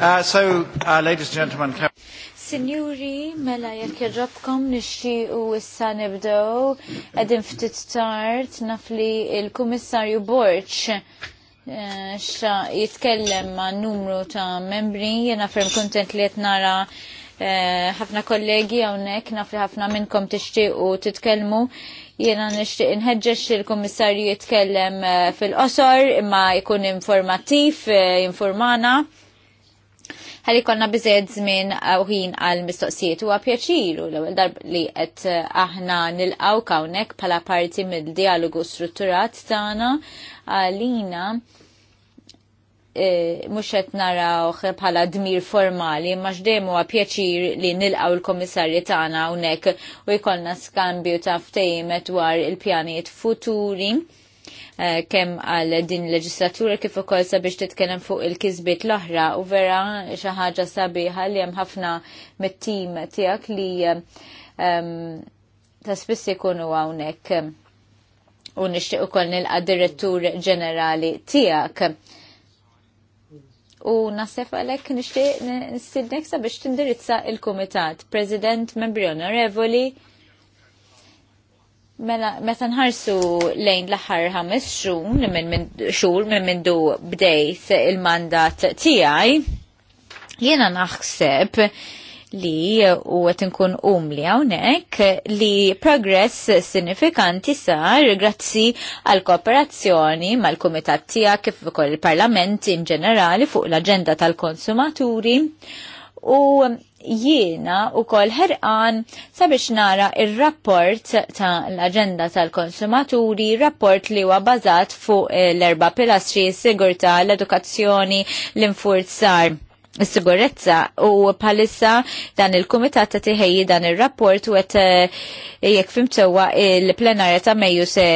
Uh, so, uh, ladies and gentlemen, can... Signori, mela jekk irrobkom nixtiequ issa nibdew qegħdin ftit tard naf li l-Kummissarju Borċ uh, xa jitkellem ma' numru ta' membri jiena ferm kuntent li qed nara uh, ħafna kollegi hawnhekk naf li ħafna minnkom tixtiequ titkellmu. Jena nishtiq inħedġeġ il-Komissarju jitkellem eh, fil-qosor imma jkun informattiv, eh, informana. Għalli konna bizzed zmin eh, ħin għal mistoqsijiet u għapjaċiru l ewwel darb li għet aħna nil-għaw kawnek pala parti mill-dialogu strutturat tana għalina E, mhux qed narawh bħala dmir formali, ma x'dem huwa pjaċir li nilqgħu l komissarri tagħna hawnhekk u jkollna skambju ta' ftejmet dwar il-pjanijiet futuri e, kem għal din leġislatura kif ukoll sabiex titkellem fuq il-kisbiet l-oħra u vera xi ħaġa sabiħa li hemm ħafna mit-tim tiegħek li ta' spiss ikunu hawnhekk u nixtieq ukoll nilqa' direttur ġenerali tiegħek u nasef għalek nishtiq nistidnek sabiex tindirizza il-Kumitat, President Membri Onorevoli, mela, meta nħarsu lejn l-aħħar ħames xhur minn min xhur minn mindu bdejt il-mandat tiegħi, jiena naħseb li u għet nkun umli għawnek li progress sinifikanti sar grazzi għal kooperazzjoni mal kumitat tija kif ukoll il-parlament in ġenerali fuq l-agenda tal-konsumaturi u jiena u kol herqan sabiex nara il-rapport ta' l-agenda tal-konsumaturi, rapport li huwa bazat fuq l-erba pilastri, sigurta, l-edukazzjoni, l-infurzar Is-sigurezza u palissa dan il-kumitat ta' tiħejji dan ir rapport u għet eh, jek fimtewa il-plenarja ta' Mejju se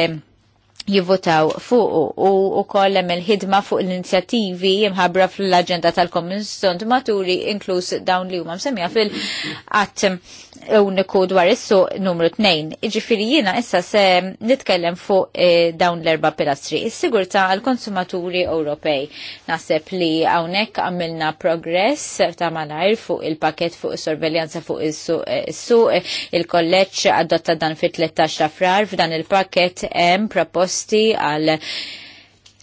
jivvotaw fuq u u kollem il-ħidma fuq l-inizjattivi jimħabra fl-agenda tal-Komissjon maturi inkluż dawn li huma msemmija fil-qatt uniku dwar issu numru 2. Iġifiri jina issa se nitkellem fuq eh, dawn l-erba pilastri. Is-sigurta għal-konsumaturi Ewropej. Naħseb li hawnhekk għamilna progress ta' malajr fuq il-pakett fuq is-sorveljanza fuq is-suq eh, il-kolleġġ adotta dan fit-13 ta' frar f'dan il-pakett hemm propost posti għal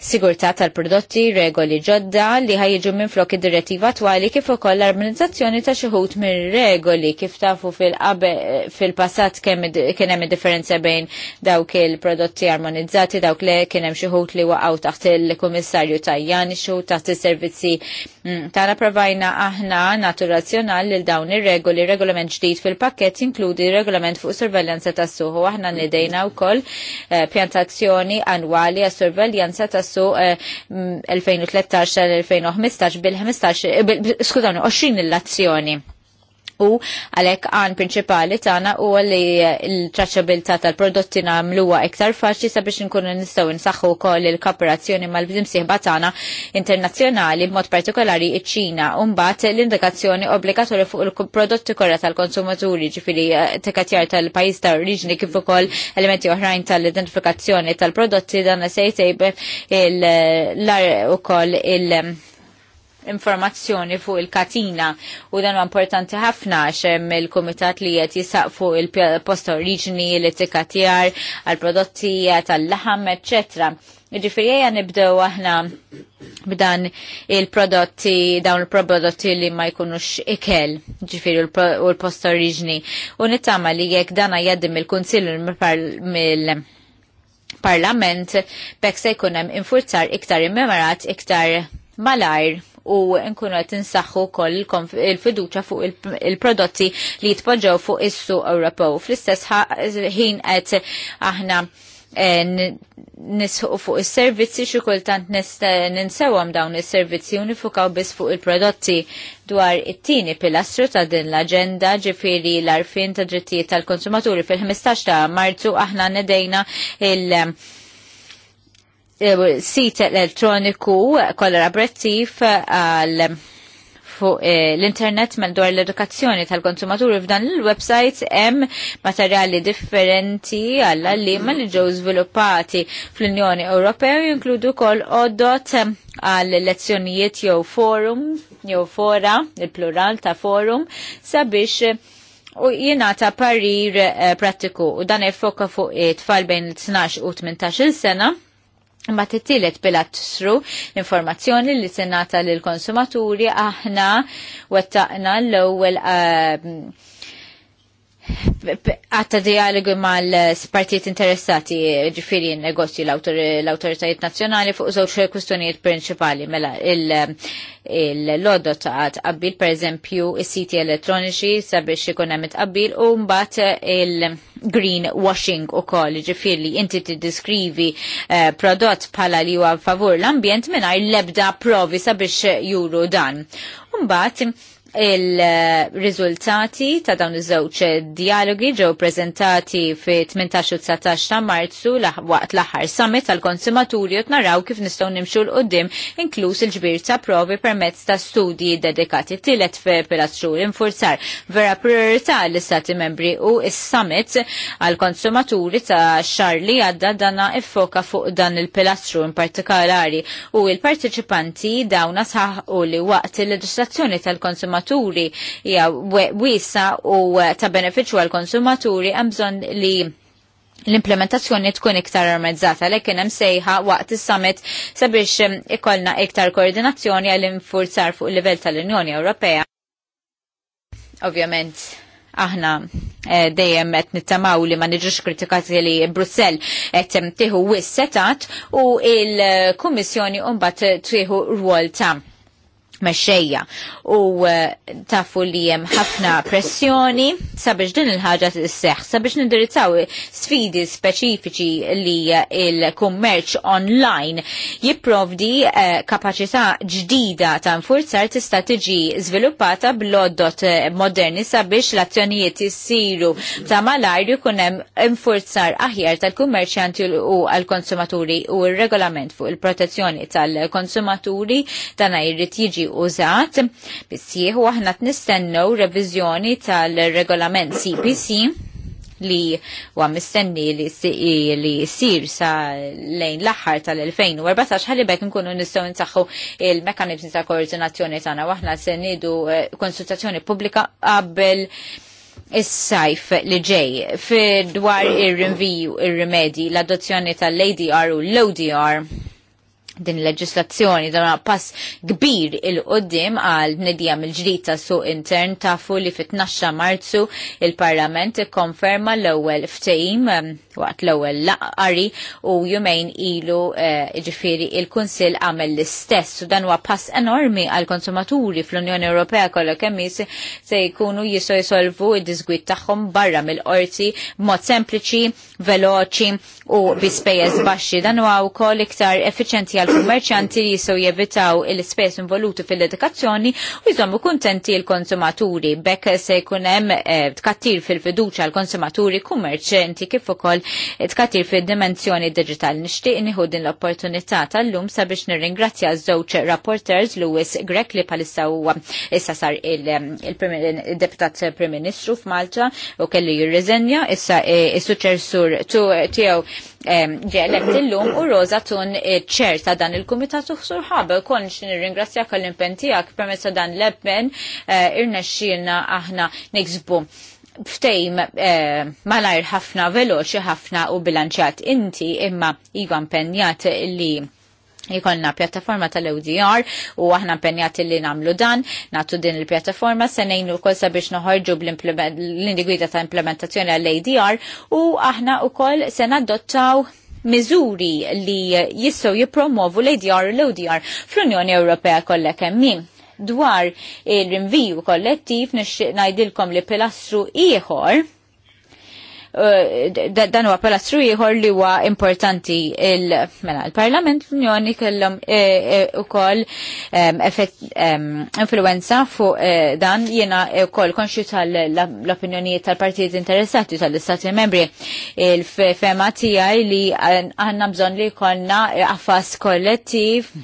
sigurtà tal-prodotti, regoli ġodda li ħajġu minn flok id-direttiva twali kif ukoll l-armonizzazzjoni ta' xi minn regoli kif tafu fil-passat kien hemm differenza bejn dawk il-prodotti armonizzati, dawk le kien hemm xi li waqgħu taħt il-Kummissarju Tajjani, xi taħt is-servizzi mm, tara provajna aħna natu razzjonal lil dawn ir-regoli, regolament ġdid fil-pakket inkludi regolament fuq sorveljanza tas-suħu aħna nidejna wkoll eh, pjantazzjoni annwali għas-sorveljanza tas tas eh, mm, 2013 2015 bil-15 eh, skudani, 20 l-azzjoni u għalhekk għan prinċipali tagħna u li il traċċabilità tal-prodotti nagħmluha iktar faċli sabiex nkunu nistgħu nsaħħu wkoll il-kooperazzjoni mal-bdimsieħba tagħna internazzjonali b'mod partikolari iċ-Ċina u mbagħad l-indikazzjoni obbligatorja fuq il-prodotti korra tal-konsumaturi ġifieri eh, tekatjar tal-pajjiż ta' oriġini kif ukoll elementi oħrajn tal-identifikazzjoni tal-prodotti dan se jtejbe l-ar ukoll il- informazzjoni fuq il-katina u dan huwa importanti ħafna xem il-kumitat li qed jisaq fuq il-post oriġini l-etikatjar għal-prodotti tal-laħam, eċċetera. Ġifieri ejja nibdew aħna b'dan il-prodotti, dawn il-prodotti li ma jkunux ikel, ġifiri u l-post oriġni. U nittama li jekk dana jaddim il-Kunsill mill-Parlament, bekk se jkun hemm infurzar iktar immemorat, iktar malajr u nkunu qed nsaxħu wkoll il-fiduċja fuq il-prodotti li jitpoġġew fuq is-suq Ewropew. Fl-istess ħin qed aħna eh, nisħu fuq is-servizzi xi kultant ninsewhom dawn is-servizzi unifukaw biss fuq il-prodotti dwar it-tieni pilastru ta' din l agenda ġifieri l-arfin ta' drittijiet tal-konsumaturi fil-15 ta' Marzu aħna nedejna il- sit elettroniku kollaborattiv eh, għal fuq eh, l-internet mal dwar l-edukazzjoni tal-konsumaturi f'dan il-website hemm materjali differenti għalla li ma li ġew żviluppati fl-Unjoni Ewropea jinkludu wkoll oddot eh, għal lezzjonijiet jew forum jew fora, il-plural ta' forum sabiex u ta' parir pratiku u dan jfoka fuq it-tfal bejn 12 u 18 sena Ma t-tillet bila t-sru informazzjoni li t-nata l-konsumaturi aħna wettaqna l-ewel eh, għatta dialogu mal-partijiet interessati ġifiri negozji l-autoritajiet nazjonali fuq żewġ kwistjonijiet prinċipali mela il-lodot għad qabbil per eżempju il siti elettroniċi sabiex ikun hemm qabbil u mbagħad il-green washing ukoll li inti tiddiskrivi eh, prodott bħala li huwa favur l-ambjent mingħajr l-ebda provi sabiex juru dan. Mbagħad Il-riżultati ta' dawn iż-żewġ dialogi ġew prezentati fi 18 u 19 ta' Marzu waqt l-aħħar summit tal-konsumaturi u naraw kif nistgħu nimxu l qudiem inkluż il-ġbir ta' provi permezz ta' studji dedikati tielet fi pilastru infurzar vera priorità l-istati membri u is-summit għal-konsumaturi ta' xar li għadda dana iffoka fuq dan il-pilastru in partikolari u il parteċipanti dawna saħ u li waqt il-leġislazzjoni tal-konsumaturi konsumaturi ja, wiesa u eh, ta' benefiċċju għall konsumaturi hemm bżonn li l-implementazzjoni tkun iktar armezzata l hemm sejħa waqt is-summit sabiex eh, ikollna iktar koordinazzjoni għall infurzar fuq il-livell tal-Unjoni Ewropea. Ovvjament, aħna eh, dejjem qed nittamaw li ma niġux kritikati li Brussell qed tieħu wis setat u il-Kummissjoni mbagħad tieħu rwol ta' Mexxejja u eh, tafu li hemm ħafna pressjoni sabiex din il-ħaġa tisseħħ sabiex nindirizzaw sfidi speċifiċi li eh, il-kummerċ online jipprovdi eh, kapaċità ġdida ta' nfurzar tista' tiġi żviluppata bl-oddot moderni sabiex l-azzjonijiet issiru ta' malajr jkun hemm infurzar aħjar tal-kummerċjanti u għal-konsumaturi u r-regolament fuq il-protezzjoni tal-konsumaturi tana jrid jiġi użat bissieħu aħna t nistennu revizjoni tal-regolament CPC li huwa mistenni li sir sa lejn l-aħħar tal-2014 ħalibek nkunu nistgħu nsaħħu il-mekkaniżmi ta' koordinazzjoni tagħna waħna se nidu eh, konsultazzjoni pubblika qabel Is-sajf li ġej fi dwar ir-rinviju ir-rimedji l-adozzjoni tal-ADR u l-ODR din leġislazzjoni dan pass kbir il-qoddim għal bnedija mill-ġdid ta' suq intern tafu li fit-12 Marzu il-Parlament ikkonferma l-ewwel ftehim waqt l-ewwel laqari u jumejn ilu eh, ġifieri il-Kunsill għamel l-istess u dan huwa pass enormi għal konsumaturi fl-Unjoni Ewropea kollha kemm se jkunu jistgħu jisolvu id-diżgwit tagħhom barra mill-qorti b'mod sempliċi, veloċi u bi spejjeż baxxi. Dan huwa wkoll iktar effiċenti għal il-kummerċanti jisew jevitaw il-spes involuti fil-edukazzjoni u jżommu kuntenti il-konsumaturi. Bekk se jkunem eh, tkattir fil-fiduċa l-konsumaturi kummerċanti kif ukoll eh, tkattir fil-dimensjoni digital. Nixtieq nieħu din l-opportunità tal-lum sabiex nirringrazzja żewġ rapporters Lewis Grek li palissa huwa issa sar il-deputat eh, Prim Ministru f'Malta u kelli jirriżenja issa is-suċersur tiegħu ġelek illum u Rosa tun eh, ċer ta' dan il komitat u Surħaba. Konx ringrazzja kall-impentijak permezz ta' dan l-ebben eh, irnexxielna aħna niksbu ftejm eh, malajr ħafna veloċi ħafna u bilanċat inti imma igwan penjat li jikolna pjattaforma tal-ODR u aħna impenjati li namlu dan, natu din il-pjattaforma, u kol sabiex noħorġu l-indigwida ta' implementazzjoni għall-ADR u aħna u kol sen adottaw miżuri li jissu jipromovu l-ADR u l-ODR fl-Unjoni Ewropea kollha kemmin dwar il-rinviju kollettiv nixtieq ngħidilkom li pilastru ieħor Eh, dan huwa pilastru ieħor li huwa importanti il mela l parlament l-Unjoni kellhom eh, eh, ukoll influenza fuq dan jiena wkoll konxju tal-opinjonijiet tal-partijiet interessati tal-Istati membri il-fema tiegħi li għandna bżonn li jkollna affas kollettiv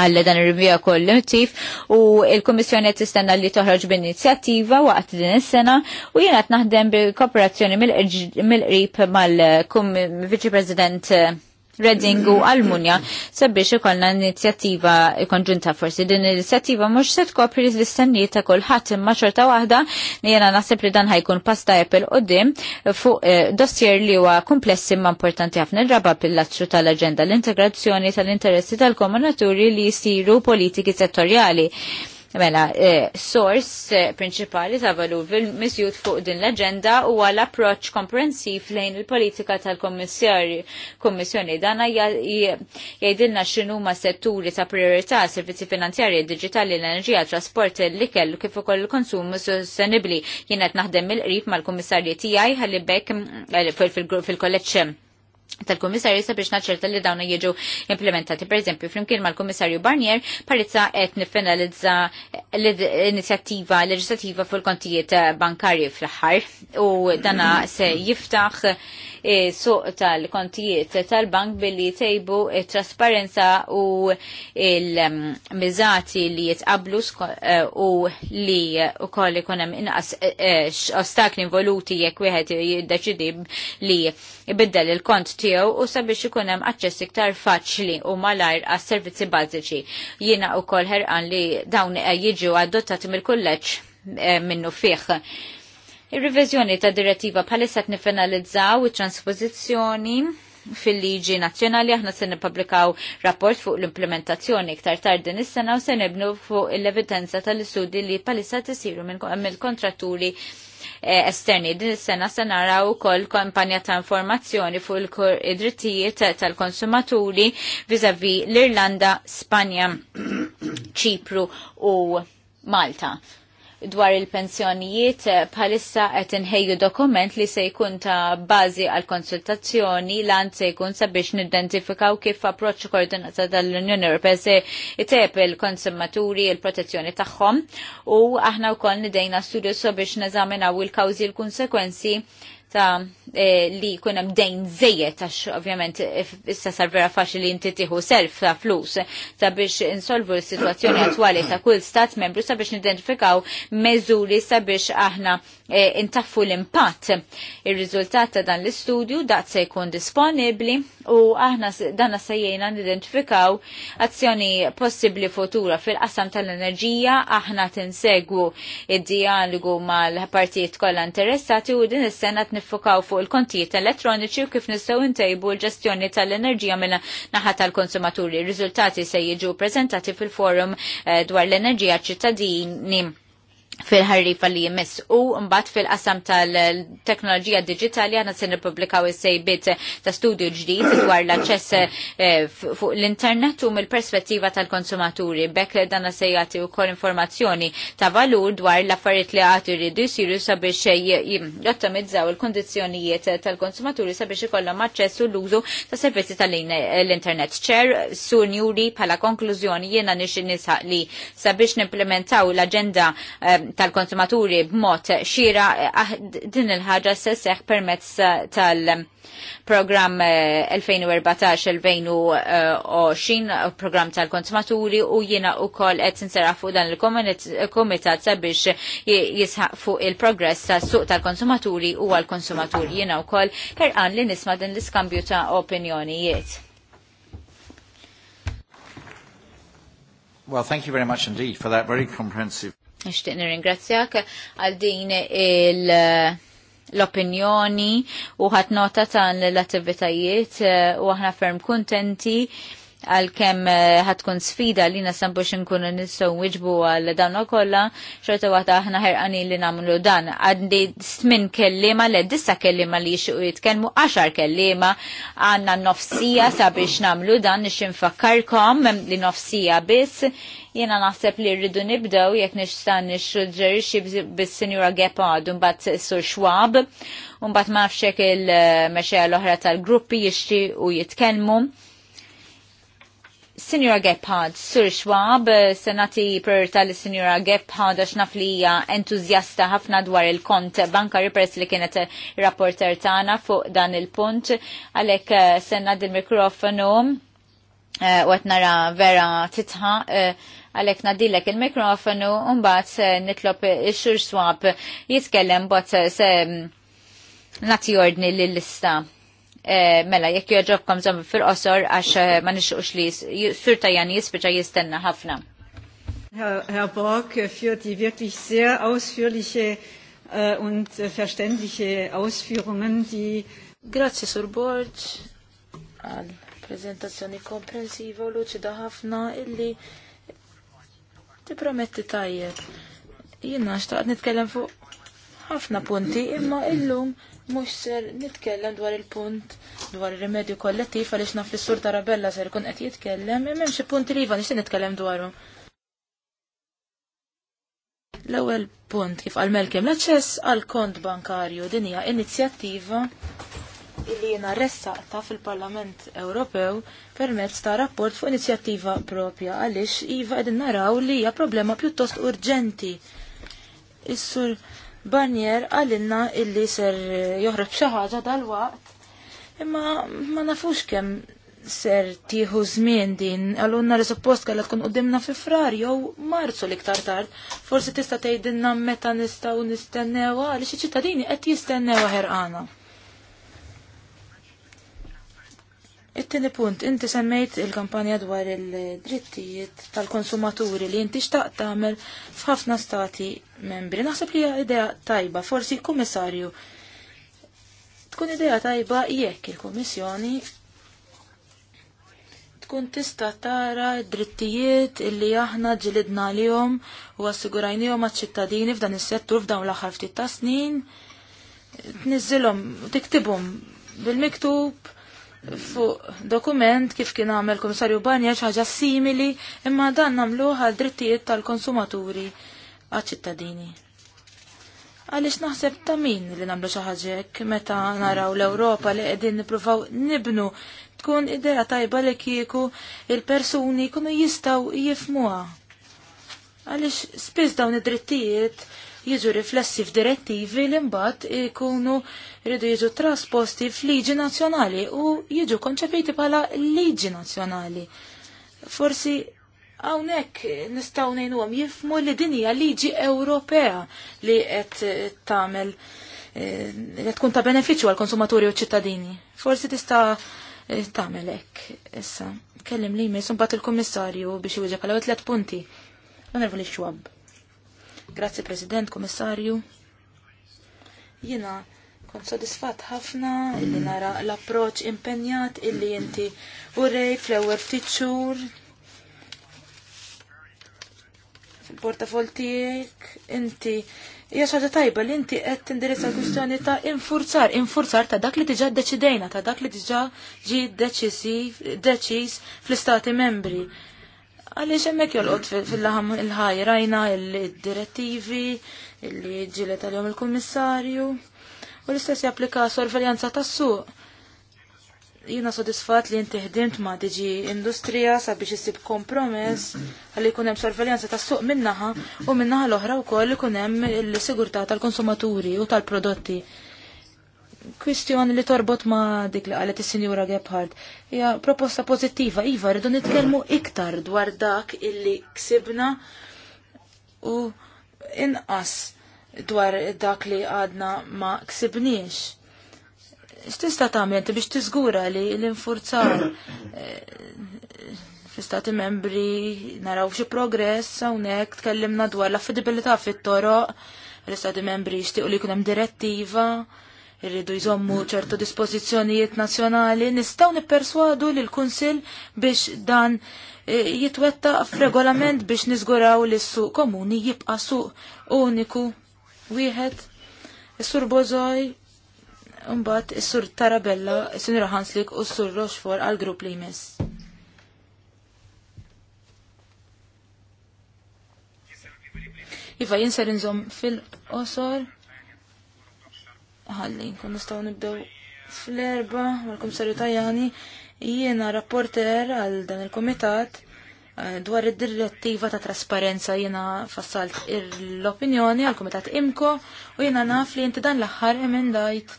għalla dan ir-rivija kollettiv u il-Kummissjoni qed tistenna li toħroġ b'inizjattiva waqt din is-sena u jiena qed naħdem bi kooperazzjoni mill-qrib mal-Viċi President eh, Reading u Almunja sabiex ikollna inizjattiva konġunta forsi din l-inizjattiva mhux se tkopri l-istennijiet ta' kulħadd imma xorta waħda li jiena naħseb li dan ħajkun pasta Apple qudiem fuq eh, dossier li huwa komplessi ma importanti ħafna raba pilastru tal-aġenda l-integrazzjoni tal-interessi tal-komunaturi li jsiru politiki settorjali. Mela, e, source prinċipali ta' fil misjut fuq din l-agenda u għal approċ komprensiv lejn il-politika tal-Kommissjoni. Dana jgħidilna xinu ma' setturi ta' priorità, servizzi finanzjarji, digitali, l-enerġija, trasport, l-ikel, kif ukoll il-konsum sostenibli. Jien qed naħdem mill-qrib mal-Kummissarji tiegħi għalli bekk mm, eh, fil-kolleġġ tal-Komissarju sabiex naċċerta li dawna jiġu implementati. Per eżempju, flimkien mal-Komissarju Barnier parizza qed nifinalizza l-inizjattiva legislativa fuq kontijiet bankarji fl-aħħar u dana se jiftaħ E, suq tal-kontijiet tal-bank billi tejbu e, trasparenza u il-mizati li jitqablu e, u li u koll ikonem inqas ostakli involuti jekk wieħed jiddeċidi li ibiddel il-kont tiegħu u sabiex ikun hemm aċċess iktar faċli u malajr għas-servizzi bażiċi. Jiena wkoll ħerqan li dawn jiġu adottati mill-kulleġġ minnu fih ir revizjoni ta' direttiva bħalissa t-nifinalizzaw it-transpożizzjoni fil-liġi nazzjonali aħna se nippubblikaw rapport fuq l-implementazzjoni iktar tard din is-sena u se nibnu fuq l-evidenza tal-istudji li palissa tisiru mill kontratturi eh, esterni. Din is-sena se naraw ukoll kampanja ta' informazzjoni fuq id-drittijiet tal-konsumaturi viżavi l-Irlanda, Spanja, Ċipru u Malta dwar il-pensjonijiet eh, bħalissa qed inħejju dokument li se jkun ta' bażi għal konsultazzjoni lan se jkun sabiex nidentifikaw kif approċċ koordinata tal-Unjoni Ewropea se jtep il-konsumaturi il-protezzjoni tagħhom u aħna wkoll nidejna studju sabiex neżaminaw il-kawżi l-konsekwenzi ta' eh, li kun hemm dejn żejjed għax ovvjament eh, issa sar vera faċli li inti tieħu self ta' flus sabiex insolvu l-sitwazzjoni attwali ta' kull stat membru sabiex nidentifikaw meżuri sabiex aħna eh, intaffu l-impatt. Ir-riżultat ta' dan l-istudju daqs se jkun disponibbli u aħna dan sejjejna nidentifikaw azzjoni possibbli futura fil-qasam tal-enerġija aħna tinsegwu id-dialogu mal-partijiet kollha interessati u din is-sena nifukaw fuq il-kontijiet elettroniċi u kif nistgħu ntejbu l-ġestjoni tal-enerġija minn mela naħa tal-konsumaturi. Riżultati se jiġu prezentati fil-forum eh, dwar l-enerġija ċittadini fil-ħarrifa li jmiss u mbagħad fil-qasam tal-teknoloġija digitali għandna se nippubblikaw is-sejbiet ta' studju ġdid dwar l-aċċess eh, fuq l-internet u mill-perspettiva tal-konsumaturi. Bekk dan se jagħti wkoll informazzjoni ta' valur dwar l-affarijiet li għati jridu jsiru sabiex jottamizzaw il-kondizzjonijiet tal-konsumaturi sabiex ikollhom aċċess u l-użu ta' servizzi tal-internet. Ċer su njuri bħala konklużjoni jiena nixi nisħaq li sabiex nimplementaw l-aġenda eh, tal-konsumaturi b'mod xira ah, din il-ħaġa se seħ permezz tal-programm 2014-2020, eh, eh, eh, program tal-konsumaturi u jiena u koll qed sinsera fuq dan il-komitat sabiex jisħaq fuq il-progress ta' suq tal-konsumaturi u għal-konsumaturi jiena u koll herqan li nisma din l-iskambju ta' opinjonijiet. Well, thank you very much indeed for that very comprehensive. Nishtiq nirringrazzjak għal din eh, l-opinjoni u ħat nota tan l-attivitajiet eh, u aħna ferm kontenti għal kem eh, ħatkun sfida li nasan biex nkunu nissaw wieġbu għal dan u kolla, xorta għata aħna ħerqani li namlu dan. Għaddi stmin kellima l dissa kellima li xu jitkelmu, għaxar kellima għanna nofsija sabiex namlu dan, nix nfakkarkom li nofsija biss Jena naħseb li rridu nibdew jekk nixtan nixġerixi bis-Sinjura Gepard un sur Schwab un bat mafxek il-mexeja l-oħra tal-gruppi jixti u jitkenmu. Sinjora Gephardt, Sur Schwab, senati priorita li sinjura Gephardt għax naf li hija entuzjasta ħafna dwar il-kont bankari peress li kienet rapporter tagħna fuq dan il-punt, għalhekk eh, senna il mikrofonu Eh, għet nara vera titħa eh, għalek nadillek il-mikrofonu un-bat eh, nitlop il-xur swab jitkellem bot se mm, nati ordni l-lista. Mela, jek joġobkom zom fil-qosor għax ma nixuqx li surtajan jisbġa jistenna ħafna. Herr Borg, für die wirklich sehr ausführliche und verständliche Ausführungen, die... Grazie, Sir Borg, prezentazzjoni komprensiva u luċida ħafna illi tipprometti tajjeb. Jina xtaqt nitkellem fuq ħafna punti imma illum mhux ser nitkellem dwar il-punt dwar il-remedju kollettiv għaliex naf li sur Tarabella ser kun qed jitkellem imma hemm xi punti li iva nixtieq nitkellem dwarhom. L-ewwel punt kif għal Melkem l-aċċess għal kont bankarju din hija inizjattiva illi jena ressaqta fil-Parlament Ewropew permezz ta' rapport fuq inizjattiva propja għaliex iva qegħdin naraw li hija problema pjuttost urġenti. Is-sur Barnier għalinna illi ser joħroġ xi ħaġa dal-waqt imma ma nafux kemm ser tieħu żmien din, għalunna li suppost kellha tkun qudiemna fi frar jew marzu l-iktar tard. Forsi tista' tgħidilna meta nistgħu nistennewha għaliex iċ-ċittadini qed jistennew ħerqana. It-tieni punt, inti semmejt il-kampanja dwar il-drittijiet tal-konsumaturi li inti xtaq tagħmel f'ħafna stati membri. Naħseb li hija idea tajba, forsi kummissarju. Tkun idea tajba jekk il-Kummissjoni tkun tista tara drittijiet illi aħna ġilidna jom u għassigurajni jom ċittadini f'dan is-settur f'dawn l-aħħar ftit ta' snin. Tniżilhom, tiktibhom bil-miktub fuq dokument kif kien għamel komissarju Banja ħaġa simili imma dan namluħ għal drittijiet tal-konsumaturi għal ċittadini. Għalix naħseb ta' min li namlu xaħġek meta naraw l-Europa li qegħdin nippruvaw nibnu tkun idea tajba li kieku il-persuni kunu jistaw jifmuha. Għalix spiss dawn id-drittijiet jiġu riflessi f'direttivi li mbagħad ikunu rridu jiġu trasposti f'liġi nazzjonali u jiġu konċepiti bħala liġi nazzjonali. Forsi hawnhekk nistgħu ngħinuhom jifmu li din hija liġi Ewropea li qed tagħmel li eh, tkun ta' benefiċċju għal konsumaturi u ċittadini. Forsi tista' eh, tagħmel hekk. Issa, kellim li jmiss imbagħad il-Kummissarju biex jiġi bħala tliet punti. Ma nervu xwab. Grazzi President, Komissarju. Jina kon sodisfat ħafna illi nara l-approċ impenjat illi inti urej, flower teacher fil-portafol tiegħek inti hija xaġa tajba li inti qed tindirizza l kustjoni ta' infurzar, infurzar ta' dak li diġà deċidejna, ta' dak li diġa' ġi deċiż fl-istati membri. Għaliex hemmhekk jolqod fil-laħam il-ħajrajna il-direttivi, il ġile tal jom il-kommissarju, u l-istess japplika sorveljanza tas-suq. Jina sodisfat li inti ħdimt ma diġi industrija sabiex issib kompromess għalli jkun hemm sorveljanza tas-suq minnaħa u minnaħa l-oħra wkoll ikun hemm il-sigurtà tal-konsumaturi u tal-prodotti. tal konsumaturi u tal prodotti kwistjoni li torbot ma dik li qalet is-Sinjura Gebhardt. Hija proposta pożittiva, iva rridu nitkellmu iktar dwar dak illi ksibna u inqas dwar dak li għadna ma ksibniex. X'tista' tagħmel biex tiżgura li l-infurzar eh, fl-istati membri naraw xi progress hawnhekk tkellimna dwar l-affidibilità fit-toroq l-istati membri jixtiequ li jkun hemm direttiva irridu jżommu ċertu dispożizzjonijiet nazzjonali, nistgħu nipperswadu l kunsill biex dan e, jitwetta f'regolament biex niżguraw li s-suq komuni jibqa' suq uniku wieħed. Is-sur Bozoj, mbagħad is-sur Tarabella, is-sur Hanslik u s-sur Rochefort għal grupp li jmiss. Iva jinser nżom fil osor ħalli nkun nistgħu nibdew fl-erba mal saru Tajani jiena rapporter għal dan il-Komitat eh, dwar id-direttiva ta' trasparenza jiena fassalt l-opinjoni għal Komitat Imko u jiena naf li inti dan l-aħħar emendajt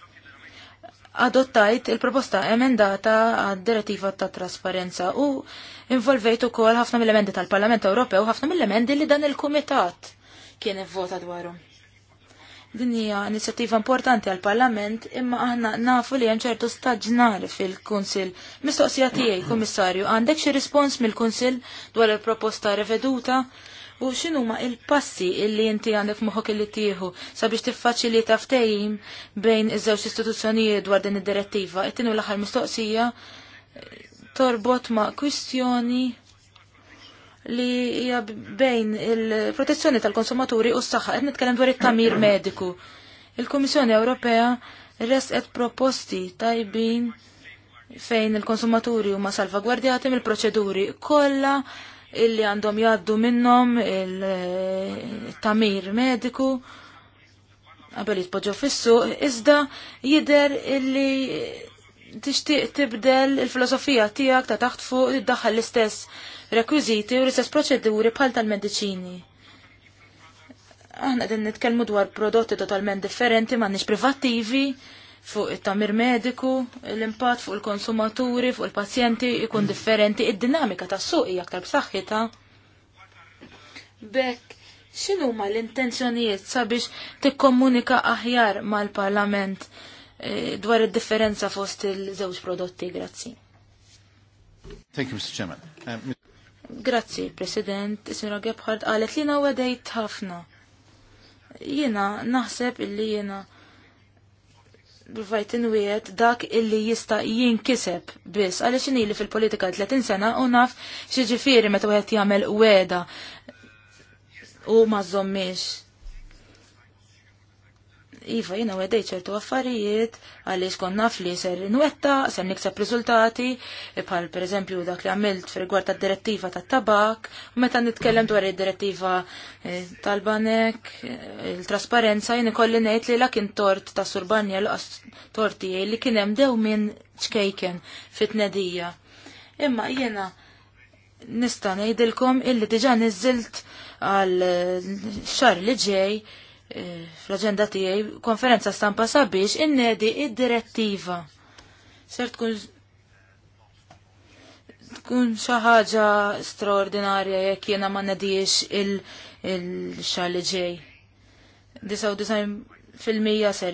adottajt il-proposta emendata għad direttiva ta' trasparenza u involvejt ukoll ħafna mill-emendi tal-Parlament Ewropew ħafna mill-emendi li dan il-Kumitat kien vota dwarhom. Din hija inizjattiva importanti għal Parlament imma aħna nafu li hemm ċertu staġnar fil-Kunsill. Mistoqsija tiegħi, Kummissarju, għandek xi rispons mill-Kunsill dwar il-proposta reveduta? U xinu huma il-passi illi inti għandek moħok illi tieħu sabiex tiffaċilita ftehim bejn iż-żewġ istituzzjonijiet dwar din id-direttiva. Ittinu l-aħħar mistoqsija torbot ma' kwistjoni li hija bejn il-protezzjoni tal-konsumaturi u s-saħħa qed nitkellem dwar it-tamir mediku. Il-Kummissjoni Ewropea qed proposti tajbin fejn il-konsumaturi huma salvagwardjati mill-proċeduri kollha illi għandhom jgħaddu minnhom il-tamir mediku qabel jitpoġġu fis-suq, iżda jidher illi tixtieq tibdel il-filosofija tiegħek ta' taħt fuq iddaħħal l-istess rekwiżiti u l-istess proċeduri bħal tal-mediċini. Aħna din nitkellmu dwar prodotti totalment differenti m'għandniex privattivi fuq it-tamir mediku, l-impatt fuq il-konsumaturi, fuq il-pazjenti ikun differenti, id-dinamika tas-suq hija aktar b'saħħitha. Bekk, x'inhu ma l-intenzjonijiet sabiex tikkomunika aħjar mal-parlament eh, dwar id-differenza fost il-żewġ prodotti, grazzi. Thank you, Mr. Chairman. Um, Grazzi, President, Sinra Gebhardt qalet li na wedejt ħafna. Jiena naħseb illi jiena bivajt inwiet dak illi jista jinkiseb biss għaliex inili fil-politika 30 sena u naf xi ġifieri meta wieħed jagħmel weda u ma Iva, jina għedej ċertu affarijiet, għalli kon naf li ser nwetta, ser niksab rizultati, bħal per eżempju dak li għamilt fi rigward ta' direttiva ta' tabak, u meta nitkellem dwar id-direttiva eh, tal-banek, eh, il-trasparenza, jina kolli nejt li lakin tort ta' surbanja l-qas torti li kienem dew minn ċkejken fit-nedija. Imma jena nista' ngħidilkom illi diġà niżilt għal eh, xar li ġej fl-agenda tiegħi konferenza stampa sabiex innedi id-direttiva. Ser tkun tkun xi ħaġa straordinarja jekk jiena ma nediex il-xar li ġej. 99 fil-mija ser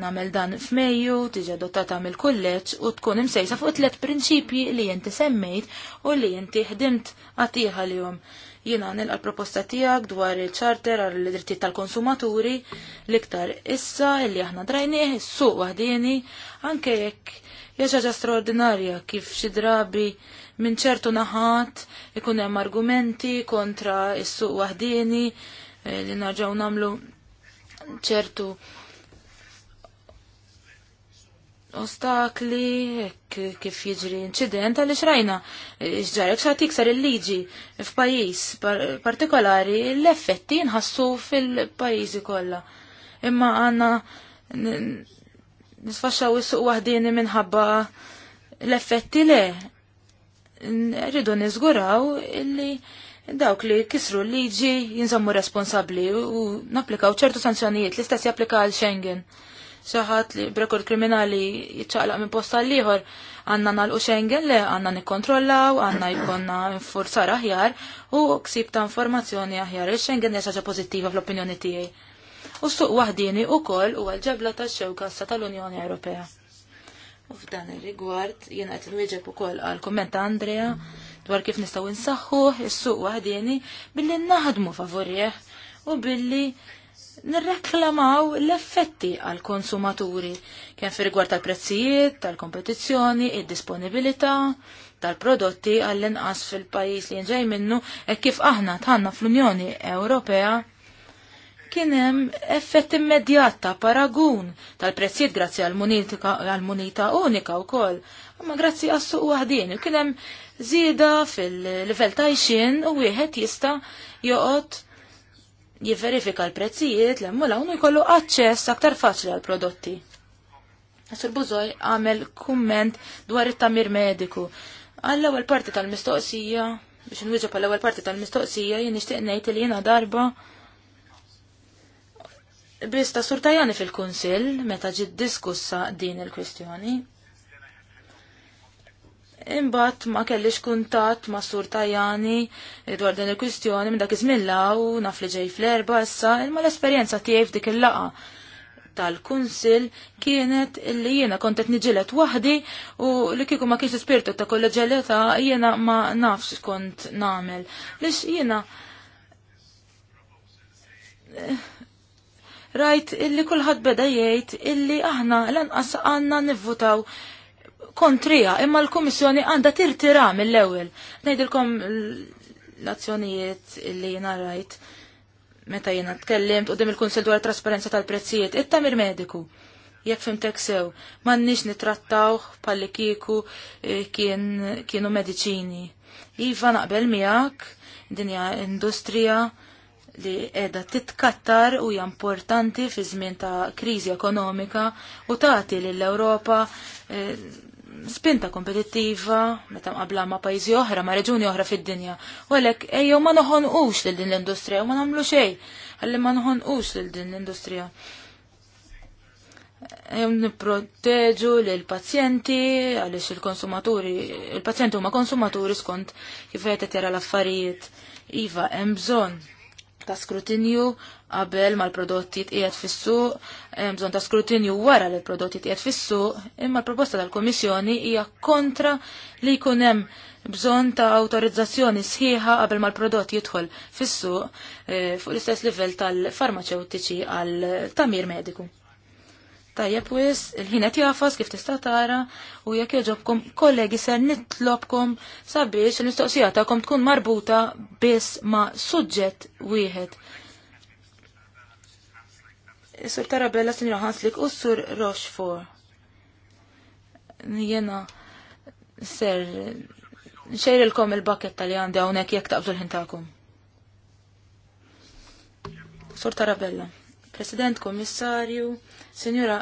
nagħmel dan f'Mejju, tiġi adottata mill kulleġġ u tkun imsejsa fuq tliet prinċipji li inti semmejt u li inti ħdimt li jom. Jiena nilqa l-proposta tiegħek dwar il ċarter għal drittijiet tal-konsumaturi l-iktar issa illi aħna drajnieh is-suq waħdieni anke jekk hija straordinarja kif xi drabi minn ċertu naħat ikun hemm argumenti kontra is-suq waħdieni eh, li narġgħu nagħmlu ċertu ostakli, kif jiġri incident, għalli rajna, xġarek xa tiksar il-liġi f'pajis partikolari, l-effetti nħassu fil-pajizi kolla. Imma għanna nisfaxxaw is-suq waħdini minħabba l-effetti le. Rridu nizguraw illi dawk li kisru l-liġi jinżammu responsabli u napplikaw ċertu sanzjonijiet l-istess japplika għal Schengen xaħat li b'rekord kriminali jitċaqlaq minn posta l-liħor għanna nalqu Schengen le għanna nikkontrollaw, għanna jkonna forzar aħjar u ksib ta' informazzjoni aħjar. Il-Schengen hija ħaġa pożittiva fl-opinjoni tiegħi. U suq wahdini u koll u għal ta' xewka tal-Unjoni Ewropea. U f'dan ir-rigward jiena wieġeb u ukoll għal kumment ta' Andrea dwar kif nistgħu insaħħu il suq wahdini, billi naħdmu favorieħ u billi nirreklamaw l-effetti għal konsumaturi kien fi rigward tal-prezzijiet, tal-kompetizzjoni, id-disponibilità tal-prodotti għall-inqas fil-pajis li nġej minnu e kif aħna tħanna fl-Unjoni Ewropea kien hemm effett immedjat ta' paragun tal-prezzijiet grazzi għal-munita unika wkoll, imma grazzi għas-suq waħdin u kien hemm żieda fil-livell ta' u wieħed jista' joqgħod jiverifika l-prezzijiet l-emmula unu jkollu aċċess aktar faċli għal-prodotti. Sur Buzoj għamel kumment dwar it-tamir mediku. Għalla ewwel parti tal-mistoqsija, biex nwieġeb għall-ewwel parti tal-mistoqsija jien nixtieq ngħid li jiena darba Bista surtajani fil-Kunsill meta ġid diskussa din il-kwistjoni. Imbat ma kellix kuntat ma sur tajani dwar din il-kwistjoni minn dak iżmilla u naf li ġej fl-erba issa imma l-esperjenza tiegħi f'dik il-laqa tal-kunsil kienet illi jiena kont qed niġilet waħdi u li kieku ma kienx spiritu ta' kolleġjalità jiena ma nafx kont nagħmel. Lix jiena eh, rajt illi kulħadd beda jgħid illi aħna lanqas għandna nivvutaw kontrija, imma l-Komissjoni għanda tirtira mill-ewel. Nejdilkom l-azzjonijiet li jena rajt meta jena tkellimt u dim il-Kunsel dwar trasparenza tal-prezzijiet, it-tamir mediku. Jekk fimtek sew, mannix nitrattaw palli kiku eh, kien, kienu medicini. Iva naqbel miegħek, dinja industrija li edha titkattar u importanti fi żmien ta' kriżi ekonomika u tagħti lill-Ewropa eh, spinta kompetittiva meta mqabla ma' pajjiżi oħra, ma' reġuni oħra fid-dinja. U għalhekk ejjew ma noħonqux lil din l-industrija u ma nagħmlu xejn ħalli ma noħonqux lil din l-industrija. Ejjew nipproteġu lil pazjenti għaliex il-konsumaturi, il-pazjenti huma konsumaturi skont kif qed jara l-affarijiet. Iva, hemm bżonn ta' skrutinju qabel mal-prodotti tqiegħed fis-suq, hemm bżonn ta' skrutinju wara li l-prodotti tqiegħed fis-suq, imma l-proposta tal-Kummissjoni hija kontra li jkun hemm bżonn ta' awtorizzazzjoni sħiħa qabel mal-prodott jidħol fis-suq eh, fuq l-istess livell tal-farmaceutiċi għal tamir mediku. Tajjeb wis, il-ħin qed jafas kif tista' tara u jekk jogħġobkom kollegi ser nitlobkom sabiex il-mistoqsija tagħkom tkun marbuta biss ma' suġġett wieħed Sur Tarabella, Sinjor Hanslik u Sur Rochefort. Jena ser xejrilkom il-baket tal għandi hawnhekk jekk taqbżu l-ħin Sur Tarabella, President Kommissarju, Sinjora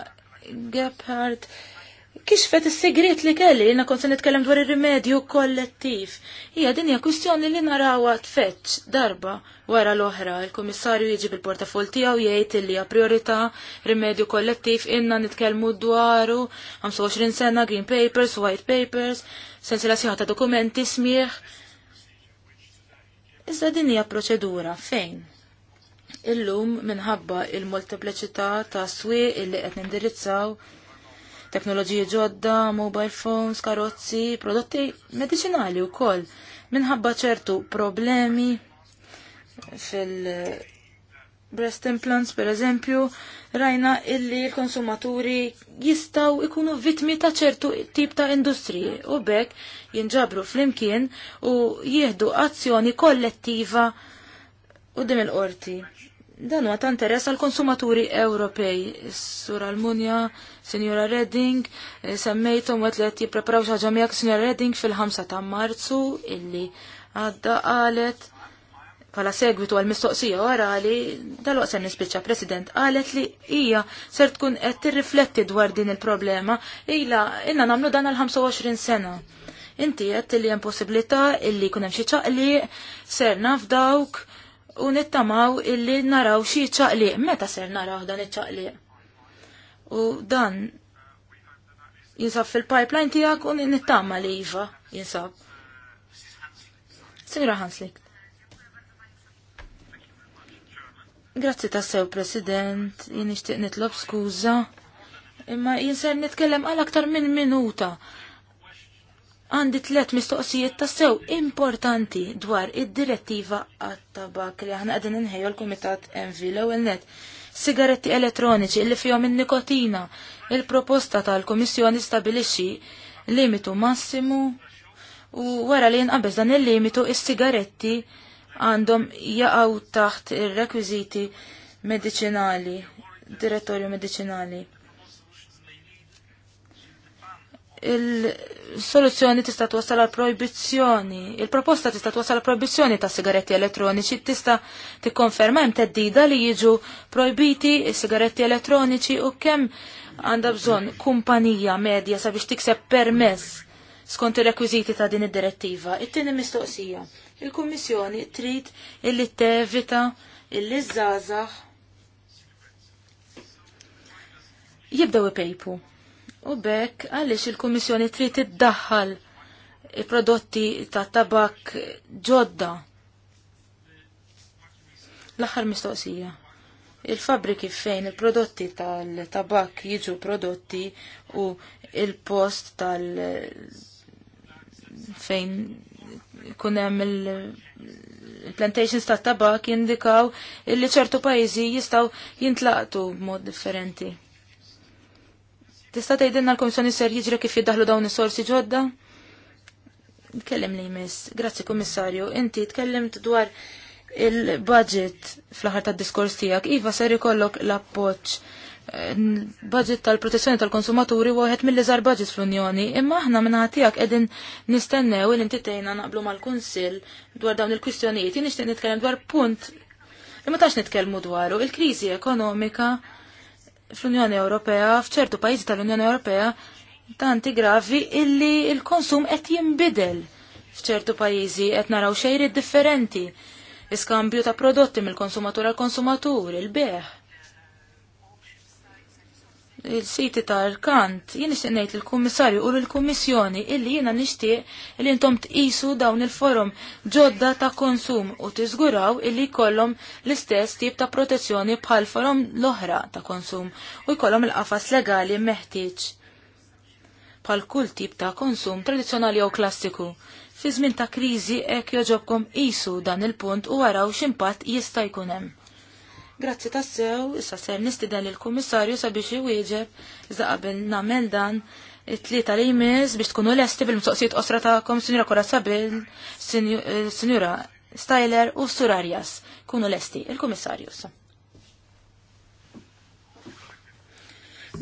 Gebhardt, kixfet is-segret li kelli li kont se nitkellem dwar ir-rimedju kollettiv. Hija din hija kwistjoni li narawha tfetx darba wara l-oħra. Il-Kummissarju jiġi bil-portafol tiegħu jgħid li hija priorità rimedju kollettiv inna nitkellmu dwaru 25 sena green papers, white papers, sensiela sieħa ta' dokumenti smieħ. Iżda din hija proċedura fejn? Illum minħabba il multipliċità ta' swieq illi qed nindirizzaw teknoloġiji ġodda, mobile phones, karozzi, prodotti medicinali u koll. Minħabba ċertu problemi fil-breast implants, per eżempju, rajna illi konsumaturi jistaw ikunu vitmi ta' ċertu tip ta' industriji u bekk jinġabru fl-imkien u jieħdu azzjoni kollettiva u dim il-qorti. Dan huwa ta' interess għal konsumaturi Ewropej. Sur Almunja, Sinjora Redding, eh, semmejtom għet li għet jippreparaw xi ħaġa miegħek Sinjora Redding fil-5 ta' Marzu illi għadda qalet bħala segwitu għal mistoqsija orali dal se nispiċċa President qalet li hija ser tkun qed tirrifletti dwar din il-problema ilha inna nagħmlu dan għal 25 sena inti għed li hemm possibilita illi kunem xi li ser nafdawk u nittamaw illi naraw xi ċaqliq. Meta ser naraw dan iċ-ċaqliq? U dan jinsab fil-pipeline tijak u nittama li jiva jinsab. Sinra Hanslik. Grazzi sew President, jien ixtieq nitlob skuża. Imma jinser nitkellem għal aktar minn minuta għandi tlet mistoqsijiet ta' sew importanti dwar id-direttiva għat-tabak li aħna qegħdin inħejju l-Kumitat MV l-ewwel net. Sigaretti elettroniċi li fihom in-nikotina. Il-proposta tal-Kummissjoni stabilixxi limitu massimu u wara li jinqabeż dan il-limitu is-sigaretti għandhom jaqgħu taħt ir-rekwiżiti medicinali, direttorju medicinali il-soluzzjoni tista' twassal għal proibizzjoni, il-proposta tista' twassal għal proibizzjoni ta' sigaretti elettroniċi, tista' tikkonferma hemm teddida li jiġu projbiti sigaretti elettroniċi u kemm għandha bżonn kumpanija medja sabiex tikseb permess skont ir-rekwiżiti ta' din id-direttiva. It-tieni mistoqsija. Il-Kummissjoni trid illi tevita illi żgħażagħ jibdew ipejpu U bekk għaliex il-Kummissjoni trid iddaħħal il-prodotti ta' tabak ġodda. L-aħħar mistoqsija. Il-fabriki fejn il-prodotti tal-tabak jiġu prodotti u il-post tal- fejn kunem il-plantations tat tabak jindikaw li ċertu pajizi jistaw jintlaqtu mod differenti. Tista' tgħidilna l-Komissjoni ser jiġri kif jiddaħlu dawn is-sorsi ġodda? Tkellem li miss. Grazzi Kummissarju, inti tkellimt dwar il-budget fl-aħħar tad-diskors tiegħek. Iva ser ikollok l-appoġġ eh, budget tal-protezzjoni tal-konsumaturi u għet mill-iżar budget fl-Unjoni, imma aħna minna tiegħek qegħdin nistennew il intitejna naqblu mal-Kunsill dwar dawn il-kwistjonijiet, jini nitkellem dwar punt li ma tax nitkellmu dwaru, il-kriżi ekonomika fl-Unjoni Ewropea, f'ċertu pajjiżi tal-Unjoni Ewropea, tanti gravi illi il-konsum qed jinbidel f'ċertu pajjiżi qed naraw xejri differenti. Iskambju ta' prodotti mill-konsumatur għal konsumatur, il-beħ il-siti ta' Arkant, jien nixtieq ngħid il-Kummissarju u l-Kummissjoni illi jiena nixtieq li intom tqisu dawn il-forum ġodda ta' konsum u tiżguraw illi jkollhom l-istess tip ta' protezzjoni bħal forum l-oħra ta' konsum u jkollhom il-qafas legali meħtieġ bħal kull tip ta' konsum tradizzjonali jew klassiku. Fi żmien ta' kriżi hekk joġobkom qisu dan il-punt u waraw x'impatt jista' jkun hemm. Grazzi tassew, issa ser nistidan il-komissarju sabiex jwieġeb iżda qabel nagħmel dan it-tlieta li jmiss biex tkunu lesti bil-mistoqsijiet qosra tagħkom Sinjura Kora Sabin, eh, Sinjura Styler u Arias Kunu lesti il-komissarju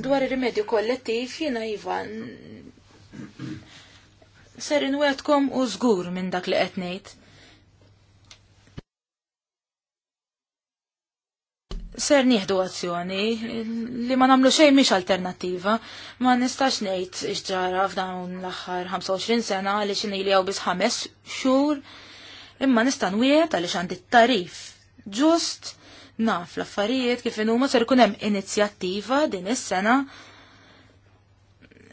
Dwar ir-rimedju kollettiv jiena Iva ser inwetkom u żgur minn dak li qed ngħid ser nieħdu azzjoni li ma nagħmlu xejn mhix alternattiva. Ma nistax ngħid x'ġara f'dawn l-aħħar 25 sena għaliex inili hawn biss ħames xhur. Imma nista' nwiet għaliex għandi tarif ġust naf l-affarijiet kif inhuma ser ikun hemm inizjattiva din is-sena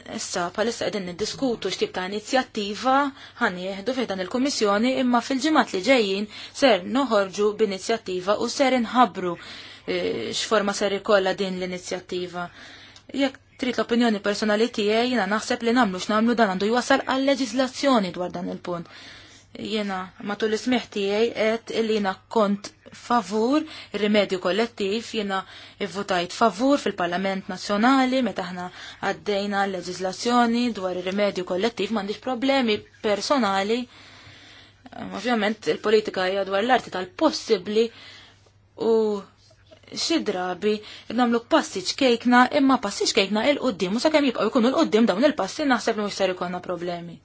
Issa, palissa qegħdin niddiskutu x'tip ta' inizjattiva ħan jieħdu fih dan il-Kummissjoni imma fil-ġimgħat li ġejjin ser noħorġu b'inizjattiva u ser inħabru. E, x'forma ser ikollha din l-inizjattiva. Jekk trid l-opinjoni personali tiegħi jiena naħseb li nagħmlu x'nagħmlu dan għandu jwasal għal leġiżlazzjoni dwar dan il-punt. Jiena matul ismiħ tiegħi qed illi jiena kont favur rimedju kollettiv jiena votajt favur fil-Parlament Nazzjonali meta aħna għaddejna l-leġiżlazzjoni dwar ir-rimedju kollettiv m'għandix problemi personali. Ovvjament il-politika hija dwar l-arti tal-possibbli u xi drabi nagħmlu kejkna imma passiċ kejkna il qoddim u sakemm jibqaw jkunu l qoddim dawn il-passi naħseb li mhux ser problemi.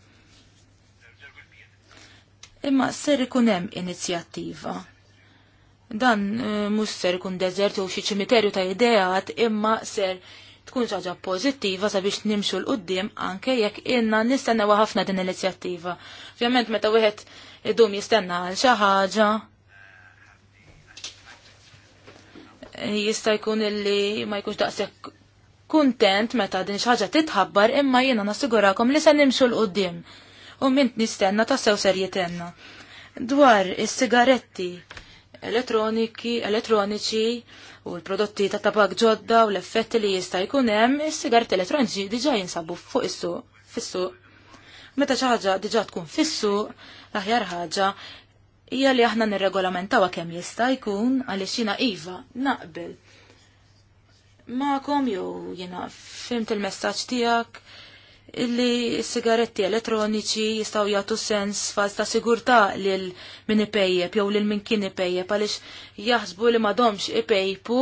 Imma ser ikun hemm inizjattiva. Dan eh, mhux ser ikun dezert u xi ċimiterju ta' ideat imma ser tkun ħaġa pożittiva sabiex nimxu l-qudiem anke jekk inna nistenna ħafna din l-inizjattiva. Fjament meta wieħed idum jistenna għal xi ħaġa jista' jkun illi ma jkunx daqshekk kuntent meta din xi ħaġa titħabbar imma jiena nassigurakom li se nimxu l qudiem u mint nistenna tassew serjetenna. Dwar is-sigaretti elettroniki, elettroniċi u l-prodotti ta' tabak ġodda u l-effetti li jista' jkun hemm, is-sigaretti elettroniċi diġà jinsabu fuq is-suq fis-suq. Meta xi ħaġa diġà tkun fis-suq, l-aħjar ħaġa hija li aħna nirregolamentawa kemm jista' jkun għaliex jiena iva naqbel. Ma'kom jew jiena fimt il-messaġġ tiegħek illi s-sigaretti elettroniċi jistaw jagħtu sens faz ta' sigurtà lil min ipejjeb jew lil minn kien ipejjeb għaliex jaħsbu li m'għadhomx ipejpu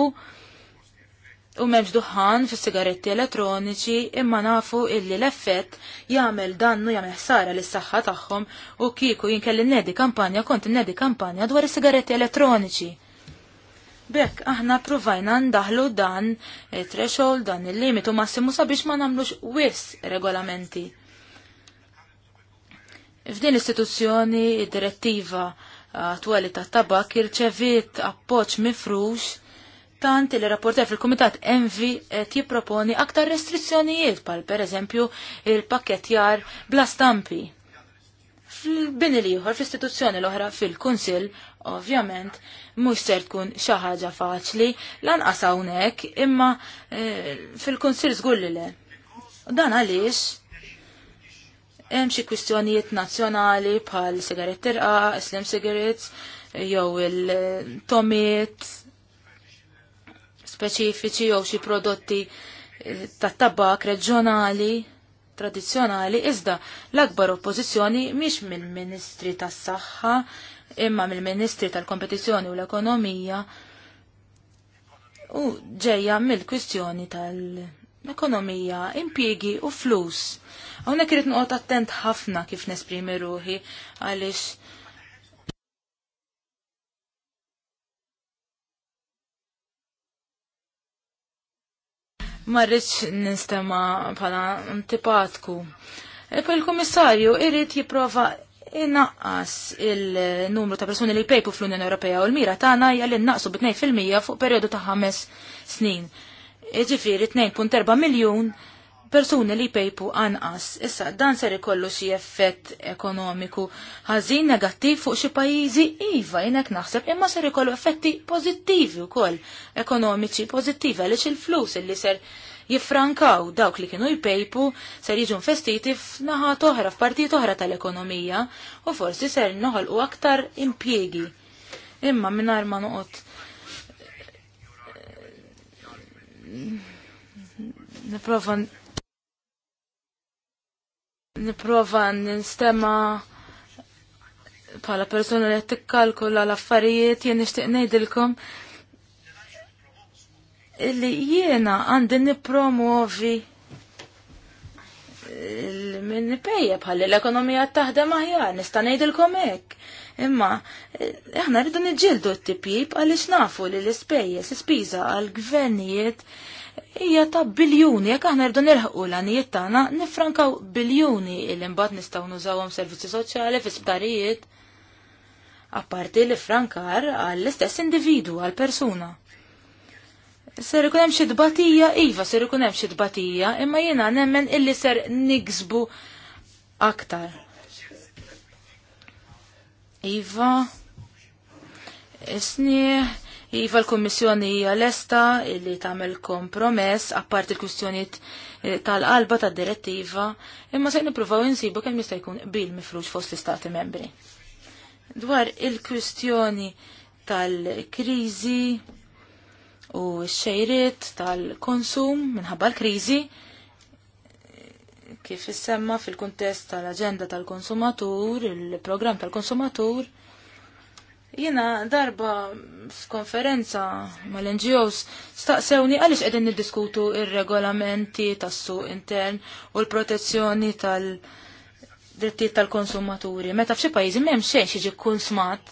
u memx duħan fis sigaretti elettroniċi imma nafu illi l-effett jagħmel dannu jagħmel ħsara lis saħħa tagħhom u kieku jinkelli nedi kampanja kont nedi kampanja dwar is-sigaretti elettroniċi. Bekk aħna provajna ndaħlu dan threshold dan il limit u massimu sabiex ma nagħmlux wis regolamenti. F'din l-istituzzjoni id-direttiva attwali eh, tat-tabak irċeviet appoġġ mifrux importanti li rapporter fil-Kumitat Envi qed jipproponi aktar restrizzjonijiet pal pereżempju il jar bla stampi. Fil-bini liħor, fl-istituzzjoni l-oħra fil-Kunsill, ovvjament, mhux ser tkun xi ħaġa faċli, lanqas hawnhekk, imma eh, fil-Kunsill zgulli le. Dan għaliex hemm xi kwistjonijiet nazzjonali bħal sigaret tirqa, islam cigarettes, jew il-tomit, speċifiċi jew xi prodotti eh, tat tabak reġjonali tradizzjonali iżda l-akbar oppożizzjoni mhix mill-Ministri tas-Saħħa imma mill-Ministri tal-Kompetizzjoni u l-Ekonomija u ġejja mill-kwistjoni tal-ekonomija, impjiegi u flus. Hawnhekk irid noqgħod attent ħafna kif nesprimi ruħi għaliex marriċ nistema bħala antipatku. E Il-komissarju irrit jiprofa innaqqas il-numru ta' persuni li jpejpu fl-Unjoni Ewropea u l-mira tagħna għana li nnaqsu bi fil-mija fuq perjodu ta' ħames snin. Iġifiri 2.4 miljun persuni li pejpu anqas. Issa, dan ser ikollu xi effett ekonomiku ħażin negattiv fuq xi pajjiżi iva jinek naħseb imma ser ikollu effetti pożittivi wkoll ekonomiċi pożittivi għaliex il-flus illi ser jiffrankaw dawk li kienu jpejpu ser jiġu festiti f'naħa toħra f'partit oħra tal-ekonomija u forsi ser noħolqu aktar impjiegi. Imma mingħajr ma noqgħod eh, niprofa Niprofa ninstema bħala persona li tikkalkula l-affarijiet jien nixtieq ngħidilkom illi jiena għandi nippromovi minn pejja bħalli l-ekonomija taħdem aħjar, nista' ngħidilkom hekk. Imma aħna rridu niġġieldu t-tipjib għaliex nafu li l-ispejjeż ispiża għall gvernijiet hija ta' biljuni, jekk aħna rridu nirħqu l-għanijiet tagħna nifrankaw biljuni li mbagħad nistgħu nużawhom servizzi soċjali fi sptarijiet. Apparti li frankar għall-istess individu għall-persuna. Ser ikun hemm xi dbatija, iva ser ikun hemm xi dbatija, imma jiena nemmen illi ser niksbu aktar. Iva, isni Iva l-Kommissjoni hija lesta li tagħmel kompromess għappart il-kwistjonijiet eh, tal-qalba tad-direttiva, imma se nippruvaw insibu kemm jista' jkun bil mifruġ fost l-Istati membri. Dwar il-kwistjoni tal-kriżi u x-xejriet tal-konsum minħabba l-kriżi, kif semma fil-kuntest tal-Aġenda tal-Konsumatur, il-Programm tal-Konsumatur, Jena darba f'konferenza mal-NGOs staqsewni għaliex qegħdin niddiskutu ir-regolamenti tas-suq intern u l-protezzjoni tal-drittijiet tal-konsumaturi. Meta f'xi pajjiżi m'hemm xejn xi kunsmat.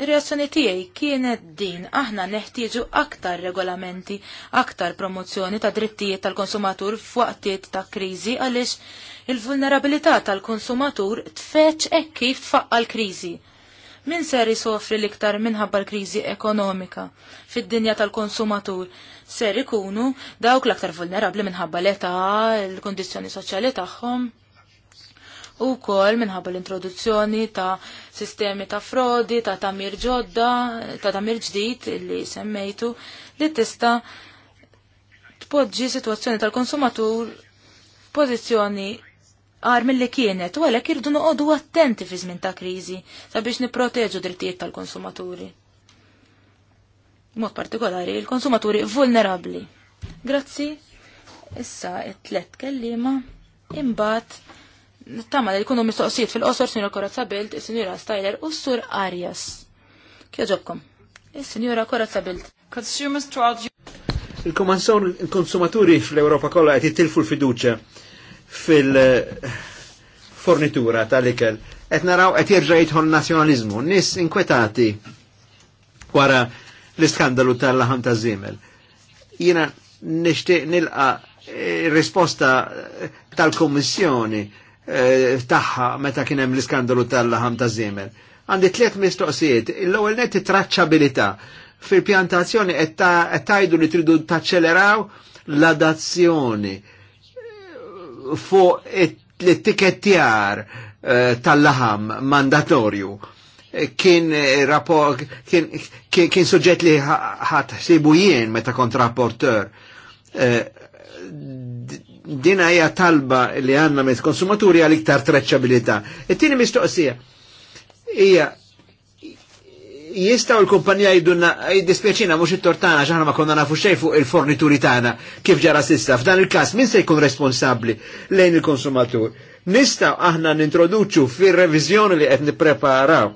Ir-reazzjoni tiegħi kienet din aħna neħtieġu aktar regolamenti, aktar promozzjoni ta' drittijiet tal-konsumatur f'waqtiet ta' kriżi għaliex il-vulnerabilità tal-konsumatur tfeċ hekk kif tfaqqa l-kriżi Min ser jisofri l-iktar minħabba l-kriżi ekonomika fid-dinja tal-konsumatur? Ser ikunu dawk l-aktar vulnerabli minħabba l-età, l-kondizjoni soċjali tagħhom. U kol minħabba l-introduzzjoni ta' sistemi ta' frodi, ta' tamir ġodda, ta' tamir ġdid li semmejtu li tista' tpoġġi situazzjoni tal-konsumatur pożizzjoni għar mill-li kienet, u għalek irdu noqodu attenti fi żmien ta' kriżi sabiex niproteġu drittijiet tal-konsumaturi. Mod partikolari, il-konsumaturi vulnerabli. Grazzi, issa it-tlet kellima, imbat, tamma li jkunu mistoqsijiet fil-qosor sinjora Korazza Bilt, sinjora Styler u sur Arias. Kjoġobkom, sinjora Korazza Bilt. Consumers Il-konsumaturi fl-Europa kollha qed jittilfu l-fiduċja fil-fornitura tal-ikel. Et naraw et jirġa jidħol nazjonalizmu, nis inkwetati wara l-iskandalu tal-laħam ta' zimel. Jina nishtiq nilqa eh, risposta eh, tal komissjoni eh, taħħa meta kien hemm l-iskandalu tal-laħam ta' zimel. Għandi tliet mistoqsijiet. L-ewwel net traċċabilita fil-pjantazzjoni qed tajdu li tridu taċċeleraw l-adazzjoni fuq l-etikettjar eh, tal-laħam mandatorju eh, kien eh, rapport kien, suġġett li ħat sibu jien meta kont rapporteur. Din hija talba li għandna mis konsumaturi għal iktar treċċabilità. It-tieni e mistoqsija hija jistaw il-kumpanija jidunna jiddispjaċina mux it-tortana ġaħna ma konna nafu xej fuq il-fornituri tagħna kif ġara sissa. F'dan il-kas min se jkun responsabli lejn il-konsumatur. Nistaw aħna nintroduċu fir-reviżjoni li qed nippreparaw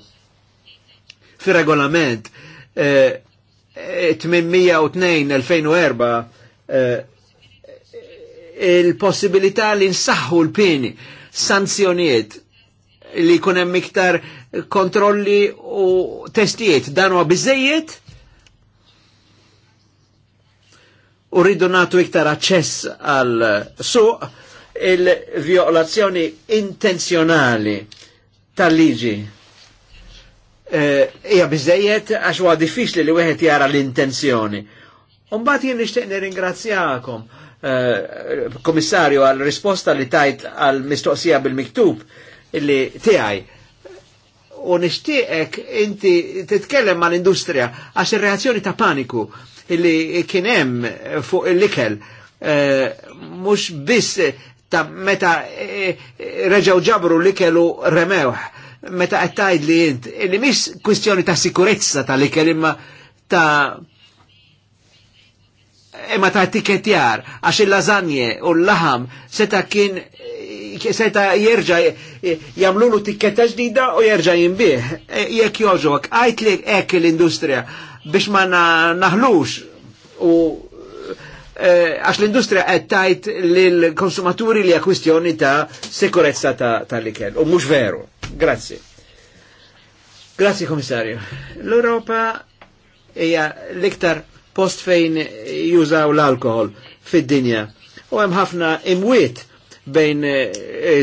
fir-regolament 802-2004 eh, eh, eh, il-possibilità li nsaħħu l-pini sanzjoniet li kunem miktar kontrolli u testijiet. Dan huwa biżejjed u rridu natu iktar aċċess għal suq il-violazzjoni intenzjonali tal-liġi. Eh, Ija e, bizzejiet għax huwa diffiċli li wieħed jara l-intenzjoni. Umbat jien nixtieq nirringrazzjakom, e, komissarju, għal risposta li tajt għal mistoqsija bil-miktub illi tiegħi u nixtieqek inti titkellem mal-industrija għax ir-reazzjoni ta' paniku illi kien hemm fuq il-ikel eh, mhux biss ta' meta eh, reġgħu ġabru l-ikelu remewħ meta qed tgħid li int illi mhix kwistjoni ta' sikurezza tal-ikel imma ta' imma ta' għax il-lażanje u l-laħam seta' kien seta jirġa jamlulu tikketta ġdida u jirġa jimbih. E, Jek joġok, għajt li ek l-industrija biex ma naħlux u e, għax l-industrija qed tajt lill-konsumaturi li għakwistjoni ta' sikurezza tal-ikel. U mux veru. Grazie. Grazie, komissarju. L-Europa hija l-iktar post fejn jużaw l-alkohol fid-dinja. U hemm ħafna imwiet bejn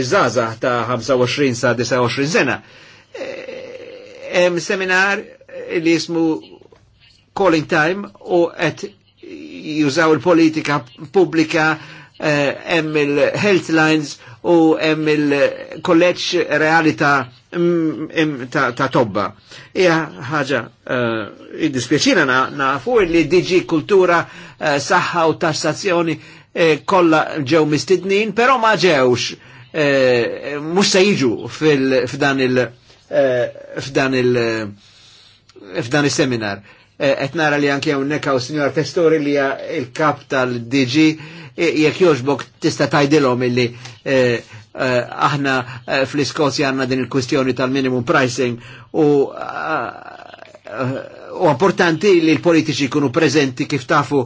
Zaza eh, ta' 25 sa' 29 sena. Eh, hemm seminar li jismu Calling Time u qed jużaw il-politika pubblika eh, hemm il-health lines u hemm il-kolleġġ reali ta' mm, ta' tobba. Ija ħaġa id-dispieċina nafu li diġi kultura uh, saħħa u tassazzjoni uh, Eh, kolla kollha ġew mistidnin, però ma ġewx eh, mux se jiġu f'dan il eh, f'dan il f'dan seminar Et nara li anke hawnhekk hawn Sinjor Testori li hija il-kap tal-DG jekk jogħġbok tista' tajdilom illi aħna fl-Iskozja għandna din il-kwistjoni tal-minimum pricing u u importanti li l-politiċi kunu prezenti kif tafu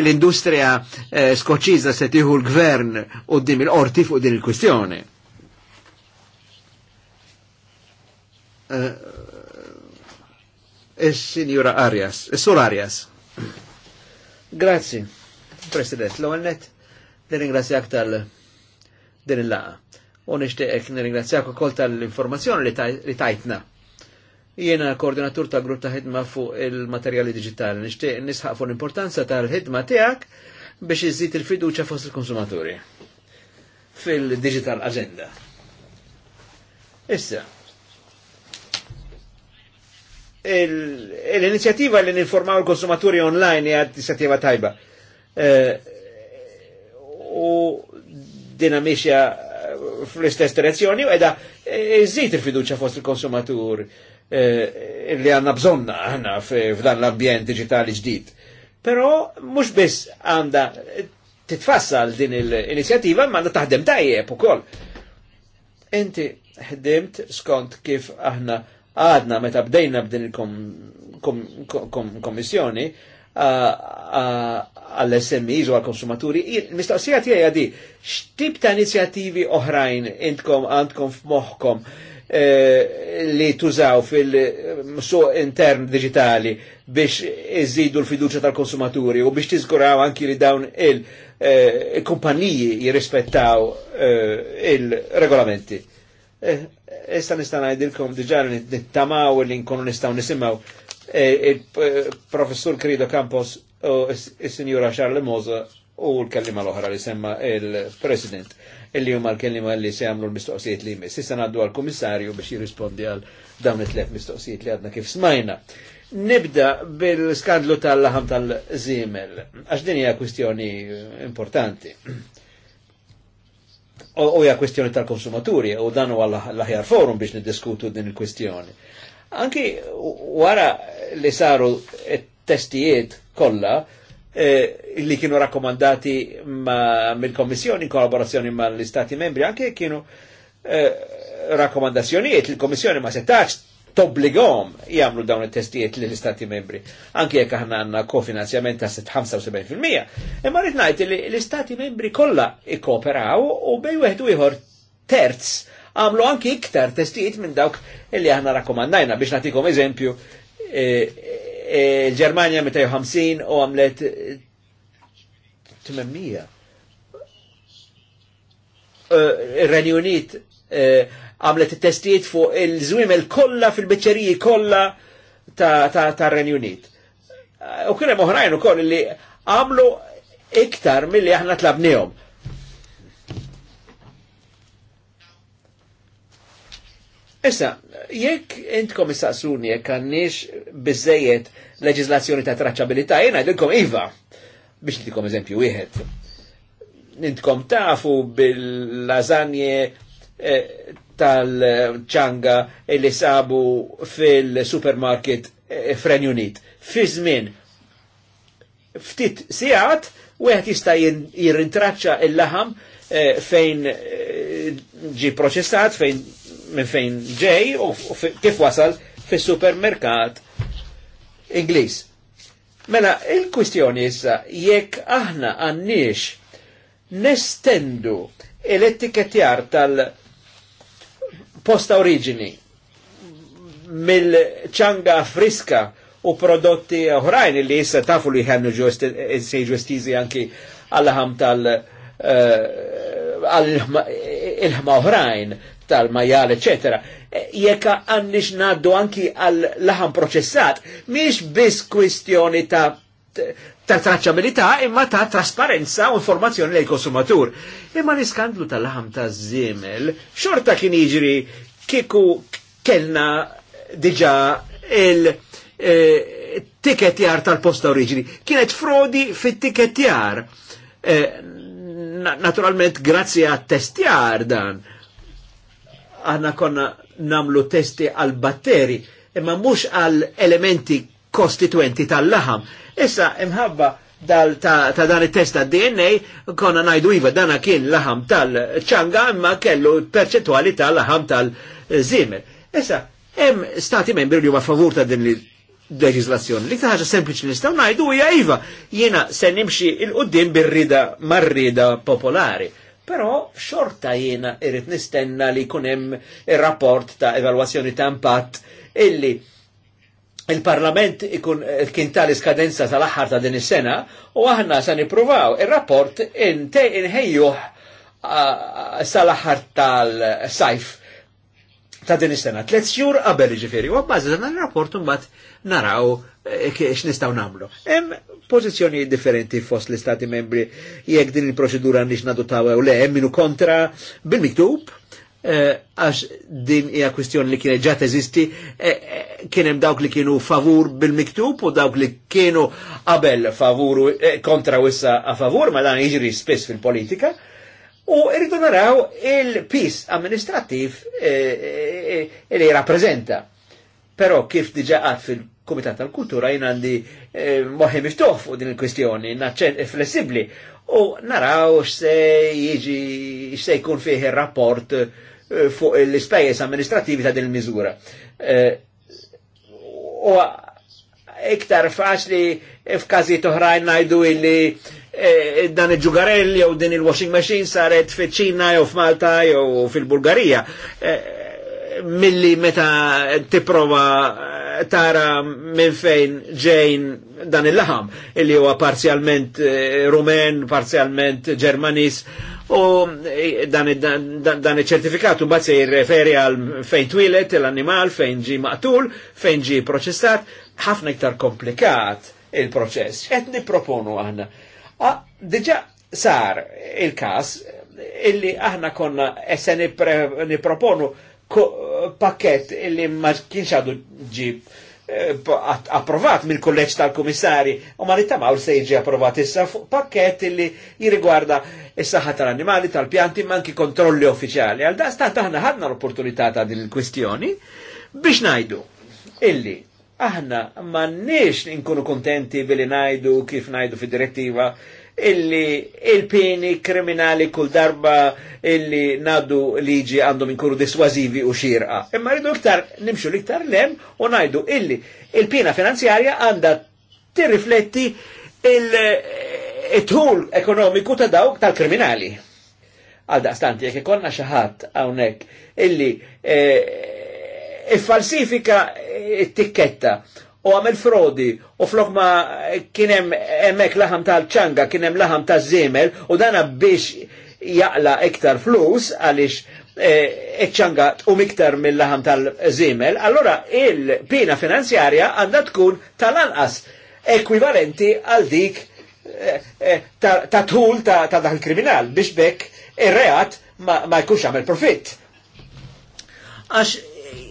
l-industrija eh, skoċiza se tiħu l-gvern u dim il-qorti fuq din il-kwistjoni. Eh, Il-Sinjura Arias, il-Sur Arias. Grazzi, President, l-għannet, nir-ingrazzjak tal-din il-laqa. U nishtiqek nir-ingrazzjak u kol tal-informazzjoni li tajtna. Ta Jiena koordinatur ta' grupp ta' ħidma fuq il-materjali digitali, nixtieq nisħaq fuq l-importanza tal-ħidma tiegħek biex iżid il fiduċja fost il-konsumaturi fil-digital agenda. Issa, l-inizjativa li ninformaw il-konsumaturi online hija inizjattiva tajba. Eh, u dina fl-istess direzzjoni u edha iżid il fiduċja fost il-konsumaturi. Eh, li għanna bżonna aħna f'dan l-ambjent digitali ġdid. Però mhux biss għandha titfassal din l inizjativa ma għanda taħdem tajjeb ukoll. Inti ħdimt skont kif aħna għadna meta bdejna b'din il-kommissjoni għall smis u għall-konsumaturi, mistoqsija tiegħi għadi, x'tip ta' inizjattivi oħrajn intkom għandkom f'moħħkom li tużaw fil-suq intern digitali biex iżidu l-fiduċa tal-konsumaturi u biex tiżguraw anki li dawn il kumpanniji jirrispettaw il-regolamenti. Issa nista' ngħidilkom diġà nittamaw li nkunu nistgħu nisimgħu il-professur Credo Campos u s-sinjura Charles Moza u l-kellima l-oħra li semma il-president illi huma l-kelima li se jagħmlu l-mistoqsijiet li jmiss. Issa ngħaddu għall-Kummissarju biex jirrispondi għal dawn it-tlet mistoqsijiet li għadna kif smajna. Nibda bil-skandlu tal-laħam tal żiemel għax din hija kwistjoni importanti. U hija kwistjoni tal-konsumaturi u dan huwa l-aħjar forum biex niddiskutu din il-kwistjoni. Anki wara li saru testijiet kollha, Eh, li kienu rakkomandati mill-Kommissjoni kollaborazzjoni mal-Istati membri, anke kienu eh, rakkomandazzjonijiet il komissjoni ma setax tobbligom jagħmlu dawn it-testijiet lill istati membri. anke jekk aħna għanna kofinanzjament ta' 75%. Imma rrid li l-istati membri kollha ikkooperaw u bej wieħed ieħor terz għamlu anke iktar testijiet minn dawk illi aħna rakkomandajna biex natikom eżempju eh, E, Ġermanja 250 u għamlet 800. Ir-Renju e, Unit e, għamlet testijiet fuq il-żwimel kollha fil-beċeriji kollha tar-Renju Unit. U kienem hemm oħrajn ukoll li għamlu iktar milli aħna tlabnihom Issa, jekk intkom istaqsuni jekk għanniex bizzejiet leġislazzjoni ta' traċċabilità, id-dinkom iva biex nitikom eżempju wieħed. Nintkom tafu bil lazanje eh, tal-ċanga li sabu fil-supermarket eh, Fren Unit. Fi żmien ftit sigħat wieħed jista' jirrintraċċa il-laħam eh, fejn eh, ġi proċessat, fejn minn fejn ġej u kif wasal fis-supermerkat Ingliż. Mela, il-kwistjoni issa, jekk aħna għannix nestendu l-etikettjar tal-posta oriġini mill-ċanga friska u prodotti oħrajn li jissa tafu li ħannu ġu estizi anki għall tal- eh, għall-ħma oħrajn tal-majjal, eccetera. E, jekk għannix naddu anki għal laħan proċessat, miex biss kwistjoni ta' ta' traċabilità imma ta' trasparenza u informazzjoni lejn konsumatur. Imma l-iskandlu tal-laħam ta' zimel, xorta kien jiġri kiku kellna diġa il-tiketjar e, eh, tal-posta oriġini. Kienet frodi fit-tiketjar. Eh, naturalment, grazzi għat-testjar dan aħna konna namlu testi għal batteri, imma mhux għal elementi kostituenti tal-laħam. Issa imħabba dal ta, ta dan it-test ta' DNA konna najdu iva dana kien laħam tal-ċanga imma kellu perċetwali tal-laħam tal-żimer. Issa, hemm stati membri li huma favur ta' din leġislazzjoni. Li ħaġa sempliċi nistgħu ngħidu hija iva, jiena se nimxi il-qudiem bir-rida mar-rida popolari. Però xorta jiena irrit nistenna li kunem il-rapport ta' evalwazzjoni ta' impatt illi il-parlament ikun kien tal-iskadenza tal-aħħar ta' din is-sena u aħna se nippruvaw ir-rapport inħejjuh sal-aħħar tal-sajf ta' din is-sena. Tliet xhur qabel jiġifieri, u bbażi dan ir-rapport imbagħad naraw eh, x'nistgħu nagħmlu. Hemm pożizzjoni differenti fost l-Istati membri jekk din il-proċedura nix nadutaw u le hemm minu kontra bil-miktub eh, għax din hija kwistjoni li kienet ġat eżisti eh, kien hemm dawk li kienu favur bil-miktub u dawk li kienu qabel favur kontra wissa a favur ma dan jiġri spiss fil-politika u irridu naraw il-pis amministrativ li rappresenta. Però kif diġa għad fil-Komitat tal-Kultura jina għandi moħi miftuħ din il-kwestjoni, naċċen flessibli u naraw x'se jiġi x'se jkun fih ir-rapport fuq l-ispejjeż amministrativi ta' din il-miżura. U iktar faċli f'każijiet oħrajn ngħidu illi Eh, eh, dan il-ġugarelli jew din il-washing machine saret fiċ-Ċina jew f'Malta jew fil-Bulgarija. Eh, milli meta tipprova tara minn fejn ġejn dan il-laħam, illi huwa parzjalment rumen, parzjalment ġermanis, u dan iċ-ċertifikat u bat se jirreferi għal fejn twilet l animal fejn ġi maqtul, fejn ġi proċessat, ħafna iktar komplikat il-proċess. Et niproponu aħna Ah, Diġa sar il-kas illi aħna konna esse niproponu pakket illi ma kienx għadu ġib eh, approvat mill kolleġġ tal-komissari u ma nittamaw se jiġi approvat issa pakket illi jirigwarda is-saħħa tal animali tal-pjanti, manki kontrolli uffiċjali. Għal da stat aħna ħadna l-opportunità ta' din il-kwistjoni biex najdu illi aħna mannix inkunu kontenti billi najdu kif najdu fi direttiva illi il-pieni kriminali kull darba illi naddu liġi għandhom inkunu diswazivi u xirqa. Imma rridu iktar nimxu l-iktar lem u najdu illi il pina finanzjarja għanda tirrifletti il-tħul ekonomiku ta' dawk tal-kriminali. Għal daqstanti, jek ikonna xaħat għawnek illi eh, E falsifika t-tikketta e, u għamil frodi u flok ma kienem emmek laħam tal-ċanga, kienem laħam tal zemel u dana biex jaqla iktar flus għalix iċ-ċanga e, e u miktar mill-laħam tal-zimel, allora il-pina finanzjarja għandha tkun tal-anqas ekwivalenti għal dik eh, ta' tul ta', ta dak kriminal biex bekk ir-reat ma, ma jkunx għamil profitt. Għax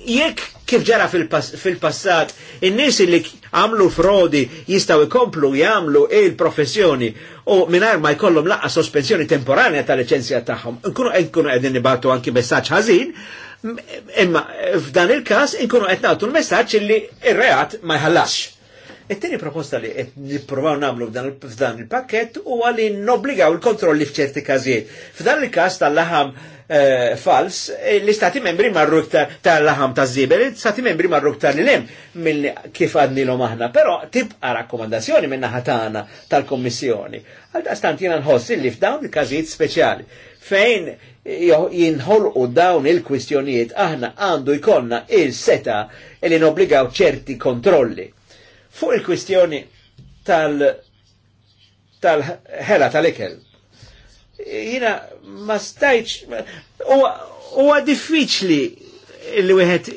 jekk kif ġara fil-passat, in-nies li għamlu frodi jistaw ikomplu jagħmlu il-professjoni u mingħajr ma jkollhom laqqa sospensjoni temporanja tal-liċenzja tagħhom. Nkunu nkunu qegħdin nibatu anki messaġġ ħażin, imma f'dan il-każ inkunu qed nagħtu l-messaġġ li r-reat ma jħallax. It-tieni proposta li qed nippruvaw nagħmlu f'dan il-pakkett huwa li nobbligaw il-kontrolli f'ċerti każijiet. F'dan il-każ tal-laħam Eh, fals, eh, l-istati membri marru iktar tal-laħam ta' zibel, l-istati membri marru iktar li lem minn kif għadni l aħna, pero tibqa rakkomandazzjoni minna ħatana tal-Kommissjoni. Għalda stantina nħossi li f'dawn il-każijiet speċjali fejn eh, jinħolqu dawn il-kwistjonijiet aħna għandu jkonna il-seta li nobligaw ċerti kontrolli. Fuq il-kwistjoni tal- tal-ħela tal-ikel. ħela tal ekel tal jina ma stajċ, u diffiċli li wieħed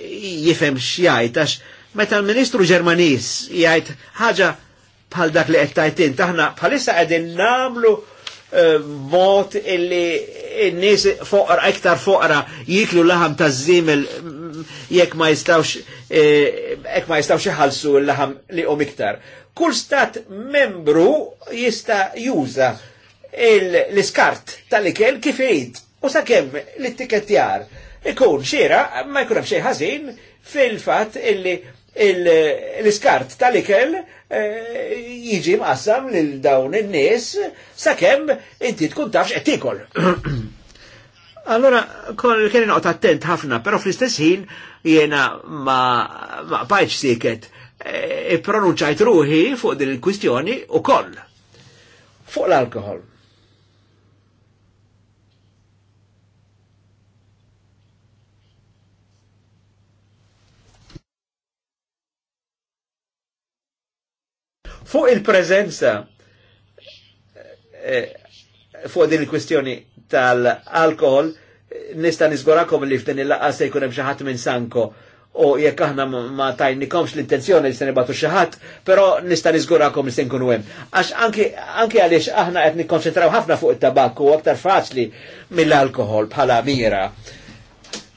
jifhem xjajt, għax meta l-Ministru ġermanis jgħid ħaġa bħal dak li qed tajtin taħna bħalissa qegħdin nagħmlu eh, mod illi n-nies foqra iktar foqra jiklu laħam taż-żimel jekk ma jistawx eh, jek ma jistawx iħallsu laħam li u iktar. Kull stat membru jista' juża l-iskart tal-ikel kif irid. U sakemm l-ittikettjar ikun xira, ma jkun hemm xejn ħażin fil-fatt illi l-iskart tal-ikel eh, jiġi mqassam lil dawn in-nies sakemm inti tkun tafx qed tikol. Allora, kien noqgħod attent ħafna, però fl-istess ħin jiena ma pajċ siket eh, ippronunċajt ruħi fuq din il-kwistjoni u koll. Fuq l-alkohol. Fuq il-prezenza eh, fuq din il-kwestjoni tal-alkohol, nista' niżgorakom li f'din il-laqqa se jkun hemm xi ħadd minn Sanko u jekk aħna ma tajnikomx l-intenzjoni li se nibatu xi ħadd, però nista' niżgurakom li se nkunu hemm. Għax anke għaliex aħna qed nikkonċentraw ħafna fuq it tabakku u aktar faċli mill-alkohol bħala mira.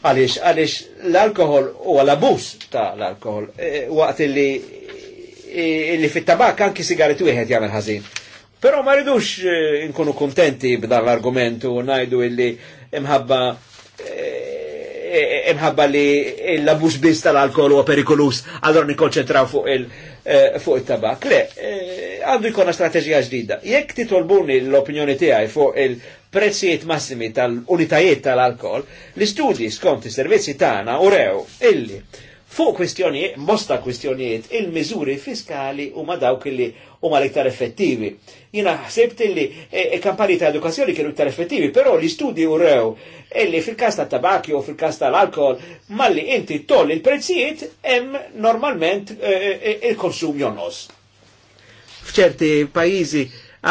Għaliex għaliex l-alkohol u l-abus ta' l-alkohol eh, waqt li li fit-tabak anki sigaret wieħed jagħmel ħażin. Però ma ridux eh, nkunu kontenti b'dan l-argument u ngħidu illi imħabba eh, eh, imħabba li l-abus biss tal-alkol huwa perikolus, allora nikkonċentraw fuq il- fuq it-tabak. Le, għandu jkollna strateġija ġdida. Jekk titolbuni l-opinjoni tiegħi fuq il-prezzijiet massimi tal-unitajiet tal alkohol l-istudji skont is-servizzi tagħna urew illi Fuq kwistjonijiet, mosta kwistjonijiet, il mizuri fiskali u ma dawk li u ma liktar effettivi. Jina ħsibt li e, e kampanji ta' edukazzjoni kienu iktar effettivi, però li studi u rew e, li fil-kas ta' tabakki u fil-kas tal-alkohol, li inti toll il-prezzijiet em normalment e, il-konsum jonos. F'ċerti pajizi,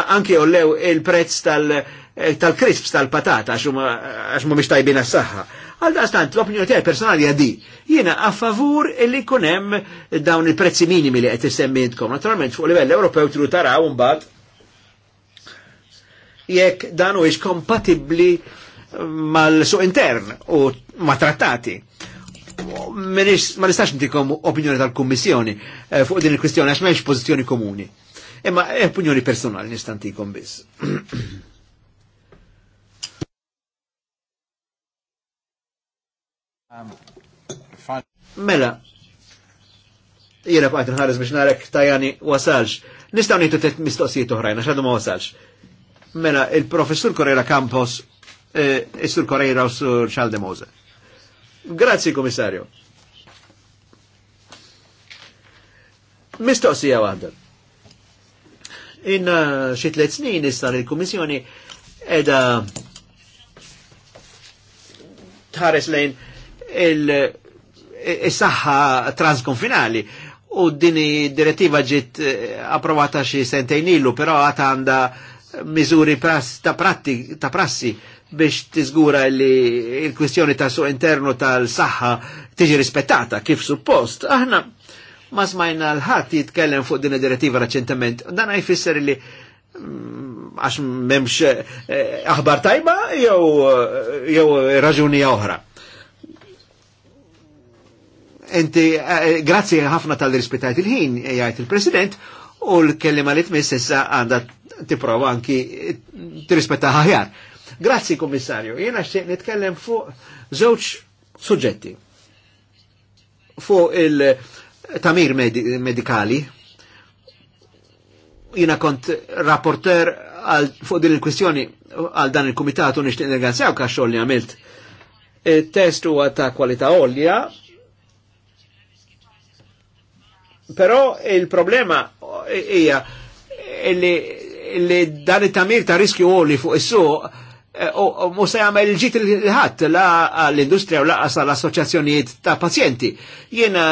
anki u lew il-prezz tal- krisps tal-patata għax mu miex tajbina s-saxħa. Għal stant l-opinjoni tiegħi personali għaddi. Jiena a favur li jkun hemm dawn il-prezzi minimi li qed issemmintkom. Naturalment fuq livell Ewropew tru taraw mbagħad jekk dan huwiex kompatibbli eh, mal-suq intern u ma' trattati ma nistax ntikom opinjoni tal-Kommissjoni eh, fuq din il-kwistjoni għax m'hemmx pożizzjoni komuni. Imma eh, opinjoni personali nistantikom biss. Mela, jena bħajt nħarriz biex narek tajani wasalx. Nistaw nitu tet mistoqsijiet uħrajna, xaddu ma wasalx. Mela, il-professur Correra Campos, eh, il sur Correra u sur Xalde Mose. Grazzi, komissarju. Mistoqsija għadda. Inna xi tliet snin issa il komissjoni edha tħares lejn il-saħħa transkonfinali. U dini direttiva ġiet eh, approvata xi sentejn ilu, però għata għanda miżuri ta' prassi, ta prassi biex tiżgura li il-kwistjoni ta' suq internu tal-saħħa tiġi rispettata kif suppost. Aħna ma smajna l-ħadd jitkellem fuq din id-direttiva reċentement. Dan jfisser li mm, għax memx eh, aħbar tajba jew jew raġuni oħra. Enti, eh, grazzi ħafna tal-rispettajt il-ħin, jgħajt il-President, u l-kellima li tmiss issa għanda tiprova anki tirrispetta ħajar. Grazzi, Kommissarju. Jena xtieq nitkellem fuq żewġ suġġetti. Fuq il-tamir eh, medikali. Jena kont rapporter fuq din il-kwistjoni għal dan il-komitatu nixtieq nirganzjaw kaxxol li għamilt. Il-test huwa ta' kwalità olja, Però il-problema hija li dan it-tamir ta' riski u li fuq is su eh, u mu se jagħmel ġit il-ħadd la l-industrija u laqas għal assoċjazzjonijiet ta' pazjenti. Jiena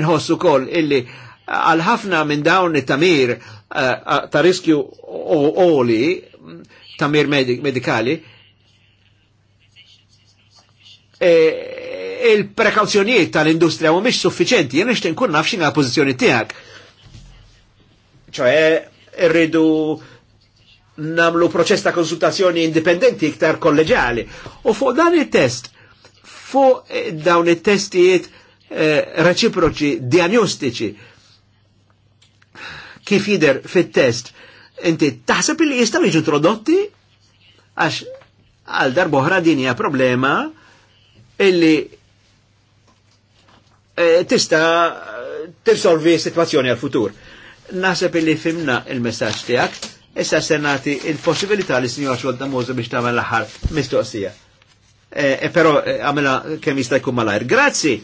nħossu ukoll illi għal ħafna minn dawn it-tamir eh, ta' riskju oli, tamir medikali, eh, il-prekawzjonijiet tal-industrija mhumiex suffiċenti, jien nixtieq nkun naf x'inha l-pożizzjoni tiegħek. irridu namlu proċess ta' konsultazzjoni indipendenti iktar kolleġali. U fuq dan il-test, fuq eh, dawn il-testijiet eh, reċiproċi, diagnostiċi, kif jider fit-test, inti taħseb li jistaw iġu introdotti? Għax għal darboħra dinja problema illi Eh, tista eh, tirsolvi situazzjoni għal-futur. Naseb illi fimna il-messagġ tijak, issa senati il-possibilità li signora Xolda Mużu biex tamen l-ħar mistoqsija. E, però għamela kem jista' jkun malajr. Grazzi.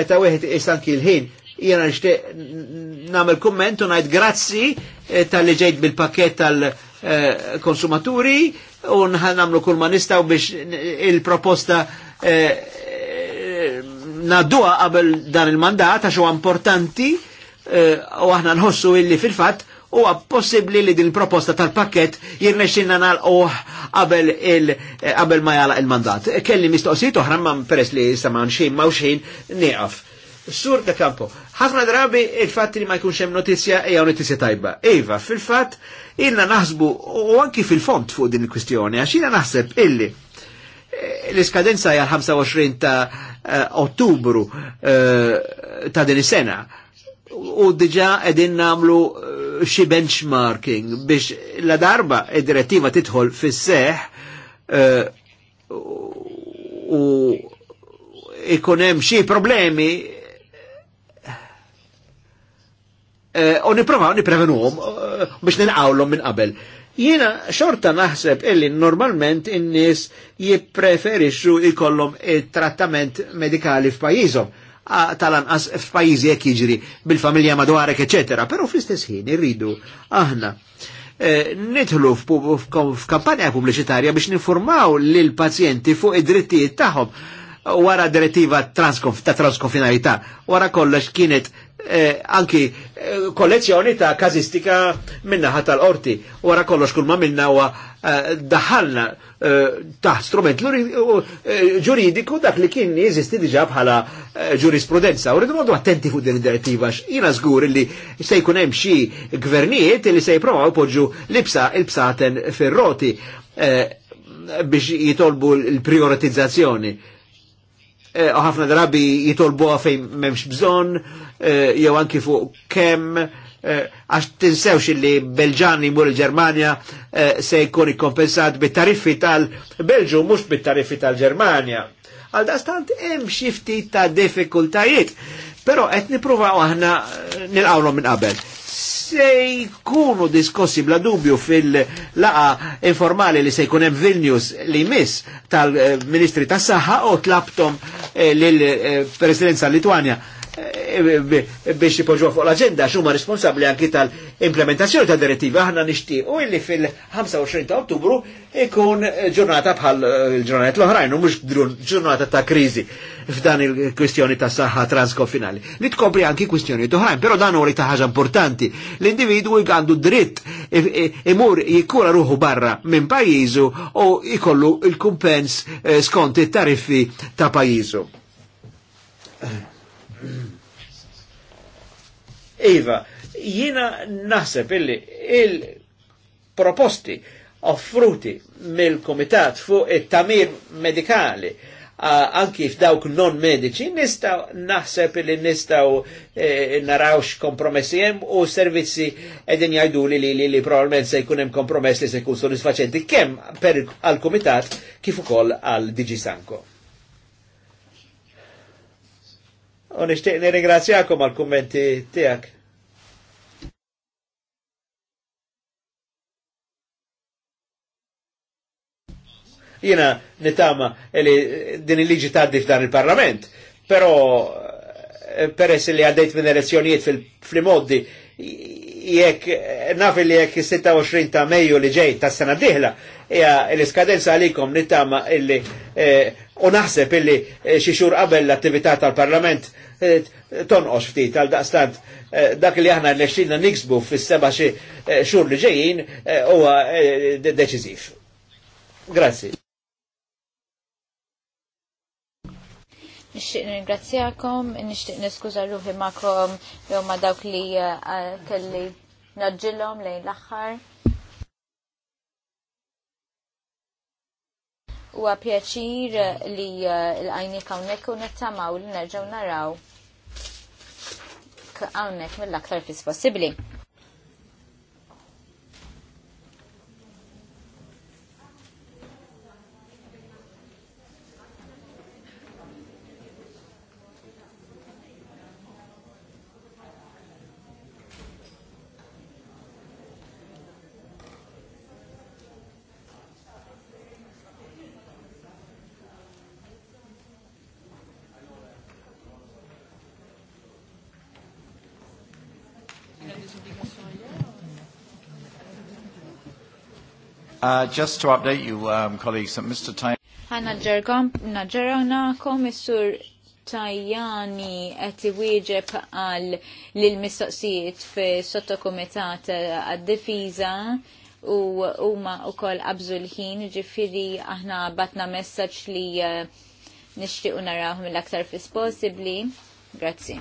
Meta wieħed istanki l-ħin, jena nixtieq nagħmel kumment u ngħid grazzi tal-li ġejt bil-pakket tal-konsumaturi u nagħmlu kull ma nistgħu biex il-proposta nadduha qabel dan il-mandat għax huwa importanti eh, u aħna nħossu illi fil-fatt huwa possibbli li din proposta tal-pakket jirnexxinna nagħlquh qabel il eh, qabel ma jalaq il-mandat. Eh, kelli mistoqsijiet oħra ma peress li issa ma xejn ma xejn nieqaf. Sur da kampo, ħafna drabi il-fatt li ma jkunx hemm notizja hija notizja tajba. Iva, fil-fatt ilna naħsbu u anki fil-font fuq din il-kwistjoni għax jiena naħseb illi l-iskadenza hija 25 ta' Eh, ottubru eh, ta' din is-sena. U diġa edin namlu eh, xi benchmarking biex la darba id-direttiva titħol fis-seħ u ikun hemm xi problemi u niprofaw niprevenuhom biex nilqawlhom minn qabel. Jiena xorta naħseb illi normalment in-nies jippreferixxu jkollhom trattament medikali f'pajjiżhom tal-anqas f'pajjiżi jekk jiġri bil-familja madwarek, eċetera, però fl-istess ħin irridu aħna eh, nidħlu f'kampanja pubbliċitarja biex ninformaw lil pazjenti fuq id-drittijiet tagħhom wara direttiva ta' transkonfinalità. Wara kollox kienet eh, anki eh, kollezzjoni ta' kazistika ħat tal-orti. Wara kollox kull ma minna wa eh, daħalna eh, ta' strument eh, ġuridiku dak li kien jeżisti diġa bħala eh, ġurisprudenza. U rridu għadu attenti fuq din id-direttiva x'ina żgur li se jkun hemm xi gvernijiet li se jipprovaw poġġu l-ibsa il-bsaten fir-roti eh, biex jitolbu l-prioritizzazzjoni Eh, ħafna drabi jitolbu fejn memx bżon, eh, jew anki fuq kemm eh, għax tinsewx li Belġani mur il-Germania se jkun ikkompensat bit-tariffi tal-Belġu mux bit-tariffi tal-Germania. Għal dastant hemm xi ftit ta' diffikultajiet, però qed nippruvaw aħna nilqawlhom minn qabel se jkunu diskossi bla dubju fil-laqa informali li se jkunem Vilnius li miss tal-Ministri eh, tas-Saħħa u tlabtom eh, lill-Presidenza eh, Litwanja Eh, biex jipoġu fuq l-agenda xuma responsabli anki tal-implementazzjoni ta' direttiva aħna u illi fil-25 ta' ottubru ikun ġurnata bħal eh, il-ġurnata l-oħrajn u mux ġurnata ta' krizi f'dan il-kwistjoni ta' saħħa transkonfinali. Li tkopri anki kwistjoni oħrajn, pero dan u li ta' ħaġa importanti. L-individu għandu dritt imur jikura ruħu barra minn pajizu u jikollu il-kumpens eh, skonti tariffi ta' pajizu. Iva, jina naħseb illi il-proposti offruti mill-komitat fuq it-tamir medikali anki f'dawk non medici nistaw naħseb li nistaw e, narawx kompromessi jem u servizzi edin jajdu li li li, li probablement se jkun hemm kompromess li se jkun soddisfaċenti kemm per għal komitat kif ukoll għal Digi Sanko. U nixtieq nirringrazzjakom għal kummenti tiegħek. Jina nitama li din il-liġi taddi f'dan il-Parlament, però eh, peress li għaddejt minn elezzjonijiet fil-modi jekk naf li jekk 26 ta' Mejju li ġej ta' sena diħla hija l-iskadenza għalikom nittama illi eh, U naħseb illi eh, xi xhur qabel l-attività tal-Parlament eh, tonqos ftit għal daqstant eh, dak li aħna nexxilna niksbu fis-seba' xi xhur li ġejjin huwa deċiżiv. Grazzi. Nixtieq ningrazzjakom, nixtieq niskuża ruħi magħkom jew ma' dawk li kelli naġġilhom lejn l-aħħar. U għapjaċir li eh, l-għajni kawnek u nittamaw li nerġaw naraw kawnek mill-aktar fis possibli. Uh, just to update you, um, colleagues, that Mr. Tajani... Għanna ġergħonakom, Mr. Tajani, għet iwieġeb għal l-mistoqsijiet fi sottokomitat uh, għad-difiza u huma wkoll qabżu l-ħin, ġifieri aħna batna messaġġ li uh, nixtiequ narawhom l-aktar fis possibbli. Grazzi.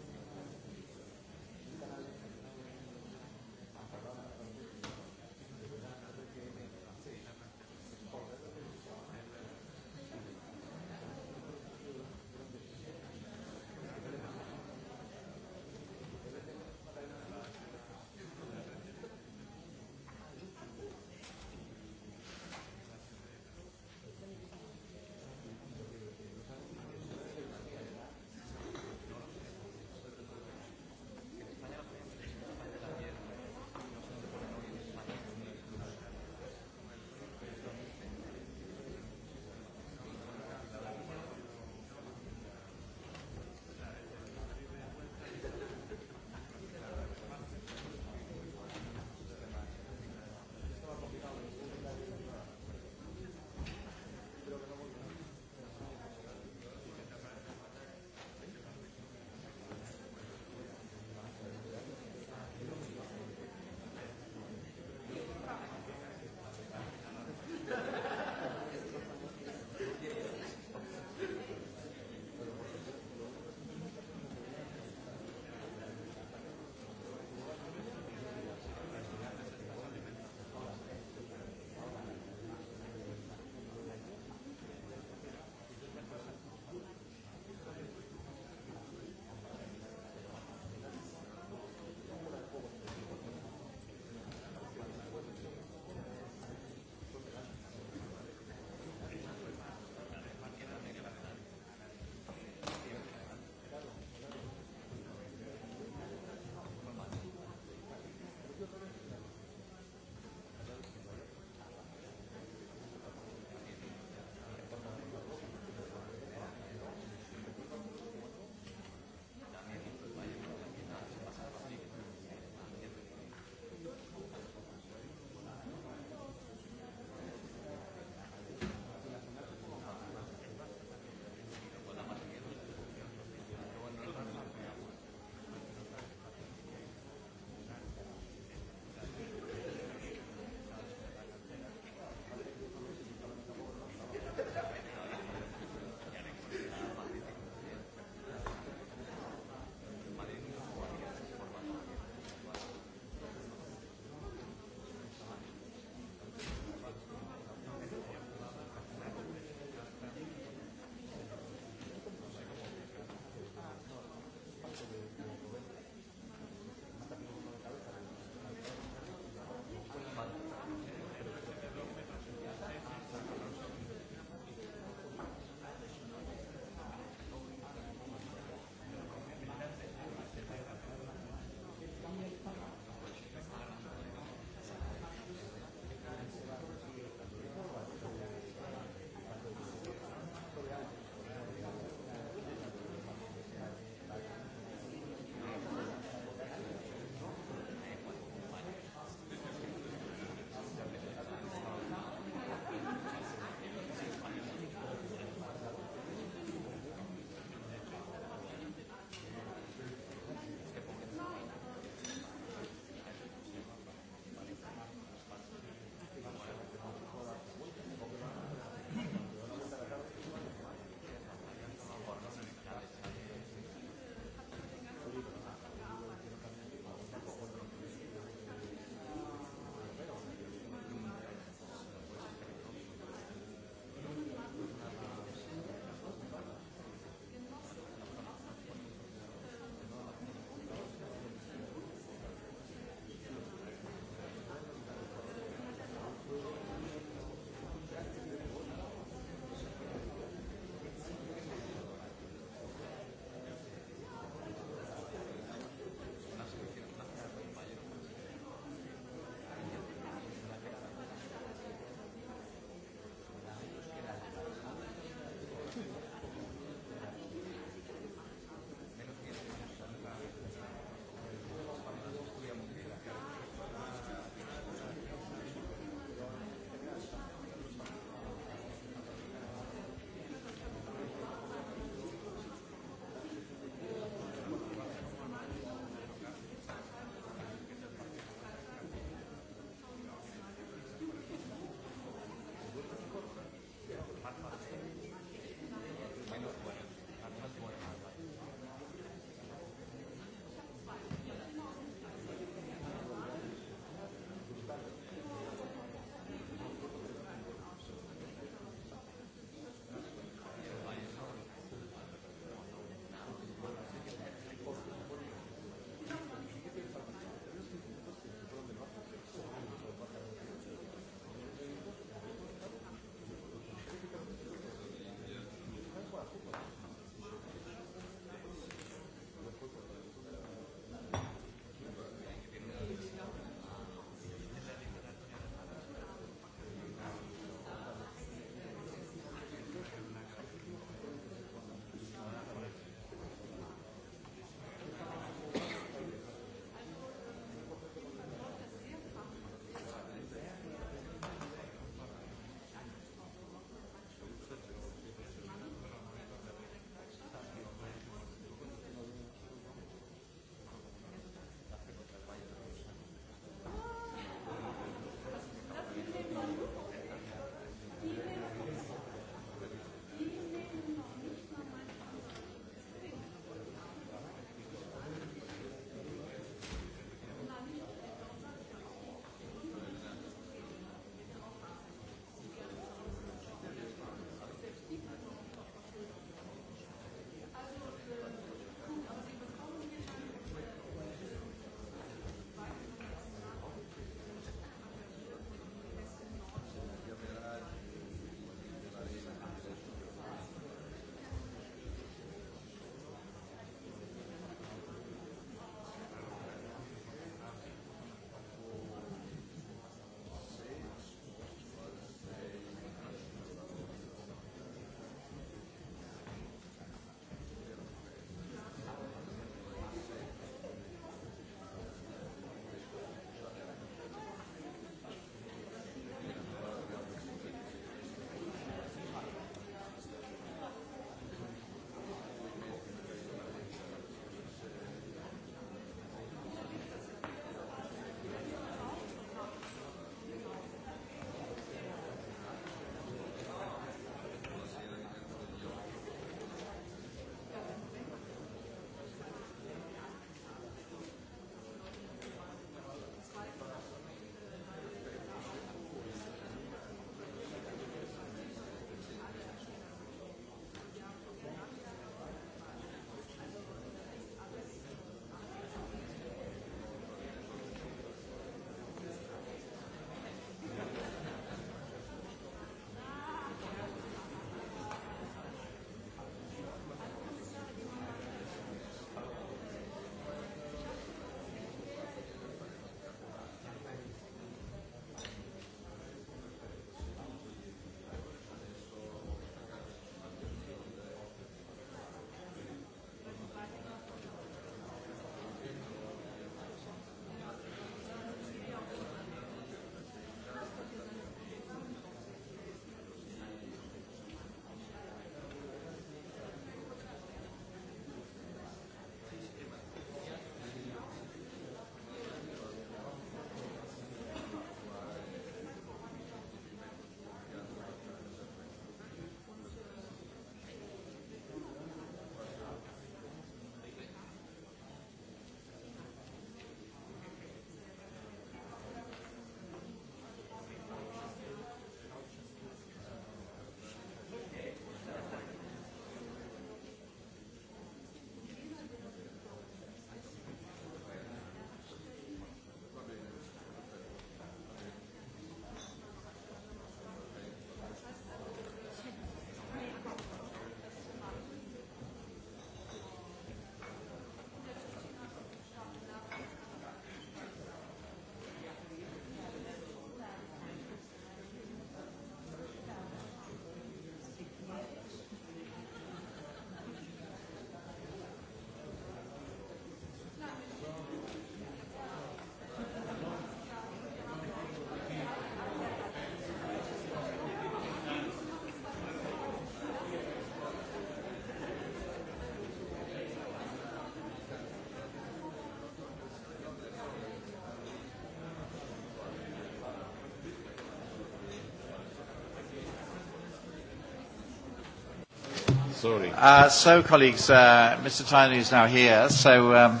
Sorry. Uh, so, colleagues, uh, Mr. Tajani is now here, so... Um...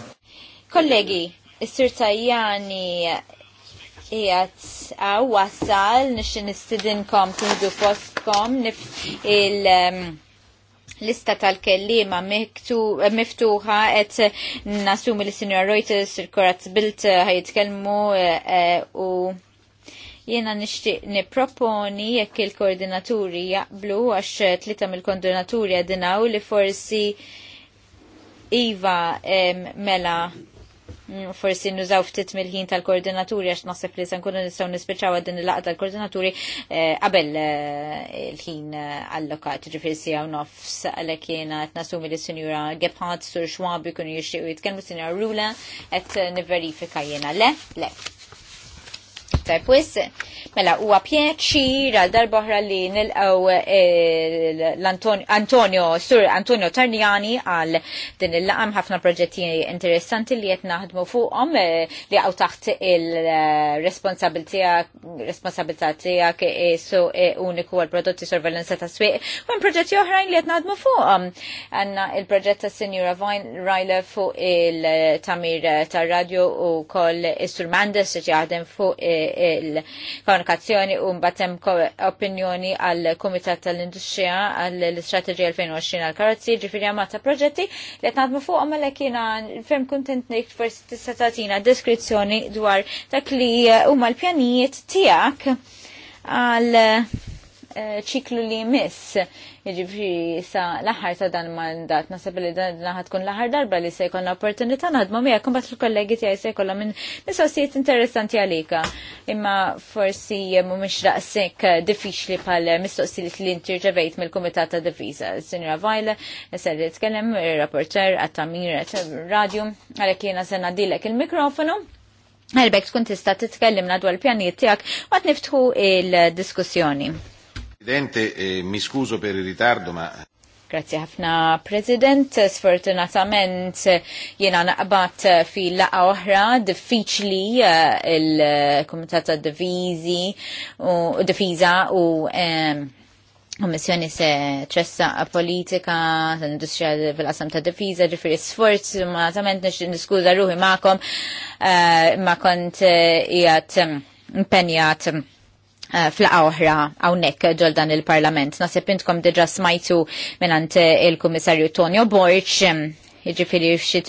Kollegi, Sir Tajani ijat għaw uh, wasal, nixin istidinkom tiħdu postkom, nif il... Um, lista tal-kellima miftuħa et nasum il Senior Reuters, il-Korat Bilt ħajitkellmu uh, uh, u Jiena nixtieq nipproponi jekk il-koordinaturi jaqblu għax tlita mill-koordinaturi għadinaw li forsi Iva mela mm, forsi nużaw ftit mill-ħin tal-koordinaturi għax naħseb li se nkunu nistgħu nispiċċaw din il-laqgħa tal-koordinaturi eh, qabel eh, il-ħin eh, allokat, si għaw nofs għalhekk jiena qed nasumi li sinjura Gebhardt sur Schwab ikunu jixtiequ jitkellmu senjura Rula qed niverifika jiena le le aktar pwis. Mela, huwa pjaċir għal darboħra li nilqaw eh, l-Antonio, Sur Antonio Tarniani għal din il-laqam ħafna proġetti interessanti li jett naħdmu fuqom eh, li għaw taħt il-responsabilità tijak eh, su uniku għal prodotti sorvelenza ta' swieq. Għan proġetti oħrajn li jett naħdmu fuqom. Għanna il-proġett ta' Signora Rajla fuq il-tamir ta' radio u koll Sur Mandes ġaħdem fuq il-komunikazzjoni u mbatem opinjoni għal Komitat tal-Industrija għal l-Istrateġija 2020 għal karozzi ġifiri għamata proġetti li għetnadmu fuq għamma l kiena ferm kontent nejt forsi tista' tagħtina deskrizzjoni dwar dak li huma l-pjanijiet tiegħek għal ċiklu li jmiss. Jiġifieri sa l-aħħar ta' dan mandat nasab li dan naħad tkun l-aħħar darba li se jkollna opportunità ma mija, imbagħad l kollegi tiegħi se jkollna minn mistoqsijiet interessanti għalika. Imma forsi mhumiex daqshekk diffiċli bħal mistoqsijiet li intirġevejt mill-Kumitat ta' divisa, Sinjora Vajle, se li tkellem ir-rapporter għat-Tamir Radio, għalek jiena sena dilek il-mikrofonu. Għalbek tkun tista' titkellimna dwar il-pjanijiet tiegħek waqt niftħu il-diskussjoni. Presidente, eh, mi scuso per il ritardo, ma Grazie ħafna, President. Sfortunatament jiena naqbat fi laqa oħra diffiċli eh, il-Komitat ta' Divizi u Difiża u Kommissjoni se ċessa politika tal-industrija fil-qasam ta' difiża ġifiri sforz ma' tament niskuza ruħi ma'kom eh, ma' kont eh, jgħat impenjat Eh, flaqa oħra għawnek eh, ġoldan il-parlament. Nasib intkom diġà smajtu minnant eh, il-Kummissarju Tonio Borċ, ġifiri fxit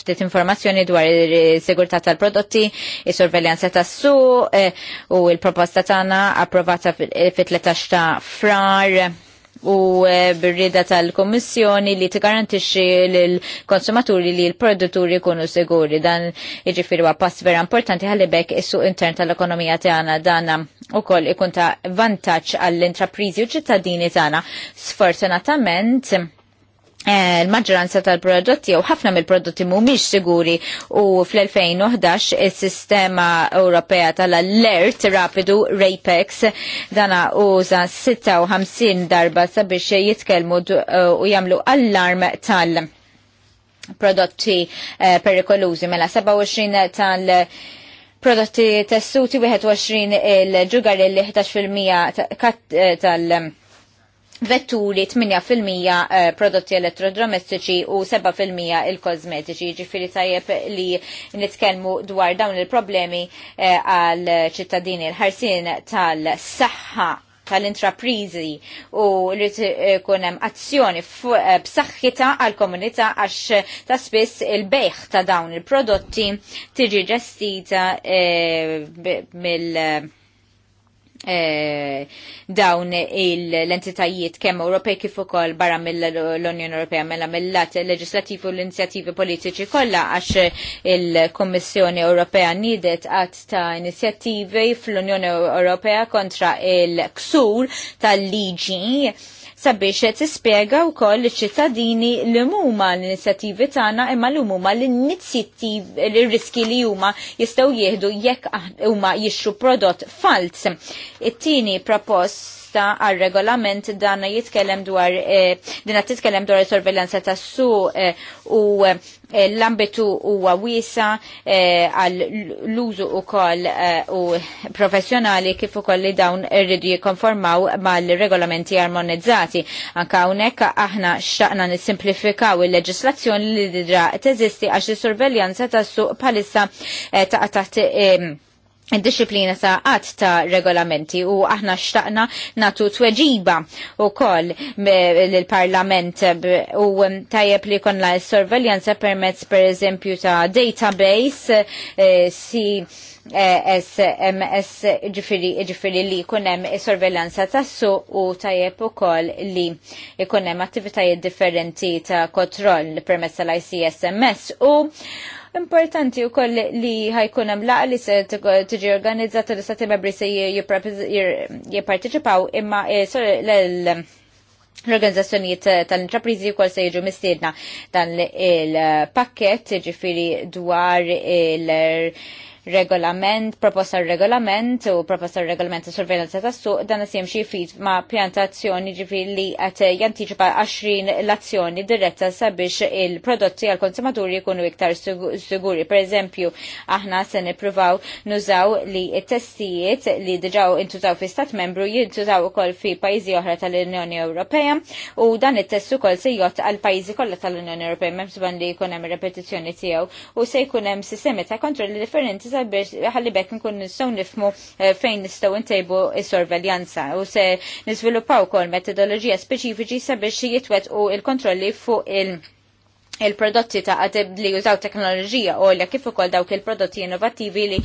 ftit informazzjoni dwar il-sigurtà tal-prodotti, il-sorveljanza tas su u il-proposta tagħna approvata fit-13 ta' frar u eh, birrida tal-Kommissjoni li tigarantixxi lill-konsumaturi li l-produtturi jkunu siguri. Dan jiġifieri huwa pass vera importanti ħallibek is-suq intern tal-ekonomija tagħna dana wkoll ikun ta' vantaġġ għall intraprizi u ċittadini tagħna. Sfortunatament, Eh, l-maġġoranza tal-prodotti jew ħafna mill-prodotti mhumiex siguri u fl-2011 is-sistema Ewropea tal-Alert Rapidu Rapex dana uża 56 darba sabiex jitkellmu eh, u jagħmlu allarm tal- prodotti eh, perikolużi mela 27 tal- prodotti tessuti 21 il-ġugar il-11% tal- vetturi 8% eh, prodotti elettrodomestiċi u 7% il-kosmetiċi. Ġifiri tajjeb li nitkelmu dwar dawn il-problemi eh, għal ċittadini l-ħarsin tal-saħħa tal-intraprizi u li kunem azzjoni eh, b'saħħita għal komunità għax ta' spiss il-bejħ ta' dawn il-prodotti tiġi ġestita mill- Eh, dawn l-entitajiet kemm Ewropej kif ukoll barra mill-Unjoni Ewropea mela mill-lat leġislattiv u l-inizjattivi politiċi kollha għax il-Kommissjoni Ewropea nidet qatt ta' inizjattivi fl-Unjoni Ewropea kontra il-ksur tal-liġi sabiex tispjega wkoll iċ ċittadini li huma l-inizjattivi tagħna imma li huma l-inizjattivi l-riski li huma jistgħu jieħdu jekk huma jixxu prodott fals. It-tieni propost proposta għal regolament dan jitkellem dwar eh, din titkellem dwar sorveljanza tas su eh, u eh, l-ambitu huwa wiesa għal l-użu ukoll u professjonali kif ukoll li dawn irridu jikkonformaw mal-regolamenti armonizzati. Anka hawnhekk aħna x'aqna nissimplifikaw il-leġislazzjoni li didra teżisti għax is-sorveljanza tas-suq bħalissa ta' taħt id-disciplina ta' għat ta' regolamenti u aħna xtaqna natu tweġiba u koll l-parlament u um, tajjeb li konna l-sorveljanza permezz per eżempju ta' database eh, e si SMS ġifiri, li kunem sorveljanza tassu u tajjeb u koll li kunem attivitajiet differenti ta' kontroll permezz tal-ICSMS u Importanti wkoll li ħajkun hemm li se tiġi organizzat li stati membri se jipparteċipaw imma eh, l-organizzazzjonijiet tal-intraprizi wkoll se jiġu mistedna dan il-pakket ġifiri dwar il- regolament, proposta regolament u proposta regolament ta' sorveljanza ta' suq dan se jimxi fit ma' pjantazzjoni ġifi li għat jantiċipa 20 l-azzjoni diretta sabiex il-prodotti għal-konsumaturi jkunu iktar siguri. Per eżempju, aħna se nipruvaw nużaw li testijiet li diġaw intużaw fi stat membru jintużaw ukoll fi pajjiżi oħra tal-Unjoni Ewropea u dan it testu kol se jgħod għal pajjiżi kollha tal-Unjoni Ewropea memx li jkun hemm repetizzjoni tiegħu u se jkun hemm sistemi ta' kontrolli differenti sabiex ħalli bekk nkun nistgħu nifmu eh, fejn nistgħu ntejbu s-sorveljanza u se niżviluppaw kol metodologija speċifiċi sabiex jitwet u il-kontrolli fuq il-, -kontrolli il il-prodotti ta' għatib li jużaw teknoloġija u li kif ukoll dawk il-prodotti innovativi li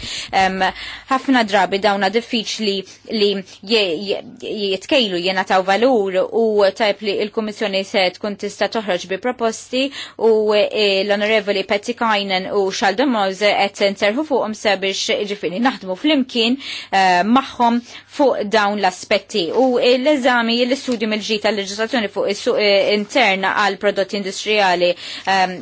ħafna drabi dawna diffiċ li jitkejlu jena taw valur u tajb li il-Kummissjoni se tkun tista' toħroġ bi proposti u e, l-Onorevoli Petty Kajnen u Xaldo Mose qed nserħu fuqhom sabiex ġifini naħdmu flimkien e, magħhom fuq dawn l-aspetti u l-eżami l-istudju mill-ġita l-leġislazzjoni fuq is-suq e, interna għal prodotti industrijali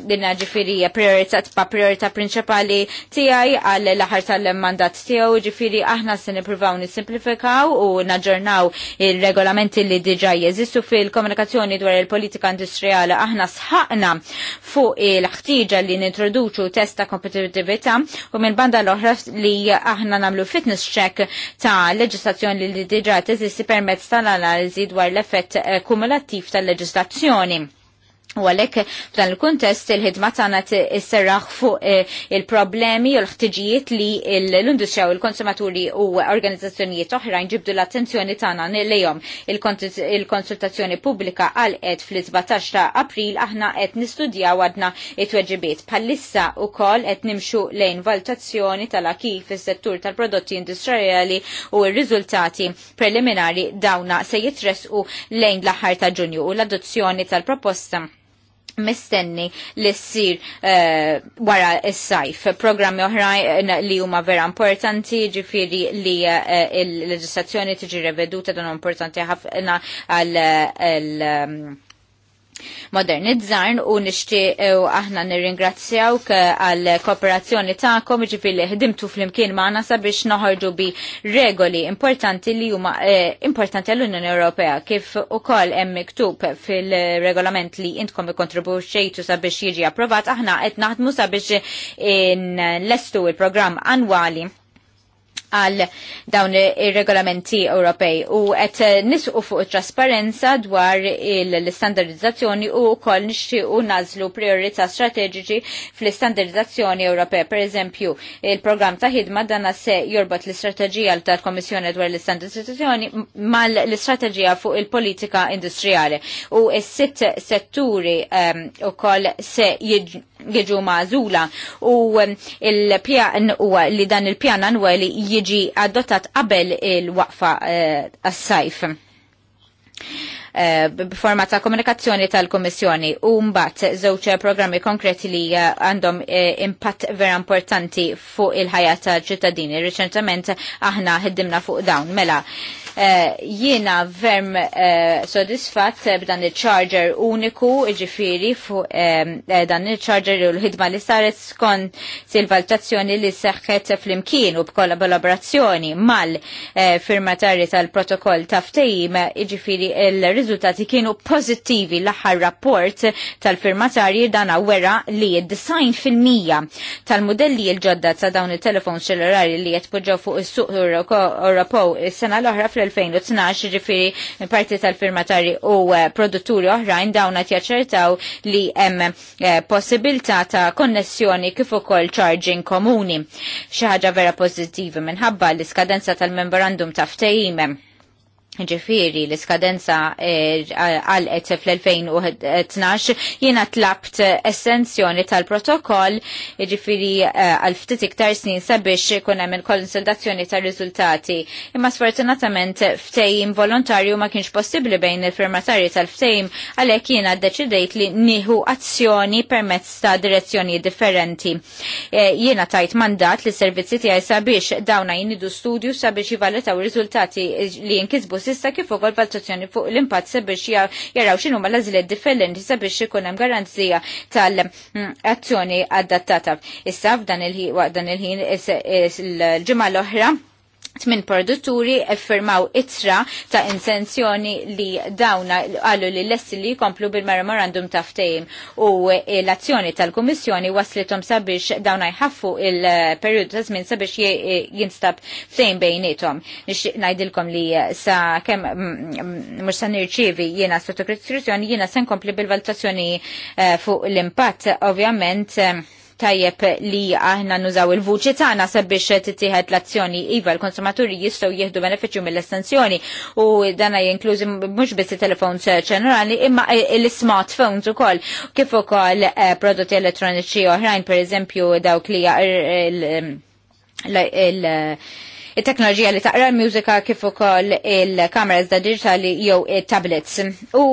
dinna ġifiri prioritat pa priorita prinċipali tijaj għal laħar tal-mandat tijaw ġifiri aħna se nipruvaw nisimplifikaw u naġġornaw il-regolamenti li diġa jeżistu fil-komunikazzjoni dwar il-politika industrijali aħna sħaqna fuq il-ħtiġa li nintroduċu testa kompetitivita u minn banda l-oħra li aħna namlu fitness check ta' leġislazzjoni li diġa teżisti permezz tal-analizi dwar l-effett kumulattiv tal-leġislazzjoni. U għalek f'dan il-kuntest il-ħidma tagħna tisserraħ fuq eh, il-problemi u l-ħtiġijiet li l-industrija u l-konsumaturi u organizzazzjonijiet oħrajn ġibdu l-attenzjoni tagħna lejhom. Il-konsultazzjoni pubblika għal qed fl-17 ta' April aħna qed nistudjaw għadna it-tweġibiet. Bħalissa wkoll qed nimxu lejn valutazzjoni tal akif is settur tal-prodotti industrijali u r-riżultati preliminari dawna se jitresqu lejn l-aħħar ta' Ġunju u l-adozzjoni tal-proposta mistenni li s-sir uh, wara s-sajf. Programmi oħrajn eh, li huma vera importanti, ġifiri li uh, il-leġislazzjoni tiġi reveduta dan importanti ħafna għal um, modernizzarn u u aħna nirringrazzjawk eh, għal kooperazzjoni tagħkom ġifieri ħdimtu flimkien magħna sabiex noħorġu bi regoli importanti li huma eh, importanti għall-Unjoni Ewropea kif ukoll hemm miktub fil-regolament li intkom ikkontribwixxejtu sabiex jiġi approvat aħna qed naħdmu sabiex lestu il-programm annwali għal dawn ir-regolamenti Ewropej u qed nisqu fuq trasparenza dwar l-standardizzazzjoni u wkoll nixtiequ nazlu priorità strateġiċi fl-standardizzazzjoni Ewropej. Pereżempju, il-programm ta' ħidma dana se jorbot l-istrateġija tal-Kommissjoni dwar l-standardizzazzjoni mal-istrateġija l fuq il-politika industrijali u s-sitt setturi ehm, ukoll se jiġu mażula u ehm, il-pjan huwa li dan il-pjan annwali jiġi adottat qabel il-waqfa għas-sajf eh, eh, b'forma ta' komunikazzjoni tal-Komissjoni u mbagħad żewġ programmi konkreti li eh, għandhom impatt vera importanti fuq il-ħajja tal ċittadini. Riċentament aħna ħeddimna fuq dawn mela Eh, jiena verm eh, sodisfatt b'dan il-charger uniku iġifiri eh, dan il-charger u l-ħidma li saret skont il valtazzjoni li seħħet fl-imkien u b'kollaborazzjoni mal-firmatari tal-protokoll ta' ftehim il-riżultati kienu pozittivi l-aħħar rapport tal-firmatari dan għawera li id-design fil-mija tal-modelli l-ġodda ta' dawn il-telefon ċellulari li poġġaw fuq is-suq Ewropew is-sena l-oħra fl 2012 ġifiri parti tal-firmatari u eh, produtturi oħrajn dawna tjaċertaw li hemm eh, possibilità ta' konnessjoni kif ukoll charging komuni. Xi ħaġa vera pożittiva minħabba l-iskadenza tal-memorandum ta' ftehim ġifiri l-iskadenza er, għal-qed fl-2012 jiena tlabt essenzjoni tal-protokoll ġifiri eh, għal-ftit iktar snin sabiex kun hemm il-konsultazzjoni tar-riżultati. Imma sfortunatament ftejim volontarju ma kienx possibbli bejn il-firmatari tal-ftejim għalhekk jiena ddeċidejt li nieħu azzjoni permezz ta' direzzjoni differenti. Eh, jiena tajt mandat li servizzi tiegħi sabiex dawna jinidu studju sabiex jivalutaw riżultati li jinkisbu sista kif ukoll valutazzjoni fuq l-impatt sabiex jaraw x'inhu ma l differenti sabiex ikun hemm garanzija tal-azzjoni mm, adattata. Issa f'dan il-ħin il-ġimgħa l-oħra Tmin produtturi effirmaw itra ta' intenzjoni li dawna għallu li lessi li jkomplu bil-memorandum ta' ftejm u eh, l-azzjoni tal-Kummissjoni waslitom sabiex dawna jħaffu il-periodu ta' żmien sabiex eh, jinstab ftejm bejnietom. Najdilkom li eh, sa' kem mux mm, mm, sa' nirċivi jena sottokrizzjoni jena sen komplu bil-valutazzjoni fuq l-impatt ovvjament tajjeb li aħna nużaw il-vuċi tagħna sabiex titieħed l-azzjoni iva l-konsumaturi jistgħu jieħdu benefiċċju mill-estensjoni u dana jinklużi mhux biss telefons ċenerali imma l-smartphones ukoll kif ukoll eh, prodotti elettroniċi oħrajn pereżempju dawk li il- il-teknoloġija li taqra l-mużika kif ukoll il-kameras da digitali jew il tablets U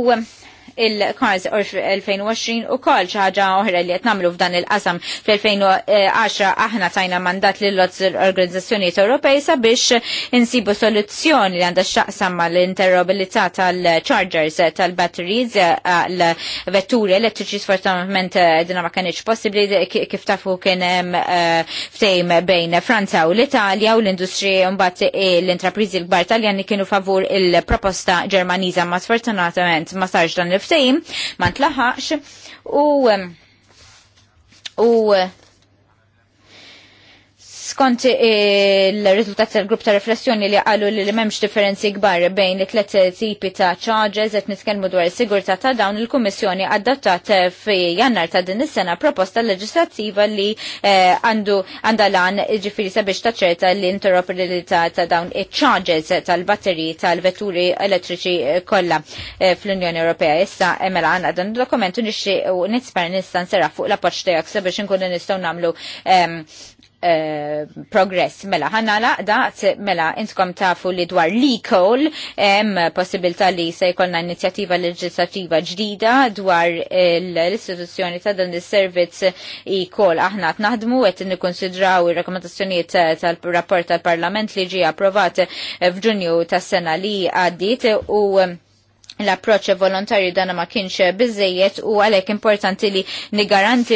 il-Cars 2020 u kol ħaġa oħra li qed nagħmlu f'dan il-qasam fl-2010 aħna tajna mandat lots organizzazzjonijiet Ewropej sabiex insibu soluzzjoni li għandha x'taqsam mal interrobilità tal-chargers tal-batteries l-vetturi elettriċi sfortunatament dinna ma kienx possibbli kif tafu kien hemm eh, ftejm bejn Franza u l-Italja u l-industri mbagħad l-intrapriżi l-kbar Taljani kienu favur il-proposta Ġermaniża ma sfortunatament ma sarx dan l same, ma tlaħax, u u skont il-rizultat tal-grupp ta' riflessjoni li qalu li memx differenzi gbar bejn it-tlet tipi ta' charges qed nitkellmu dwar is-sigurta ta' dawn il-Kummissjoni adattat fi jannar ta' din is-sena proposta leġislattiva li eh, għandu għandha lan sabiex sabiex ċerta l-interoperabilità ta' dawn iċ-charges tal batteri tal-vetturi elettriċi eh, kollha eh, fl-Unjoni Ewropea. Issa mela għandna dan dokumentu nixxi u nitspar nista' nseraħ fuq la appoġġ sabiex inkunu nistgħu nagħmlu ehm, Eh, progress. Mela, ħanna laqda, mela, intkom tafu li dwar li kol, e em possibilta li se jkollna inizjativa leġislattiva ġdida dwar l-istituzzjoni ta' dan il-servizz ikoll e aħna t-naħdmu, għet nikonsidraw il-rekomendazzjoniet tal-rapport tal-parlament li ġi approvat f'ġunju tas sena li għaddit u l-approċ volontarju dana ma kienx bizzejiet u għalek importanti li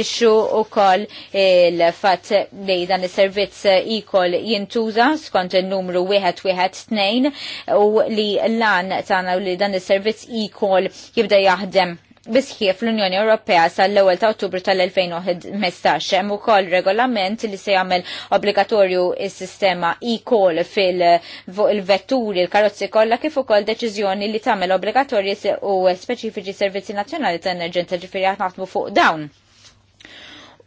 xu u koll il-fat li dan il-servizz ikol jintuża skont il-numru 1-1-2 u li l-lan tana u li dan il-servizz ikol jibda jaħdem bisħif l-Unjoni Ewropea sal-ewwel ta' Ottubru tal-2015 hemm ukoll regolament li se jagħmel obbligatorju s-sistema e-call fil-vetturi il karozzi kollha kif ukoll deċiżjoni li tagħmel obbligatorji u speċifiċi servizzi nazzjonali ta' enerġenta ġifieri naħdmu fuq dawn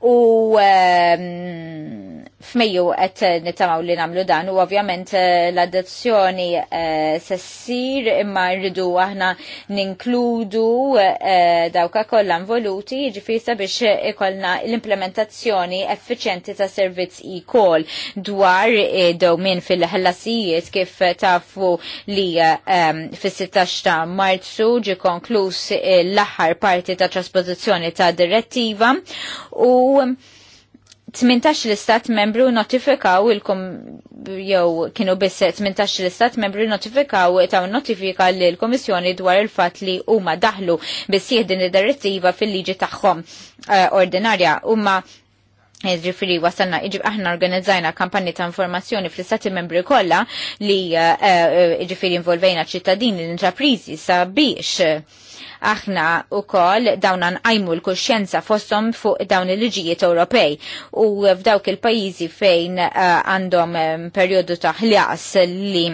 U ehm, f'Mejju qed nittamaw li nagħmlu dan u ovvjament eh, l-adozzjoni eh, se ssir imma rridu aħna ninkludu dawk eh, dawka kollha involuti jiġifieri sabiex ikollna l-implementazzjoni effiċjenti ta' servizz e-call dwar dewmien fil-ħlasijiet kif tafu li ehm, fis-16 ta' Marzu ġi konkluż l-aħħar parti ta' trasposizzjoni ta' direttiva u u 18 l-istat membru notifikaw il-kom jew kienu bisse 18 l-istat membru notifikaw ta' notifika l-Komissjoni dwar il-fat li huma daħlu biss jihdin id-direttiva fil-liġi tagħhom uh, ordinarja. Umma eh, Ġifiri, wasalna, iġib aħna organizzajna kampanji ta' informazzjoni fl-istati membri kollha li eh, ġifiri involvejna ċittadini l-intraprizi sabiex Aħna u kol dawna nqajmu l-kuxjenza fossom fuq dawn il-liġijiet Ewropej u f'dawk il-pajizi fejn eh, għandhom eh, periodu ta' li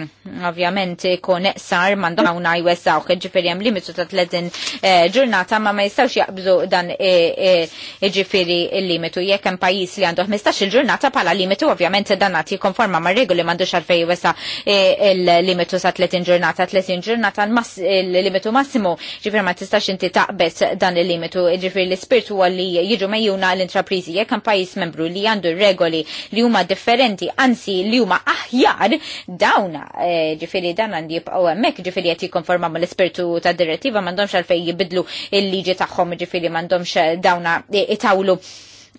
ovvjament kun sar mandu għawna jwessaw ġifiri jem limitu ta' tletin eh, ġurnata ma ma jistawx jaqbżu dan ġifiri il-limitu jekk hemm pajjiż li għandu 15 il-ġurnata pala limitu ovvjament dan għati konforma ma' regoli m'għandux xarfej jwessa il-limitu sa' 30 ġurnata 30 ġurnata il-limitu massimu ġifiri ma tistax inti taqbes dan il-limitu, ġifir l-ispirtu għalli li jiġu mejjuna l-intraprizi, jekk hemm pajjiż membru li għandu regoli li huma differenti, anzi li huma aħjar dawna, eh, ġifieri dan għandi jibqgħu hemmhekk, ġifieri qed jikkonforma mal spirtu ta' direttiva m'għandhomx għalfejn jibidlu il-liġi tagħhom, ġifieri m'għandhomx dawna eh, itawlu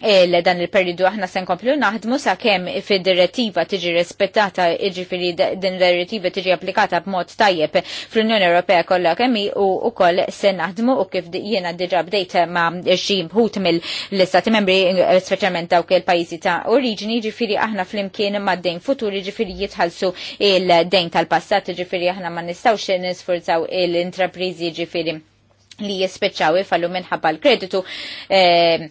il dan il-periodu aħna se nkomplu naħdmu sa kem fid-direttiva tiġi rispettata jiġifieri din direttiva tiġi applikata b'mod tajjeb fl-Unjoni Ewropea kollha kemm u wkoll se naħdmu u kif jiena diġà bdejt ma xi mħut mill-istati membri speċjalment dawk il-pajjiżi ta' oriġini jiġifieri aħna flimkien mad-dejn futur jiġifieri jitħallsu il-dejn tal-passat jiġifieri aħna ma nistgħux nisfurzaw il-intrapriżi jiġifieri li jispeċċaw ifallu minħabba l-kreditu. Eh,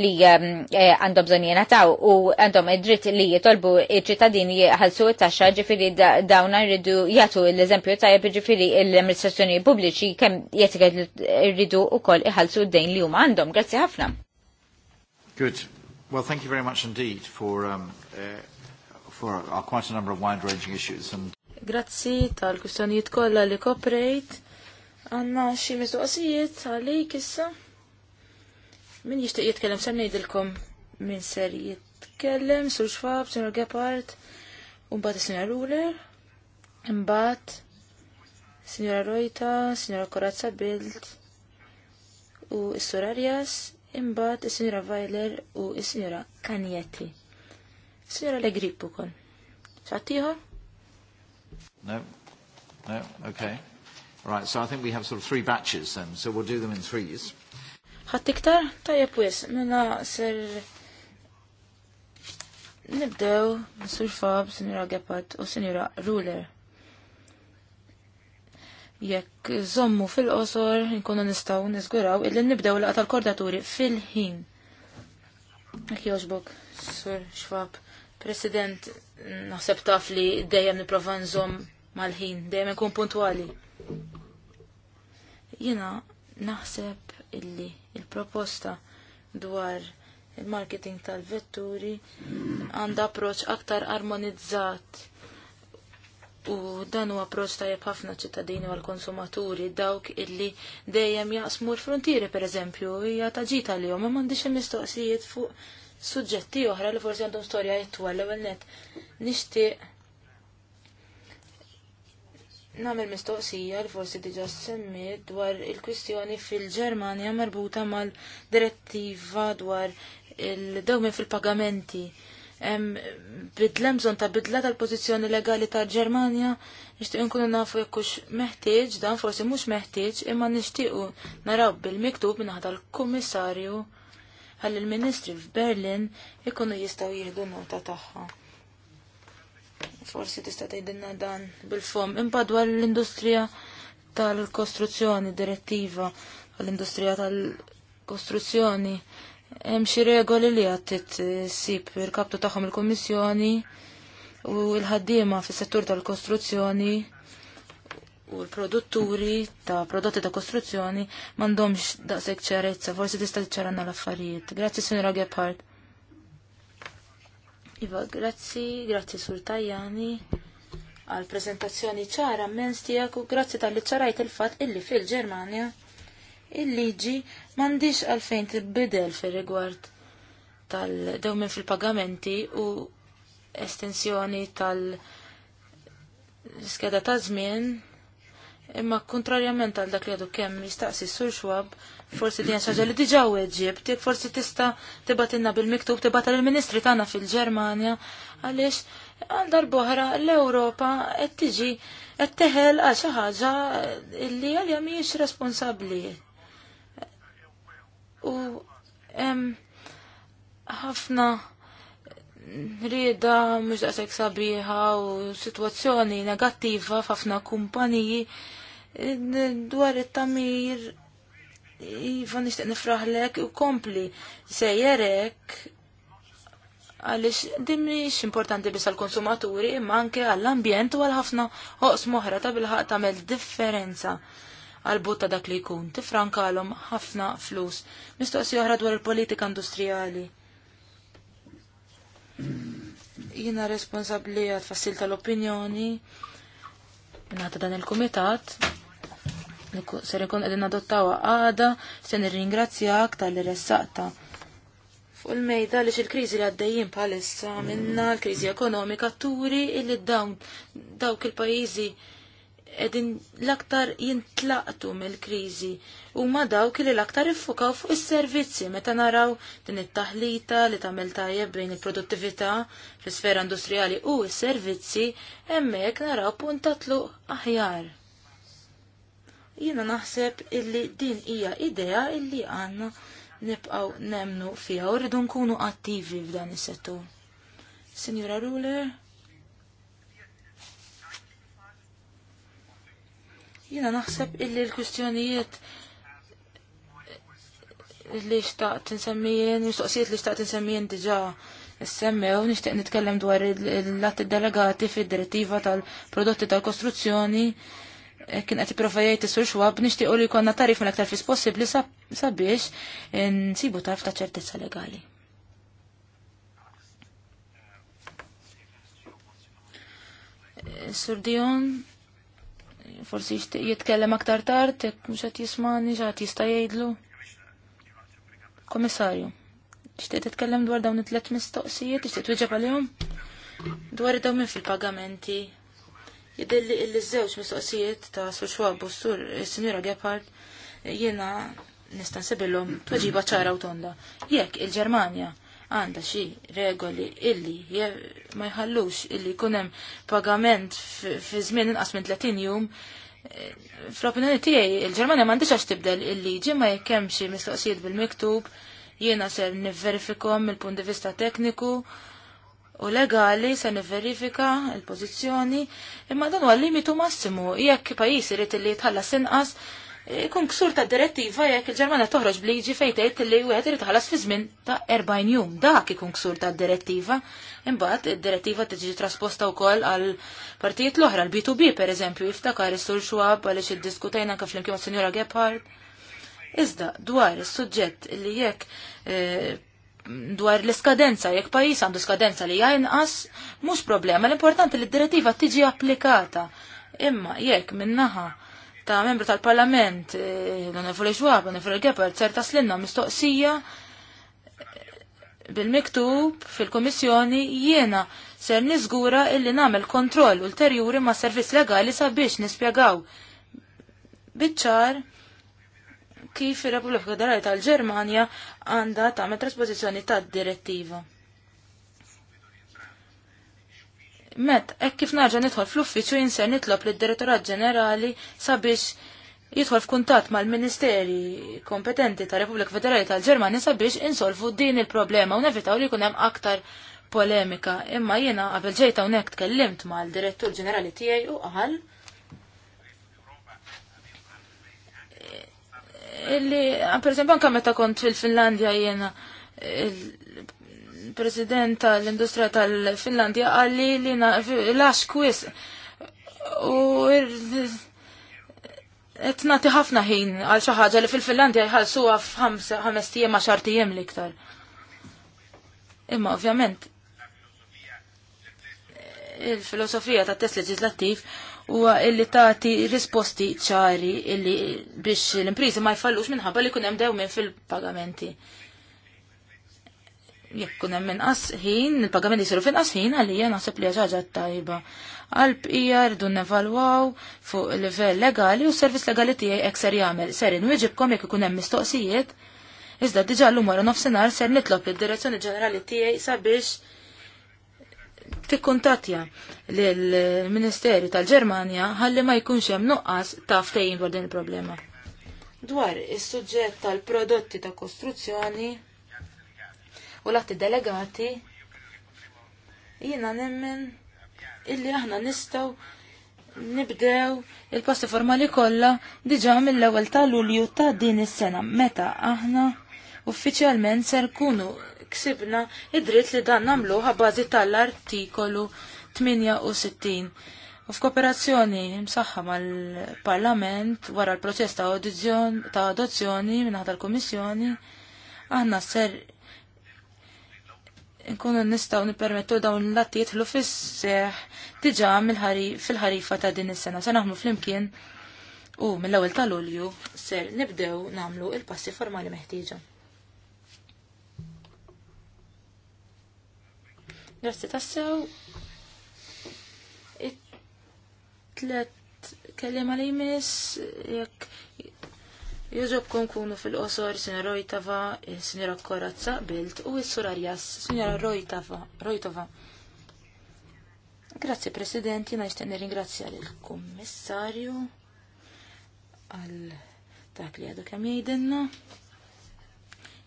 li um, eh, għandhom bżonn taw u għandhom id-dritt li jitolbu il ċittadini jħallsu it-taxxa ġifieri dawna rridu jagħtu l-eżempju tajjeb ġifiri l-amministrazzjoni pubbliċi kemm jetiket irridu wkoll iħallsu d-dejn li huma għandhom. Grazzi ħafna. Good. Well, thank you very much indeed for um, uh, for uh, quite a number of wide-ranging issues and Grazzi tal-kustanijiet kollha li koprejt. Għanna xi mistoqsijiet għalik issa. Min jishtiq jitkellem ser nejdilkom min ser jitkellem, Sur xfab, Sr. Gepard, un u mbagħad is un-bat imbagħad Sinjora Rojta, Sinjora Korazza bild, u s-Sur Arias, bat is-Sinjora vajler u s-Sinjora Kanjetti. Sinjora Legrip kon. Xattieħor? No. No, okay. Right, so I think we have sort of three batches then, so we'll do them in threes. Ħadd iktar? Tajjeb wis, minna mela ser nibdew Sur Fab, Sinjora Gepard u sinjura Ruler. Jekk żommu fil-qosor nkunu nistgħu nizguraw, illi nibdew laqgħa tal-kordaturi fil-ħin. Ek jogħġbok, Sur Xfab. President, naħseb taf li dejjem niprofa nżomm mal-ħin, dejjem nkun puntwali. Jiena naħseb illi il-proposta dwar il-marketing tal-vetturi għandha approċ aktar armonizzat u dan huwa approċ tajjeb ħafna ċittadini għal konsumaturi dawk illi dejjem jaqsmu l-frontieri pereżempju hija taġita li hom m'għandix mistoqsijiet fuq suġġetti oħra li forsi għandhom storja jittwa l-ewwel net nixtieq Namel mistoqsija li forsi diġa semmiet dwar il-kwistjoni fil-Ġermanja marbuta mal-direttiva dwar il-dawmin fil-pagamenti. Bidlemżon ta' bidla tal-pozizjoni legali ta' Ġermanja, nishtiq nkunu nafu jekkux meħtieġ, dan forsi mhux meħtieġ, imma nixtiequ naraw bil-miktub minna tal-Kummissarju għall ministri f'Berlin ikunu jistgħu jihdu nota tagħha. Forsi tista' tgħidilna dan bil-fom. Imba dwar l-industrija tal-kostruzzjoni, direttiva għall-industrija tal-kostruzzjoni. Hemm xi regoli li għattit sib irkabtu kaptu tagħhom il-Kummissjoni u l-ħaddiema fis-settur tal-kostruzzjoni u l-produtturi ta' prodotti ta' kostruzzjoni mandomx daqshekk ċarezza, forsi tista' ċaranna l-affarijiet. Grazzi, Sinra Gephardt. Iva, grazzi, grazzi sur Tajani għal prezentazzjoni ċara men stijak u grazzi tal-li ċarajt il-fat illi fil-Germania il-liġi mandiġ għalfejn t-bidel fil-rigward tal dewmen fil-pagamenti u estensjoni tal-skeda ta' żmien imma kontrarjament għal dak li għadu kemm jistaqsi sur xwab forsi din xaġa li diġa weġibti, forsi tista' tibatilna bil-miktub tibata lill-Ministri tagħna fil-Ġermanja għaliex għal darbohra l-Ewropa qed tiġi qed teħel għal xi ħaġa li għalja mhijiex responsabbli. U hemm ħafna rida mhux daqshekk sabiħa u sitwazzjoni negattiva f'ħafna kumpaniji dwar it-tamir Iva nishtiq nifraħlek u kompli sejjerek għalix dimrix importanti bis għal-konsumaturi imma anke għall-ambjent u għal-ħafna hoqs moħra ta' bil-ħaq tamel differenza għal-but ta' dak li jkun tifrankalhom ħafna flus. Mistoqsi oħra dwar il-politika industrijali. Jina responsabli għat fassil tal-opinjoni nata dan il-komitat ser ikun qegħdin adottawa għada, se nirringrazzjak tal-li ressaqta. Fuq mejda li il-kriżi li għaddejjin bħalissa minna l-kriżi ekonomika turi illi dawn dawk il-pajjiżi qegħdin l-aktar jintlaqtu mill-kriżi huma dawk li l-aktar iffukaw fuq is-servizzi meta naraw din it-taħlita li tagħmel tajjeb bejn il-produttività fl-isfera industrijali u s-servizzi hemmhekk naraw puntatlu aħjar. Jiena naħseb illi din hija idea illi għanna nibqaw nemnu fija u rridu nkunu attivi f'dan is-settur. Sinjura Ruler? Jiena naħseb illi l-kwistjonijiet li xtaq tinsemmijen, mistoqsijiet li xtaqt tinsemmijen diġa semmew, nixtieq nitkellem dwar l-atti delegati fid-direttiva tal-prodotti tal-kostruzzjoni kien qed ipprova jgħid isur xwab nixtiequ li jkollna tarif mill-aktar fis possibbli sabiex nsibu tarf ta' ċertezza legali. Sur Dion, forsi jitkellem aktar tard, mux mhux qed jismani, x'għad jista' jgħidlu. Komissarju, tixtieq titkellem dwar dawn it-tlet mistoqsijiet, tixtieq twieġeb għalihom? Dwar dawn minn fil-pagamenti jidelli il-żewġ mistoqsijiet ta' Sur Schwab u Sinjura eh, Gephardt eh, jiena nista' nsibillhom tuġiba ċara u tonda. Jekk il-Ġermanja għandha xi regoli illi ma jħallux illi jkun hemm pagament fi żmien inqas minn 30 jum, eh, fl-opinjoni tiegħi il-Ġermanja m'għandix għax tibdel il-liġi ma jekk hemm xi mistoqsijiet bil-miktub jiena ser nivverifikhom mill-punt di vista tekniku u legali se niverifika il-pożizzjoni imma dan huwa limitu massimu jekk pajjiż irid li jitħallas inqas ikun ksur ta' direttiva jekk il-Ġermanja toħroġ bliġi fejn tgħid li wieħed irid ħalas fi żmien ta' 40 jum. Dak ikun ksur ta' direttiva. Imbagħad id-direttiva tiġi trasposta wkoll għal partijiet l-oħra, l-B2B pereżempju, jiftakar is-Sur Schwab għaliex iddiskutejna anke flimkien imkien Sinjura Gebhardt. Iżda dwar is-suġġett li jekk eh, dwar l-iskadenza, jekk pajis għandu skadenza li jajnqas, mhux problema, l-importanti li d-direttiva tiġi applikata. Imma jekk minnaħa ta' membru tal-Parlament, eh, l-Onorevoli Xwab, l-Onorevoli Gepard, ser taslinna mistoqsija bil-miktub fil-Komissjoni jiena ser niżgura illi nagħmel kontroll ulterjuri ma' servizz legali sabiex nispjegaw biċ kif il republika Federali tal-Ġermanja għandha tagħmel trasposizjoni tad-direttiva. Met, hekk kif naġa nidħol fl-uffiċċju jinser nitlob lid-Direttorat Ġenerali sabiex jidħol f'kuntatt mal-Ministeri kompetenti tar Repubblika Federali tal-Ġermanja sabiex insolvu din il-problema u nevitaw li jkun hemm aktar polemika. Imma jiena qabel ġejta hawnhekk tkellimt mal-Direttur Ġenerali tiegħi u qal illi, ah, per esempio, anka meta kont fil-Finlandja jiena il-president tal-industrija tal-Finlandja għalli li lax kwis u etnati ħafna ħin għal xi ħaġa li fil-Finlandja jħallsuha f'ħames tiem ma' xar tiem l-iktar. Imma ovvjament il-filosofija tat-test leġislattiv huwa illi tagħti risposti ċari illi biex l-imprizi ma jfallux minħabba li kunem hemm minn fil-pagamenti. Jekk kun hemm inqas ħin, il-pagamenti finn finqas ħin għalija naħseb li ħaġa tajba. Qalb ijar e rridu nevalwaw fuq livell legali u s legali tiegħi hekk ser jagħmel. serin inwieġibkom jekk ikun hemm mistoqsijiet, iżda diġà llum u nofsinhar ser nitlob il direzzjoni Ġenerali tiegħi sabiex tikkuntatja lill-Ministeru tal-Ġermanja ħalli ma jkunx hemm nuqqas ta' ftejin dwar din il-problema. Dwar is-suġġett tal-prodotti ta' kostruzzjoni u l delegati jiena nemmen illi aħna nistgħu nibdew il-passi formali kollha diġà mill-ewwel ta' Lulju ta' din is-sena meta aħna uffiċjalment ser kunu ksibna id-dritt li dan namluħa bażi tal-artikolu 68. U f'kooperazzjoni msaħħa mal-Parlament wara l-proċess ta' ta' adozzjoni minn tal-Kummissjoni, aħna ser nkunu nistaw nipermettu dawn l-attijiet l fisseħ diġà fil-ħarifa ta' din is-sena. Se naħmu fl-imkien u mill-ewwel ta' Lulju ser nibdew namlu il-passi formali meħtieġa. Grazzi tassew. It-tlet kellima li jmiss, jekk jużobkom kunu fil-qosor, sinjora Rojtava, sinjora Korazza, Bilt u s-sur Arjas, sinjora Rojtava. Grazie Grazzi President, jina jistenni ringrazzja l-Kommissarju għal dak li għadu kam jgħidinna.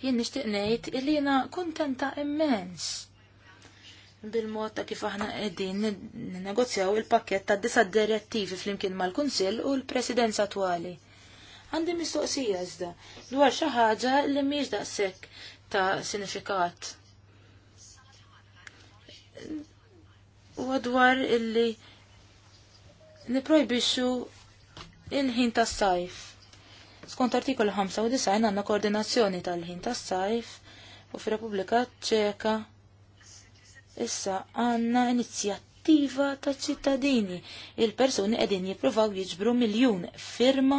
Jien nishtiq ngħid illi jiena kuntenta immens bil-mod ta' kif aħna qegħdin negozjaw il pakkett ta' disa direttivi flimkien mal-Kunsill u l-Presidenza attwali. Għandi mistoqsija iżda dwar xi ħaġa li mhijiex daqshekk ta' sinifikat. U dwar illi niprojbixxu il-ħin tas-sajf. Skont artikolu 95 għandna koordinazzjoni tal-ħin tas-sajf u fir-Repubblika Ċeka Issa għanna inizjattiva ta' ċittadini. Il-persuni qegħdin jippruvaw jiġbru miljun firma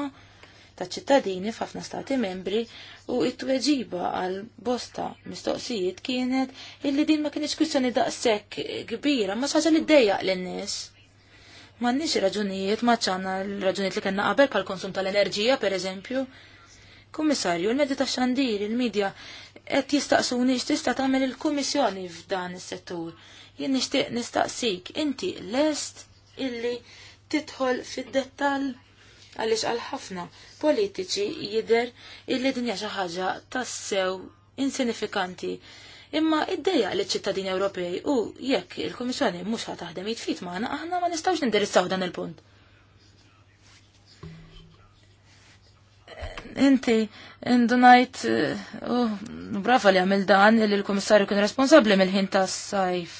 ta' ċittadini f'ħafna stati membri u it-tweġiba għal bosta mistoqsijiet kienet illi din ma kienx kwistjoni daqshekk kbira, ma xaġa li ddejjaq lin-nies. M'għandniex raġunijiet ma ċana l-raġunijiet li kellna qabel bħal konsum tal-enerġija pereżempju. Kummissarju, l-medji ta' xandir, il-medja qed jistaqsuni x'tista' tagħmel il-Kummissjoni f'dan is-settur. Jien nixtieq nistaqsik, inti lest illi tidħol fid-dettall għaliex għal ħafna politiċi jidher illi dinja xi ħaġa tassew insinifikanti. Imma id deja li ċittadini Ewropej u jekk il-Kummissjoni mhux ħataħdem jitfit magħna aħna ma nistgħux nindirizzaw dan il-punt. Inti, indunajt, uh, eh, oh, brafa li għamil dan li l-komissarju kien responsabli mill-ħin ta' sajf.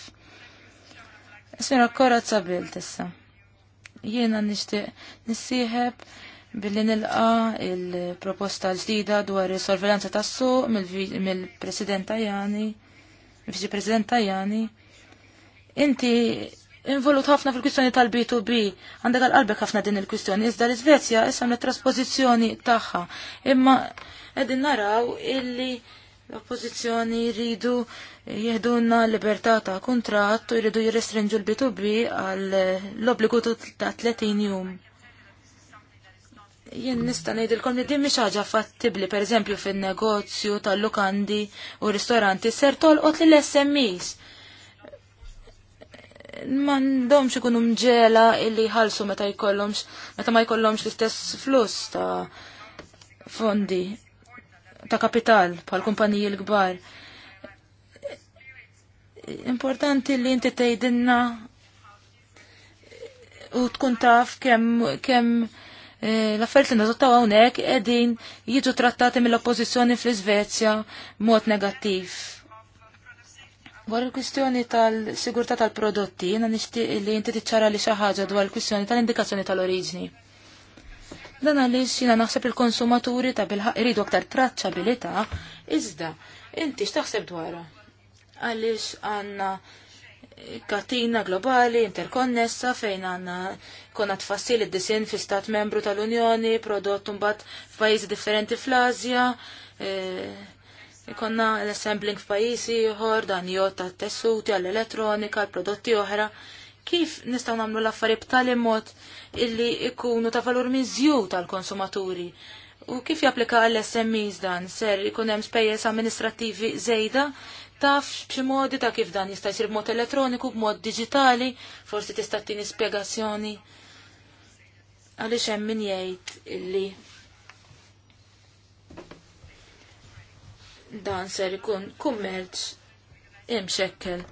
kora korra sabil tissa. Jiena nishtiq nissiħeb billi nilqa il-proposta l-ġdida dwar il-sorveljanza tas suq mill-president Tajani, viċi president Tajani. Inti involut ħafna fil-kwistjoni tal-B2B, għandek għal-qalbek ħafna din il-kwistjoni, iżda l-Svezja issa mit trasposizjoni tagħha. Imma qegħdin naraw illi l-oppożizzjoni jridu jihdunna libertà ta' kuntratt u jridu jirrestrinġu l-B2B għal l-obbligu ta' 30 jum. Jien nista' ngħidilkom li din mhix ħaġa fattibbli pereżempju fin-negozju tal-lukandi u ristoranti ser tolqot lill-SMEs mandomx ikunu mġela illi ħalsu meta jkollhomx meta ma jkollhomx l-istess flus ta' fondi ta' kapital pal kumpaniji l gbar Importanti li inti tgħidilna u tkun taf kemm kemm eh, l-affarijiet li nażottaw hawnhekk qegħdin jiġu trattati mill-oppożizzjoni fl-Iżvezja mod negattiv Dwar il-kwistjoni tal-sigurtà tal-prodotti, jiena nixtieq li inti tiċċara li xi ħaġa dwar il-kwistjoni tal-indikazzjoni tal-oriġni. Dan għaliex jiena naħseb il-konsumaturi ta' bilħaq iridu aktar traċċabilità, iżda inti x'taħseb dwarha? Għaliex għandna katina globali, interkonnessa, fejn għanna konna tfassil id-disin fi stat membru tal-Unjoni, prodott mbagħad f'pajjiżi differenti fl-Asja, eh, Ikonna l-assembling f'pajjiżi ieħor dan jgħod tat-tessuti għall-elettronika, l-prodotti oħra. Kif nistgħu nagħmlu l-affarijiet b'tali mod illi jkunu ta' valur miżju tal-konsumaturi? U kif japplika għall-SMEs dan? Ser ikun hemm spejjeż amministrattivi żejda taf b'xi modi ta' kif dan jista' jsir b'mod elettroniku, b'mod diġitali, forsi tista' tini spjegazzjoni. Għaliex hemm min jgħid illi dan ser ikun kummerċ imxekkel.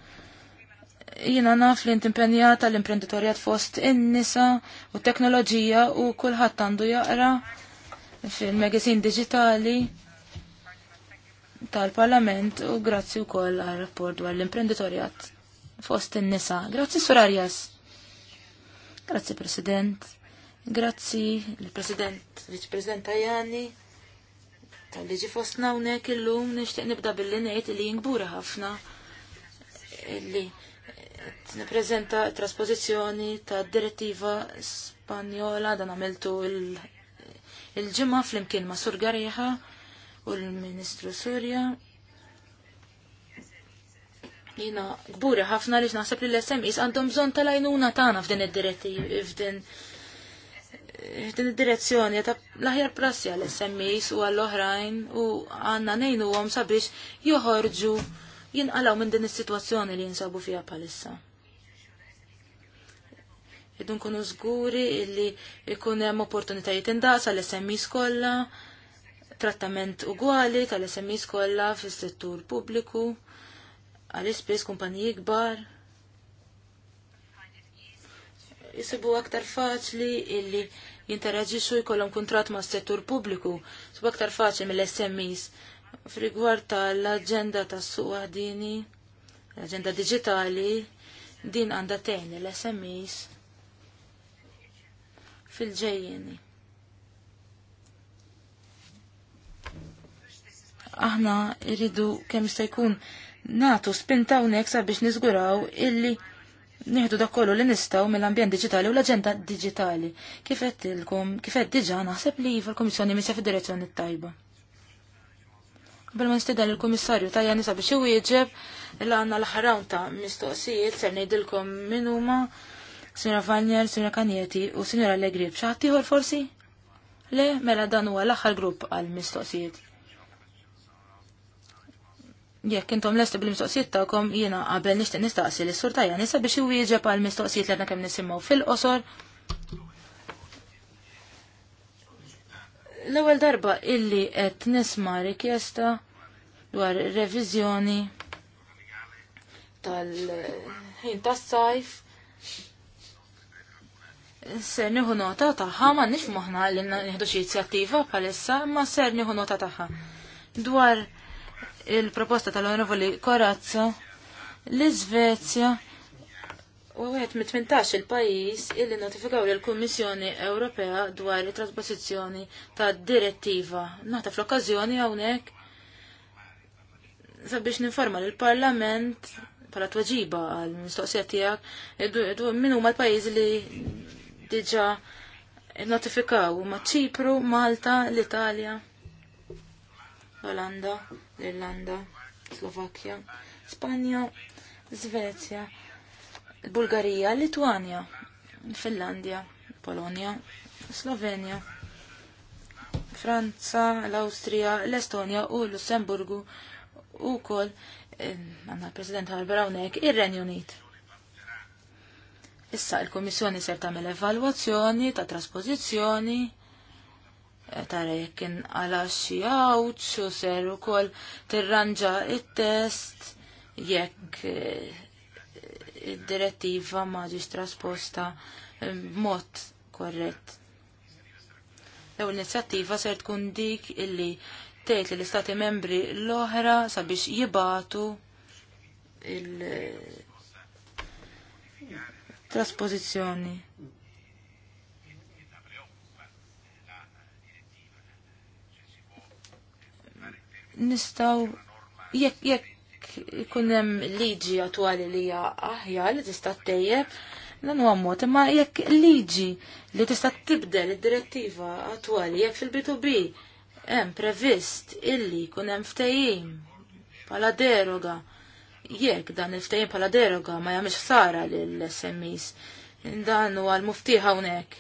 Jina naf li intimpenjata l-imprenditorjat fost in-nisa u teknoloġija u kulħadd għandu jaqra fil-magazin digitali tal-Parlament u grazzi wkoll għal rapport dwar l-imprenditorjat fost in-nisa. Grazzi Sur Arias. Grazzi President. Grazzi l-President, Vice president Tajani tal-li ġi fostna unek il-lum nishtiq nibda billi nejt li jingbura ħafna li t-neprezenta trasposizjoni ta' direttiva spanjola dan għamiltu il-ġimma fl-imkien ma' Surgarija u l-Ministru Surja jina gburi ħafna li naħseb li l-SMIs għandhom bżon tal-għajnuna tagħna f'din id-diretti f'din din id-direzzjoni ta' l-aħjar prassi għal SMEs u għall-oħrajn u għanna nejnu għom sabiex joħorġu jinqalaw minn din is-sitwazzjoni li jinsabu fija palissa. Idun kunu zguri illi ikun hemm opportunitajiet indaqs għal SMEs kollha, trattament ugwali tal-SMEs kollha fis-settur pubbliku, għal ispis kumpaniji kbar jisibu aktar faċli illi jinteraġixxu jkollhom kuntratt ma' settur pubbliku, sibu aktar faċli mill-SMEs. Frigward tal-aġenda tas suwa dini, l-aġenda digitali, din għandha tgħin l-SMEs fil-ġejjeni. Aħna irridu kemm se jkun natu spinta sabiex niżguraw illi nieħdu dak kollu li nistgħu mill-ambjent digitali u l-aġenda Digitali Kif qed kif qed diġà naħseb li iva l kummissjoni misja fid-direzzjoni t tajba. bil ma nistieden il-Kummissarju tajja nisa biex iwieġeb il għanna l-aħħar ta' mistoqsijiet ser ngħidilkom min huma Sinjora Vanjer, Sinjora Kanieti u Sinjora Legrib. bċaħtiħor forsi? Le, mela dan huwa l-aħħar grupp għal mistoqsijiet. Jekk intom l-estu bil-mistoqsijiet tagħkom jiena qabel nixtieq nistaqsi l sur tajja nisa biex iwieġeb għal mistoqsijiet li għandna kemm nisimgħu fil-qosor. L-ewwel darba illi qed nisma' rikjesta dwar reviżjoni tal-ħin tas-sajf ser nieħu nota tagħha m'għandniex moħħna li nieħdu xi inizjattiva bħalissa, ma ser nieħu nota tagħha. Dwar il-proposta tal-Onorevoli Corazza l-Iżvezja u għet mit-18 il-pajis illi notifikaw l-Kommissjoni Ewropea dwar il-trasposizjoni ta' direttiva. Nata fl-okkazjoni għawnek sabiex ninforma l-Parlament pala tweġiba għal mistoqsija tijak minn huma l pajis li diġa notifikaw ma' Ċipru, Malta, l-Italja, l-Olanda l-Irlanda, Slovakkja, Spanja, Svezja, Bulgarija, Litwanja, Finlandja, Polonja, Slovenja, Franza, l-Austria, l-Estonja u l-Lussemburgu u kol għanna president Harber hawnhekk ir-Renju Unit. Issa il komissjoni ser tagħmel evalwazzjoni ta' trasposizzjoni tara jekk kien għala xi u ser ukoll tirranġa it-test jekk eh, id-direttiva ma trasposta eh, b'mod korrett. Lew l-inizjattiva ser tkun dik illi tgħid li l-istati membri l-oħra sabiex jibatu il-trasposizzjoni eh, nistaw jekk jekk ikun hemm liġi attwali li hija aħja li tista' tejjeb dan huwa mod imma jekk liġi li tista' tibdel id-direttiva attwali jekk fil-B2B hemm previst illi jkun hemm ftehim bħala deroga jekk dan il-ftehim bħala deroga ma jagħmilx sara lill-SMEs dan huwa l-muftiħ hawnhekk.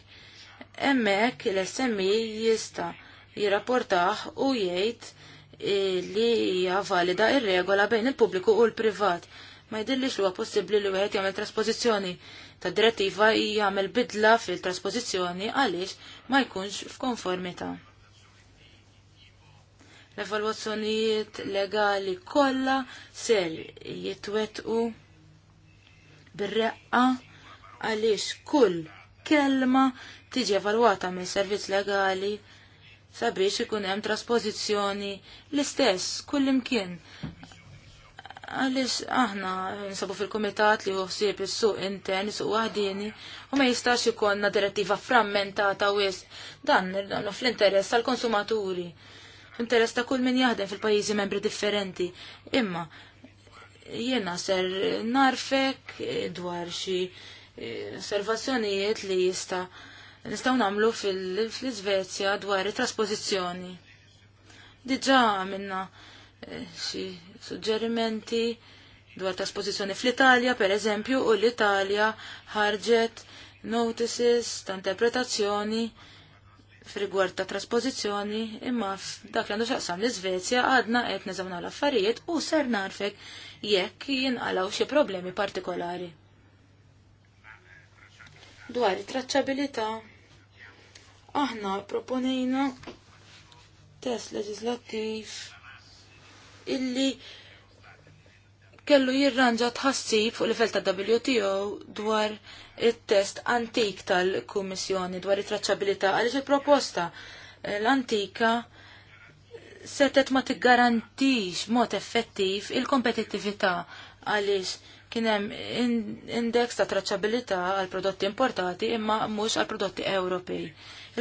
Hemmhekk l-SMI e jista' jirrapportaħ u jgħid li hija valida ir-regola bejn il-pubbliku u l-privat. Ma jidhirlix huwa possibbli li wieħed jagħmel trasposizzjoni ta' direttiva jagħmel bidla fil-trasposizzjoni għaliex ma jkunx f'konformità. L-evalwazzjonijiet legali kollha ser jitwetqu bir-reqqa għaliex kull kelma tiġi evalwata mill servizz legali sabiex ikun hemm trasposizzjoni l-istess kullimkien. Għaliex aħna nsabu fil-kumitat li uħsib is-suq intern, is-suq għadini, u ma jistax ikonna direttiva frammentata jess dan fl-interess tal-konsumaturi. Interess ta' kull min jaħdem fil-pajjiżi membri differenti. Imma jena ser narfek dwar xi eh, osservazzjonijiet li jista' nistgħu nagħmlu fil-Iżvezja dwar it-trasposizzjoni. Diġà għamilna eh, xi suġġerimenti dwar trasposizzjoni fl-Italja, per eżempju, u l-Italja ħarġet notices ta' interpretazzjoni f'rigward ta' trasposizzjoni imma dak li għandu xaqsam l-Svezja għadna qed neżamna l-affarijiet u ser narfek jekk jinqalaw xi problemi partikolari. Dwar it-traċċabilità Aħna proponejna test leġislattiv illi kellu jirranġa tħassib fuq livell ta' WTO dwar it-test antik tal-Kummissjoni dwar it-traċċabilità għaliex il-proposta eh, l-antika setet ma tiggarantix mod effettiv il-kompetittività għaliex kien hemm index ta' traċċabilità għal prodotti importati imma mhux għal prodotti Ewropej.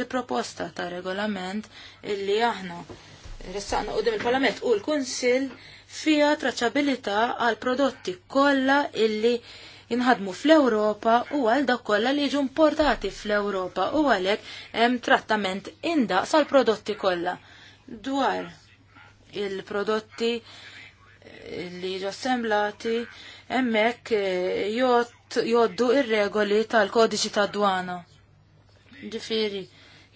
Il-proposta ta' regolament illi aħna ressaqna qudiem il-Parlament u l-Kunsill fija traċabilità għal prodotti kollha illi jinħadmu fl-Ewropa u għal dak kollha li jiġu importati fl-Ewropa u għalhekk hemm trattament indaqs għal prodotti kollha. Dwar il-prodotti li jiġu assemblati emmek eh, joddu ir-regoli tal-kodiċi ta' dwana. Ġifiri,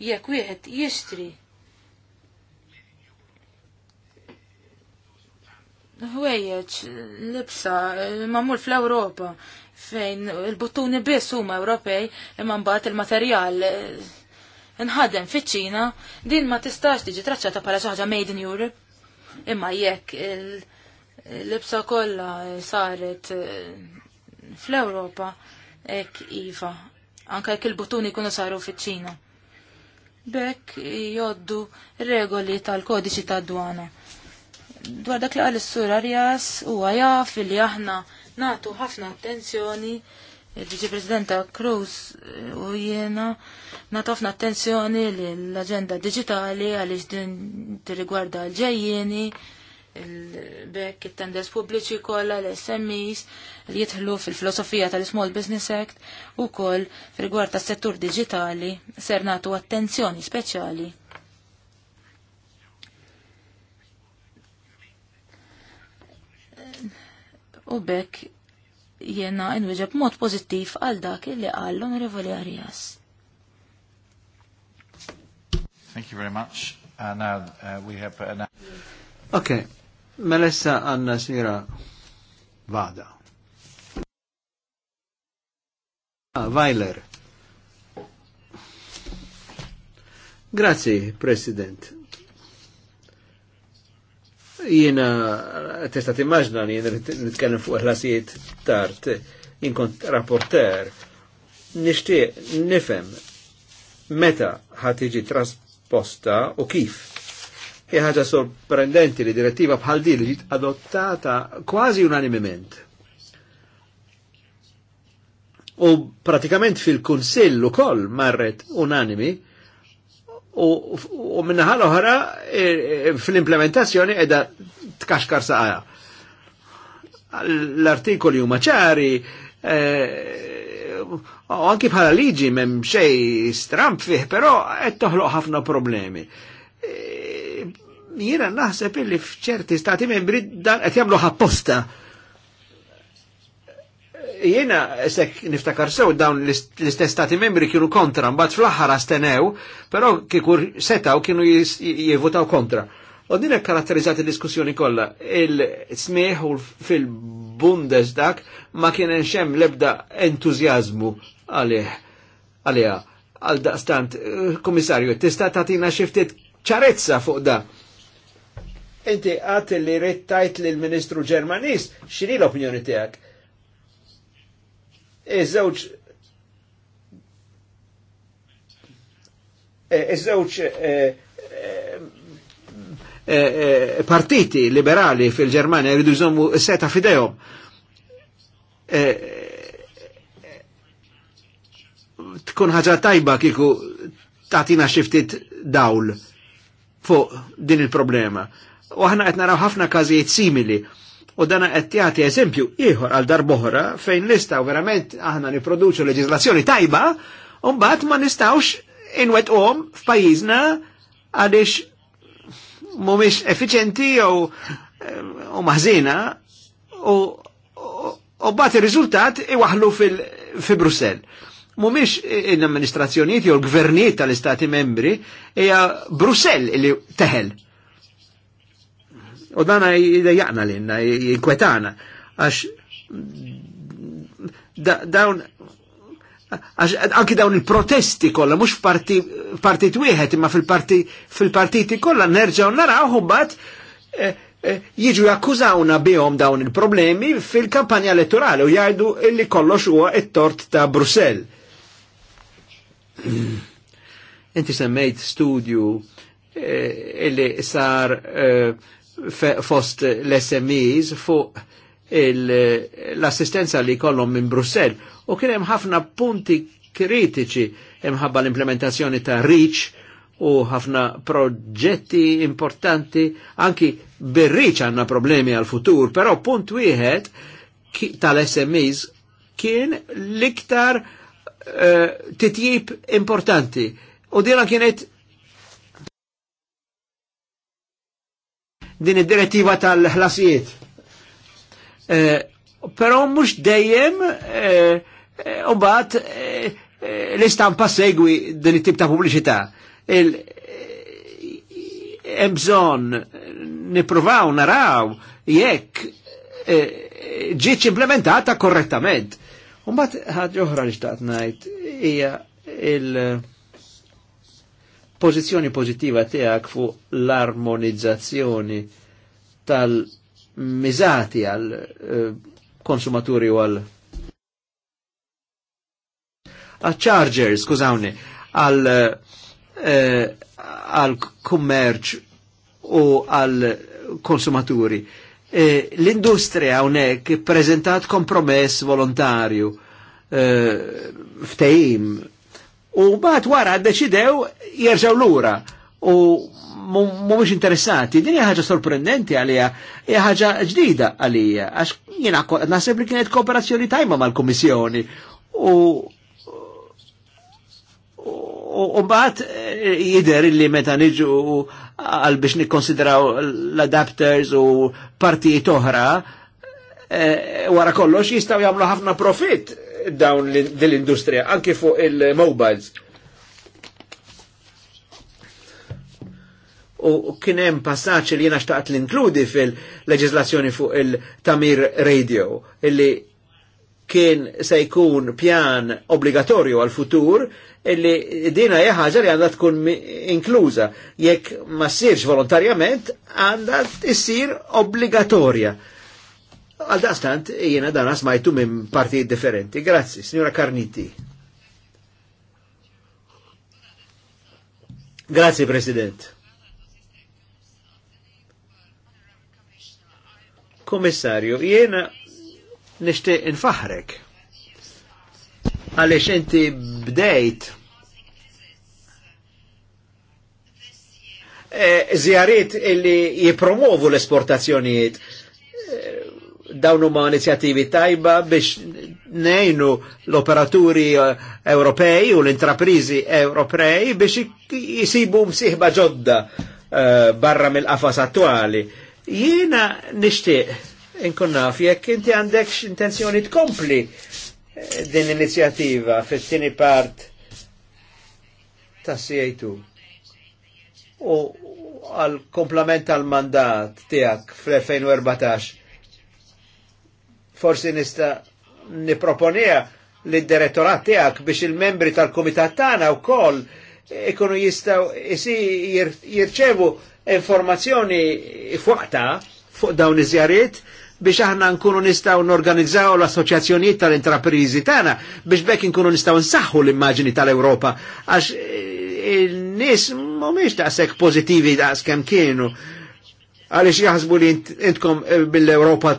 jekk wieħed jixtri. Ħwejjeġ, libsa, mamul fl-Ewropa, fejn il-buttuni biss huma Ewropej, imma mbagħad il-materjal eh, nħadem fiċ-Ċina, din ma tistax tiġi traċċata bħala xi ħaġa made in Europe. Imma jekk il- l-ibsa kollha saret eh, fl-Ewropa hekk iva, anke jekk il-butuni jkunu saru fiċ-Ċina. Bekk joddu regoli tal-kodiċi tad-dwana. Dwar dak li qal is-sur Arias huwa jaf li aħna nagħtu ħafna attenzjoni il-Viċi Presidenta Cruz eh, u jiena ħafna attenzjoni l-agenda digitali għaliex din tirrigwarda l-ġejjieni, il-bekk it-tenders pubbliċi kollha l-SMEs li jidħlu fil-filosofija tal-Small Business Act u koll fil-gwar tas settur digitali ser natu attenzjoni speċjali. U bekk jena inwiġeb mod pożittiv għal dak li għallon Revoli onorevoli Arias. Thank you very much. Uh, now uh, we have an... Uh, okay. Melessa għanna sira vada. Ah, Weiler. Grazie, President. Jiena, testa timmaġna li nitkellem fuq ħlasijiet tart, jinkont rapporter, nishtiq nifem meta ħatiġi trasposta u kif ħaġa sorprendenti li direttiva bħal din li adottata kważi unanimement. U pratikament fil-Kunsill ukoll marret unanimi u, u minnaħal oħra e, e, fil-implementazzjoni edha tkaxkar saqaja. L-artikoli huma ċari, e, u anki bħala liġi memxej xej stramp fih, però għed toħloq ħafna problemi. E, jiena naħseb illi f'ċerti stati membri dan qed jagħmlu ħapposta. Jiena sekk niftakar sew dawn l-istess stati membri kienu kontra, mbagħad fl-aħħar astenew, però kieku setaw kienu jivvotaw kontra. U din hekk karatterizzat id-diskussjoni kollha. Il-smieħ fil-Bundesdag ma kien hemm lebda entużjażmu għalih għalija għal daqstant, eh, komissarju, tista' tagħtina xi ftit ċarezza fuq da. Inti għat li rittajt li l-Ministru Ġermanis, xini l-opinjoni tijak? Iż-żewġ e, iż-żewġ e, e, partiti liberali fil-Ġermania jridu jżommu seta fidejhom. Tkun ħaġa tajba kiku tatina xiftit dawl fuq din il-problema. U aħna qed naraw ħafna każijiet simili. U dana qed jagħti eżempju ieħor għal darboħra fejn nistgħu verament aħna niproduċu leġislazzjoni tajba, u mbagħad ma nistgħux inwetqhom f'pajjiżna għaliex mhumiex effiċenti jew eh, u maħżina u u bat il-rizultat iwaħlu fi Brussel. Mumiex in amministrazzjoniet jew l-gvernijiet tal-istati membri, hija Brussel li teħel. U dana jidejjaqna l-inna, jinkwetana, għax dawn għax anki dawn il-protesti kollha mhux partit wieħed imma fil-partiti kollha nerġaw naraw bat eh, eh, jiġu jakkużawna bihom dawn il-problemi fil-kampanja elettorali u jgħidu illi kollox huwa it-tort ta' Brussel. Inti semmejt studju eh, illi sar fost l-SMEs fuq l-assistenza li kollhom minn Brussell u kien hemm ħafna punti kritiċi imħabba l-implementazzjoni ta' REACH u ħafna proġetti importanti anki bir-REACH għanna problemi għal futur, però punt wieħed tal-SMEs kien liktar uh, titjib importanti. U dina kienet din id-direttiva tal-ħlasijiet. Eh, Pero mux dejjem u eh, eh, bat l-istampa segwi din it-tip ta' pubbliċità. Hemm bżonn naraw jekk ġietx implementata korrettament. Umbat ħaġa oħra li xtaqt ngħid hija il- pożizzjoni pożittiva tiegħek fuq l-armonizzazzjoni tal-miżati għal eh, konsumaturi u għal chargers, skużawni, għal eh, għal kummerċ u għal konsumaturi. Eh, l-industrija unek prezentat kompromess volontarju ftejim ftehim u bat wara deċidew jerġaw lura u mhumiex interessanti, Din hija ħaġa sorprendenti għalija, hija ħaġa ġdida għalija, għax jiena naħseb li kienet kooperazzjoni tajma mal-Kummissjoni u u mbagħad eh, jidher li meta niġu għal biex nikkonsidraw l-adapters u partijiet oħra, eh, wara kollox jistgħu jagħmlu ħafna profit dawn dell-industrija, anki fuq il-mobiles. U kienem passaċ li jena xtaqt l-inkludi fil-leġislazzjoni fuq il-Tamir Radio, illi kien se jkun pjan obbligatorju għal-futur, illi dina jħagġa li għandha tkun inkluża. Jekk ma ssirx volontarjament, għandha issir obbligatorja. Għal daqstant jena dan smajtu minn partijiet differenti. Grazzi, signora Carniti. Grazie President. Kommissarju, jena nishtiq infaħrek. Għalix inti bdejt eh, zjarit illi jipromovu l-esportazzjonijiet dawn huma inizjattivi tajba biex nejnu l-operaturi eh, Ewropej u l-intraprizi Ewropej biex jisibu msiħba ġodda eh, barra mill-qafas attuali. Jiena nixtieq inkun naf jekk inti għandek intenzjoni tkompli eh, din l-inizjattiva fit-tieni part tas CA2. U għal komplement għal mandat tijak fl-2014 forsi nista niproponija li d-direttorat tijak biex il-membri tal-komitat tana u kol ikonu jistaw jisi jirċevu informazzjoni fuqta fuq dawn iżjariet biex aħna nkunu nistaw norganizzaw l-assoċjazzjonijiet tal-intraprizi tagħna biex bekk nkunu nistaw nsaħħu l immagini tal-Ewropa għax il-nis eh, nies mhumiex daqshekk pozitivi daqs kemm kienu għaliex jaħsbu li intkom eh, bil-Europa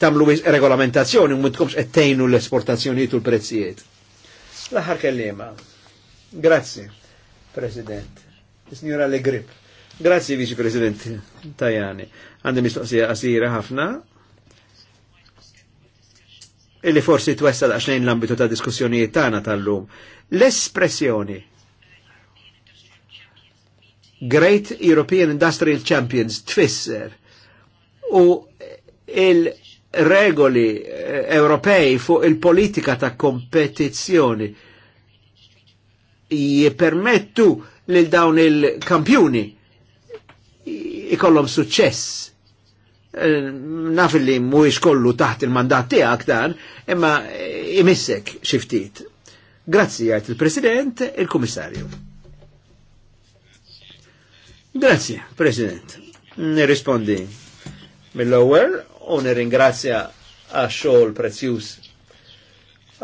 tamlu regolamentazzjoni u mintkomx ettejnu l-esportazzjonijiet u l-prezzijiet. L-aħħar kellima. Grazzi, President. Signora Le Grip. Grazzi, Vice President Tajani. Għandem mistoqsija għasira ħafna. Illi forsi twessa daqsxejn l-ambitu ta' diskussjonijiet tagħna tal-lum. L-espressjoni Great European Industrial Champions tfisser u il-regoli eh, Ewropej fuq il-politika ta' kompetizzjoni jipermettu lil dawn il-kampjuni ikollhom suċċess. Eh, naf li mhuwiex kollu taħt il-mandat tiegħek dan, imma imissek xi ftit. Grazzi għajt il-President, il-Kummissarju. Grazie, President. Nirrispondi mill-ewwel u nirringrazzja għax-xogħol prezzjuż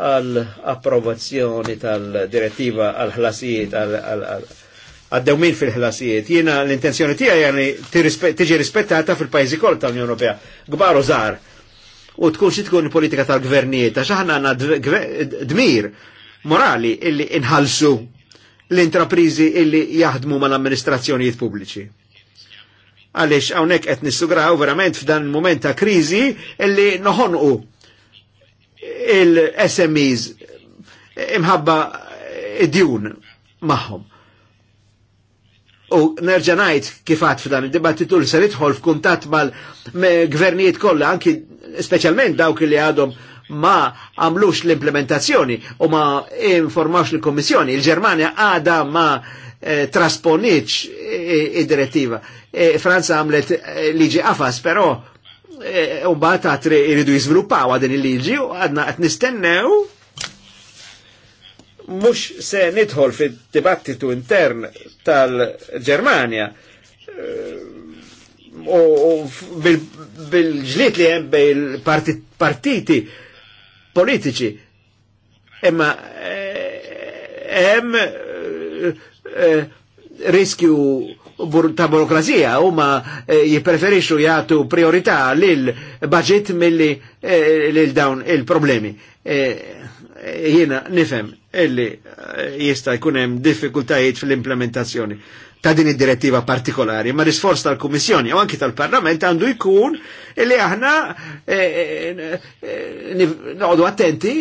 għall-approvazzjoni tal-direttiva għal-ħlasijiet għad-dewmin fil-ħlasijiet. Jiena l-intenzjoni tiegħi yani tiġi rispettata fil-pajjiżi kol tal-Unjoni Ewropea. Gbar u żgħar. U tkun xi tkun politika tal-gvernijiet għax aħna għandna dmir morali illi inħalsu l-intraprizi illi jaħdmu mal-amministrazzjonijiet pubbliċi. Għalix hawnhekk qed nissugraw verament f'dan il-moment ta' kriżi illi noħonqu il-SMEs imħabba id-djun magħhom. U nerġa' ngħid kif f'dan id-dibattitu li seritħol f'kuntat mal-gvernijiet kollha anki speċjalment dawk li għadhom ma għamlux l-implementazzjoni u ma informax l komissjoni Il-Germania għada ma eh, trasponiċ eh, id-direttiva. E, e, Franza għamlet e, liġi għafas, però e, u għatri iridu jizviluppaw għadin il-liġi u għadna għat nistennew mux se nidħol fil-dibattitu intern tal-Germania u bil-ġlit li jem bil-partiti politiċi. Imma eh, hemm eh, eh, riskju ta' burokrazija u huma jippreferixxu jagħtu priorità lil budget milli lil dawn il-problemi. Jiena nifhem illi jista' jkun hemm diffikultajiet fl-implementazzjoni ta' din id-direttiva partikolari, ma l-isforz tal-Kummissjoni u anki tal-Parlament għandu jkun li aħna eh, eh, eh, noqdu attenti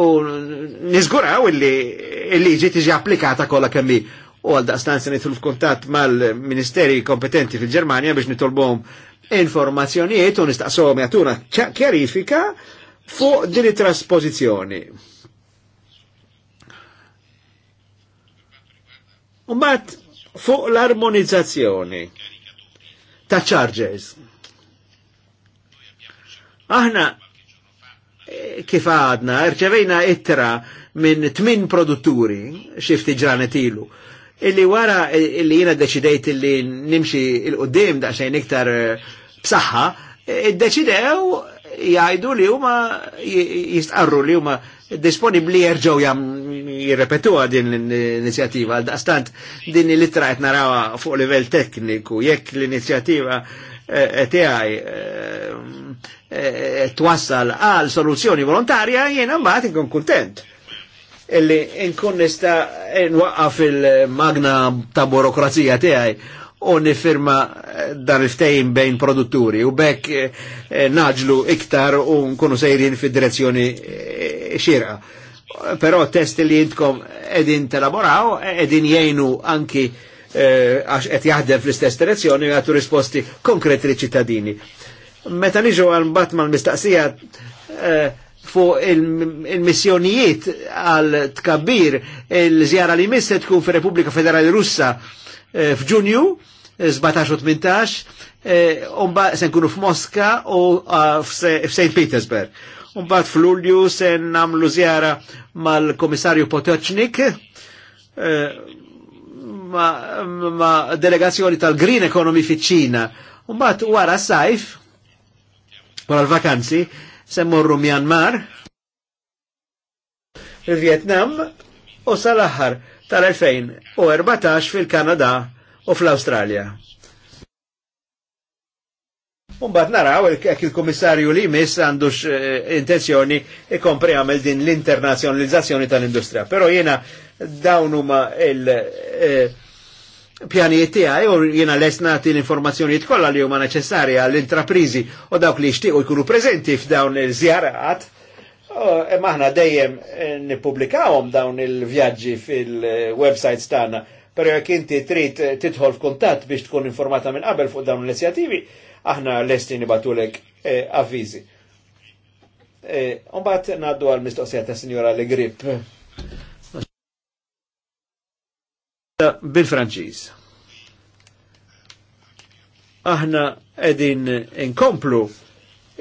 u nizguraw li liġi tiġi applikata kolla kemmi u għalda stanza nitlu f'kuntatt mal-ministeri kompetenti fil germania biex nitolbom informazzjonijiet u nistaqsom jatuna ċarifika fuq din it-trasposizjoni. Umbat, fuq l-armonizzazzjoni ta' charges. Aħna eh, kif għadna, rċevejna ittra minn tmin produtturi, xifti ġranet ilu, illi wara illi jina deċidejt illi nimxi il-qoddim daqxajn iktar eh, bsaħħa, id-deċidew eh, jgħajdu li huma jistqarru li huma disponibli jerġgħu jirrepetuha din l inizjativa għal daqstant din li trajt narawa fuq livell tekniku jekk l-inizjattiva eh, eh, tiegħi eh, twassal għal soluzzjoni volontarja jiena mbaħt inkun kontent illi nkun nista nwaqqaf il-magna ta' burokrazija tiegħi u nifirma dan il bejn produtturi u bekk naġlu iktar u nkunu sejrin fid-direzzjoni xirqa però test li jintkom edin telaboraw, edin jgħinu anki eh, għax et qed jaħdem fl-istess direzzjoni għatu risposti konkreti li ċittadini. Meta niġu għal batman mal-mistaqsija fu eh, fuq il-missjonijiet għal tkabbir il-żjara li missa tkun fir-Repubblika Federali Russa eh, f'Ġunju 17-18, un se nkunu f'Moska u f'St Petersburg Umbat fl-Ulju se namlu zjara mal-Komissarju Potocnik eh, ma, ma delegazzjoni tal-Green Economy fi ċina. Umbat wara sajf, wara l-vakanzi, se morru Myanmar, il-Vietnam u sal-aħħar tal-2014 fil-Kanada u fl-Australja. Umbat naraw jekk il-komissarju li mis għandux eh, intenzjoni ikompri għamel din l-internazjonalizzazzjoni tal-industrija. Pero jena dawn huma il eh, pjani tiegħi u jiena lesnati l-informazzjonijiet kollha li huma neċessarja għall-intraprizi u dawk li jixtiequ jkunu preżenti f'dawn il-żjarat. E maħna dejjem eh, nippubblikawhom dawn il-vjaġġi fil-websites tagħna, però jekk inti trid tidħol f'kuntatt biex tkun informata minn qabel fuq dawn l-inizjattivi, aħna lesti nibatulek eh, avvizi. Eh, Umbat naddu għal mistoqsija ta' Signora Le Grip. Bil-Franċiż. Aħna edin inkomplu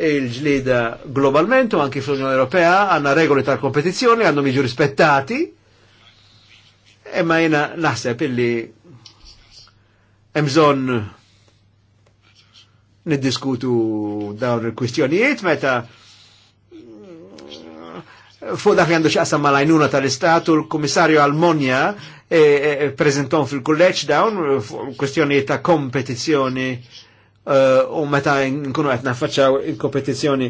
il-ġlida globalment u anki fl-Unjoni Ewropea għanna regoli tal kompetizjoni għandhom jiġu rispettati imma jena naħseb illi emżon niddiskutu dawn il-kwistjonijiet meta eh, fuq dak li għandu xaqsam mal-għajnuna tal-Istatu, l-Komissarju Almonja e, eh, eh, prezentom fil-kulleċ dawn kwistjonijiet ta' kompetizjoni u meta nkunu qed faċċaw il kompetizjoni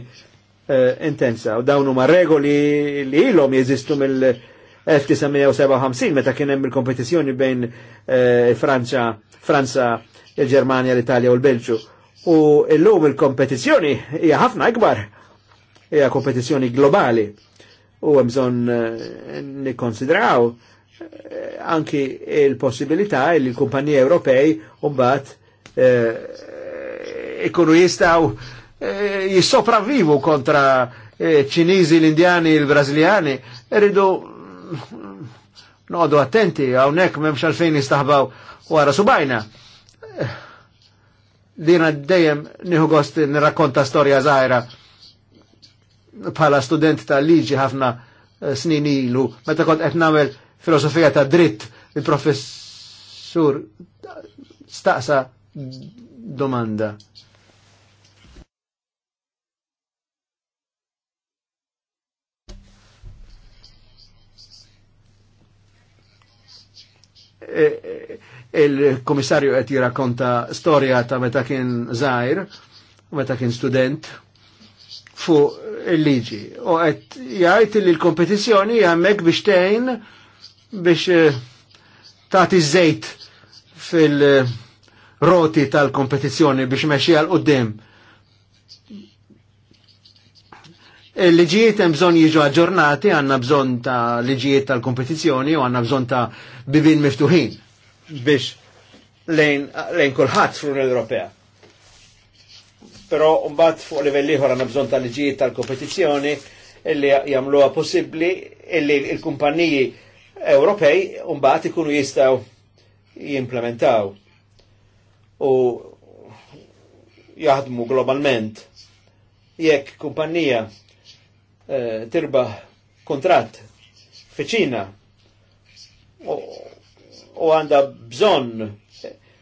intensa. U dawn huma regoli li ilhom jeżistu mill-1957 meta kien hemm il kompetizjoni bejn Franza, Franza, il germania l-Italja u l-Belġu U l-lum il-kompetizjoni hija ħafna ikbar, hija kompetizjoni globali. U hemm bżonn eh, nikkonsidraw eh, anki il-possibilità li l-kumpaniji Ewropej u mbagħad eh, ikunu jistgħu jissopravvivu kontra ċinizi, l-Indjani, l-Brażiljani, rridu mm, noqogħdu attenti hawnhekk m'hemmx għalfejn jistaħbaw wara subajna li jena dejjem nieħu gost nirrakkonta storja żgħira bħala student ta' liġi ħafna eh, snin ilu, meta kont qed nagħmel filosofija ta' dritt, il-professur staqsa domanda E, e, il-komissarju qed jirakonta storja ta' meta kien żgħir, meta kien student fuq il-liġi. U għet jgħajt li l-kompetizzjoni jgħammek biex tejn biex e, tagħti żejt fil- roti tal-kompetizzjoni biex meċi għal qoddim. Liġijiet hemm bżonn jiġu aġġornati, għandna bżonn ta' liġijiet tal-kompetizzjoni u għandna bżonn ta' bibin miftuħin biex lejn, lejn kulħadd fl-Unjoni Ewropea. Però mbagħad fuq livell ieħor għandna bżonn ta' liġijiet tal-kompetizzjoni illi jagħmluha possibbli illi l-kumpaniji Ewropej mbagħad ikunu jistgħu jimplementaw u jaħdmu globalment. Jekk kumpanija Eh, tirba kontrat fi ċina u għanda bżon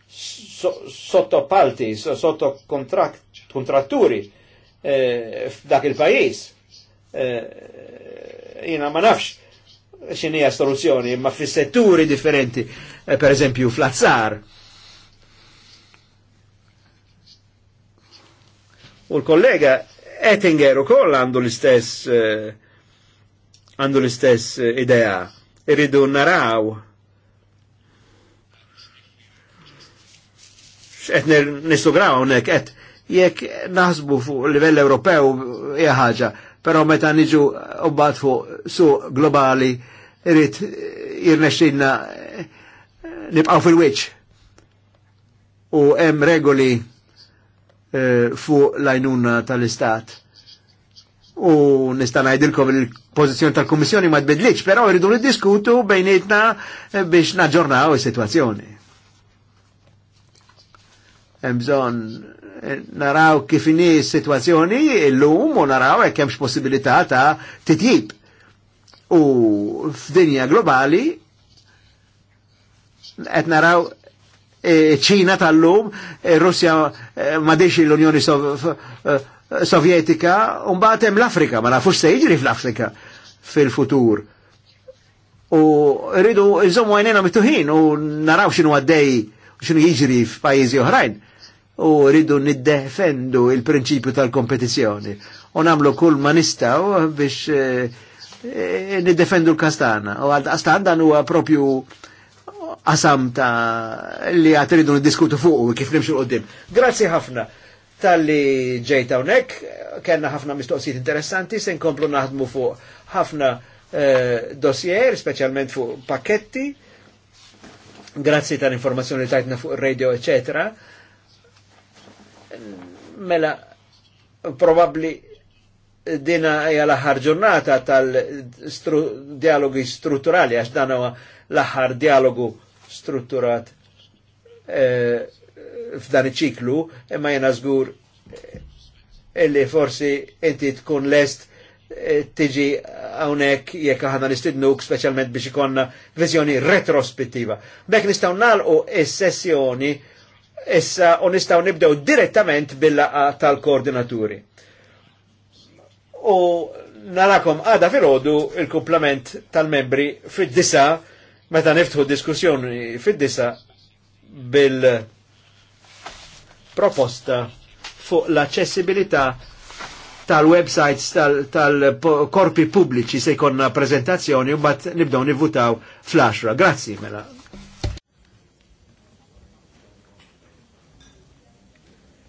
sotto palti, sotto kontratturi eh, f'dak il-pajis. Eh, jina ma nafx xinija soluzzjoni, ma fi setturi differenti, per eżempju fl-azzar. U l-kollega Ettinger u koll għandu l-istess eh, għandu l-istess eh, idea. Irridu naraw nistu graw għonek, qed jek naħsbu fuq livell Ewropew hija pero però meta niġu mbagħad fuq su globali irrit eh, jirnexxinna nibqgħu fil-wiċċ. U hemm regoli Eh, fuq lajnuna tal-Istat. U nista' ngħidilkom il-pożizzjoni tal-Kummissjoni ma tbidlitx, però rridu niddiskutu bejnietna eh, biex naġġornaw is-sitwazzjoni. Hemm bżonn eh, naraw kif inhi s-sitwazzjoni llum u naraw hekk hemmx possibilità ta' titjib. U f'dinja globali qed naraw ċina tal-lum, Russja ma dexi l-Unjoni Sovjetika, un batem l-Afrika, ma nafux se jiġri fl-Afrika fil-futur. U rridu nżommu għajnena mituħin u naraw xinu għaddej xinu jġri f'pajizi oħrajn. U rridu niddefendu il-prinċipju tal-kompetizjoni. U namlu kull ma nistaw biex niddefendu l-kastana. U għal-kastana dan huwa propju qasam ta' li għat rridu diskutu fuq u kif nimxu l-qoddim. Grazzi ħafna tal-li ġejta unek, kena ħafna mistoqsijiet interessanti, se nkomplu naħdmu fuq ħafna eh, dossier, specialment fuq pakketti, grazzi tal-informazzjoni li tajtna fuq radio, eccetera. Mela, probabli dina hija l-aħħar ġurnata tal-dialogi -stru strutturali għax dan l-aħħar dialogu strutturat eh, f'dan iċ-ċiklu, imma jena żgur eh, illi forsi inti tkun lest eh, tiġi għawnek jekk aħna nistidnuk specialment biex ikonna vizjoni retrospettiva. Bek nistaw nalqu is-sessjoni issa u nistaw nibdew direttament bil-laqa tal-koordinaturi. U narakom għada fil-ħodu il kumplament tal-membri fid-disa Meta niftħu diskussjoni fid-disa bil-proposta fuq l-accessibilità tal-websites tal-korpi tal pubbliċi se jkollna prezentazzjoni u mbagħad nibdew nivvutaw fl Grazzi mela.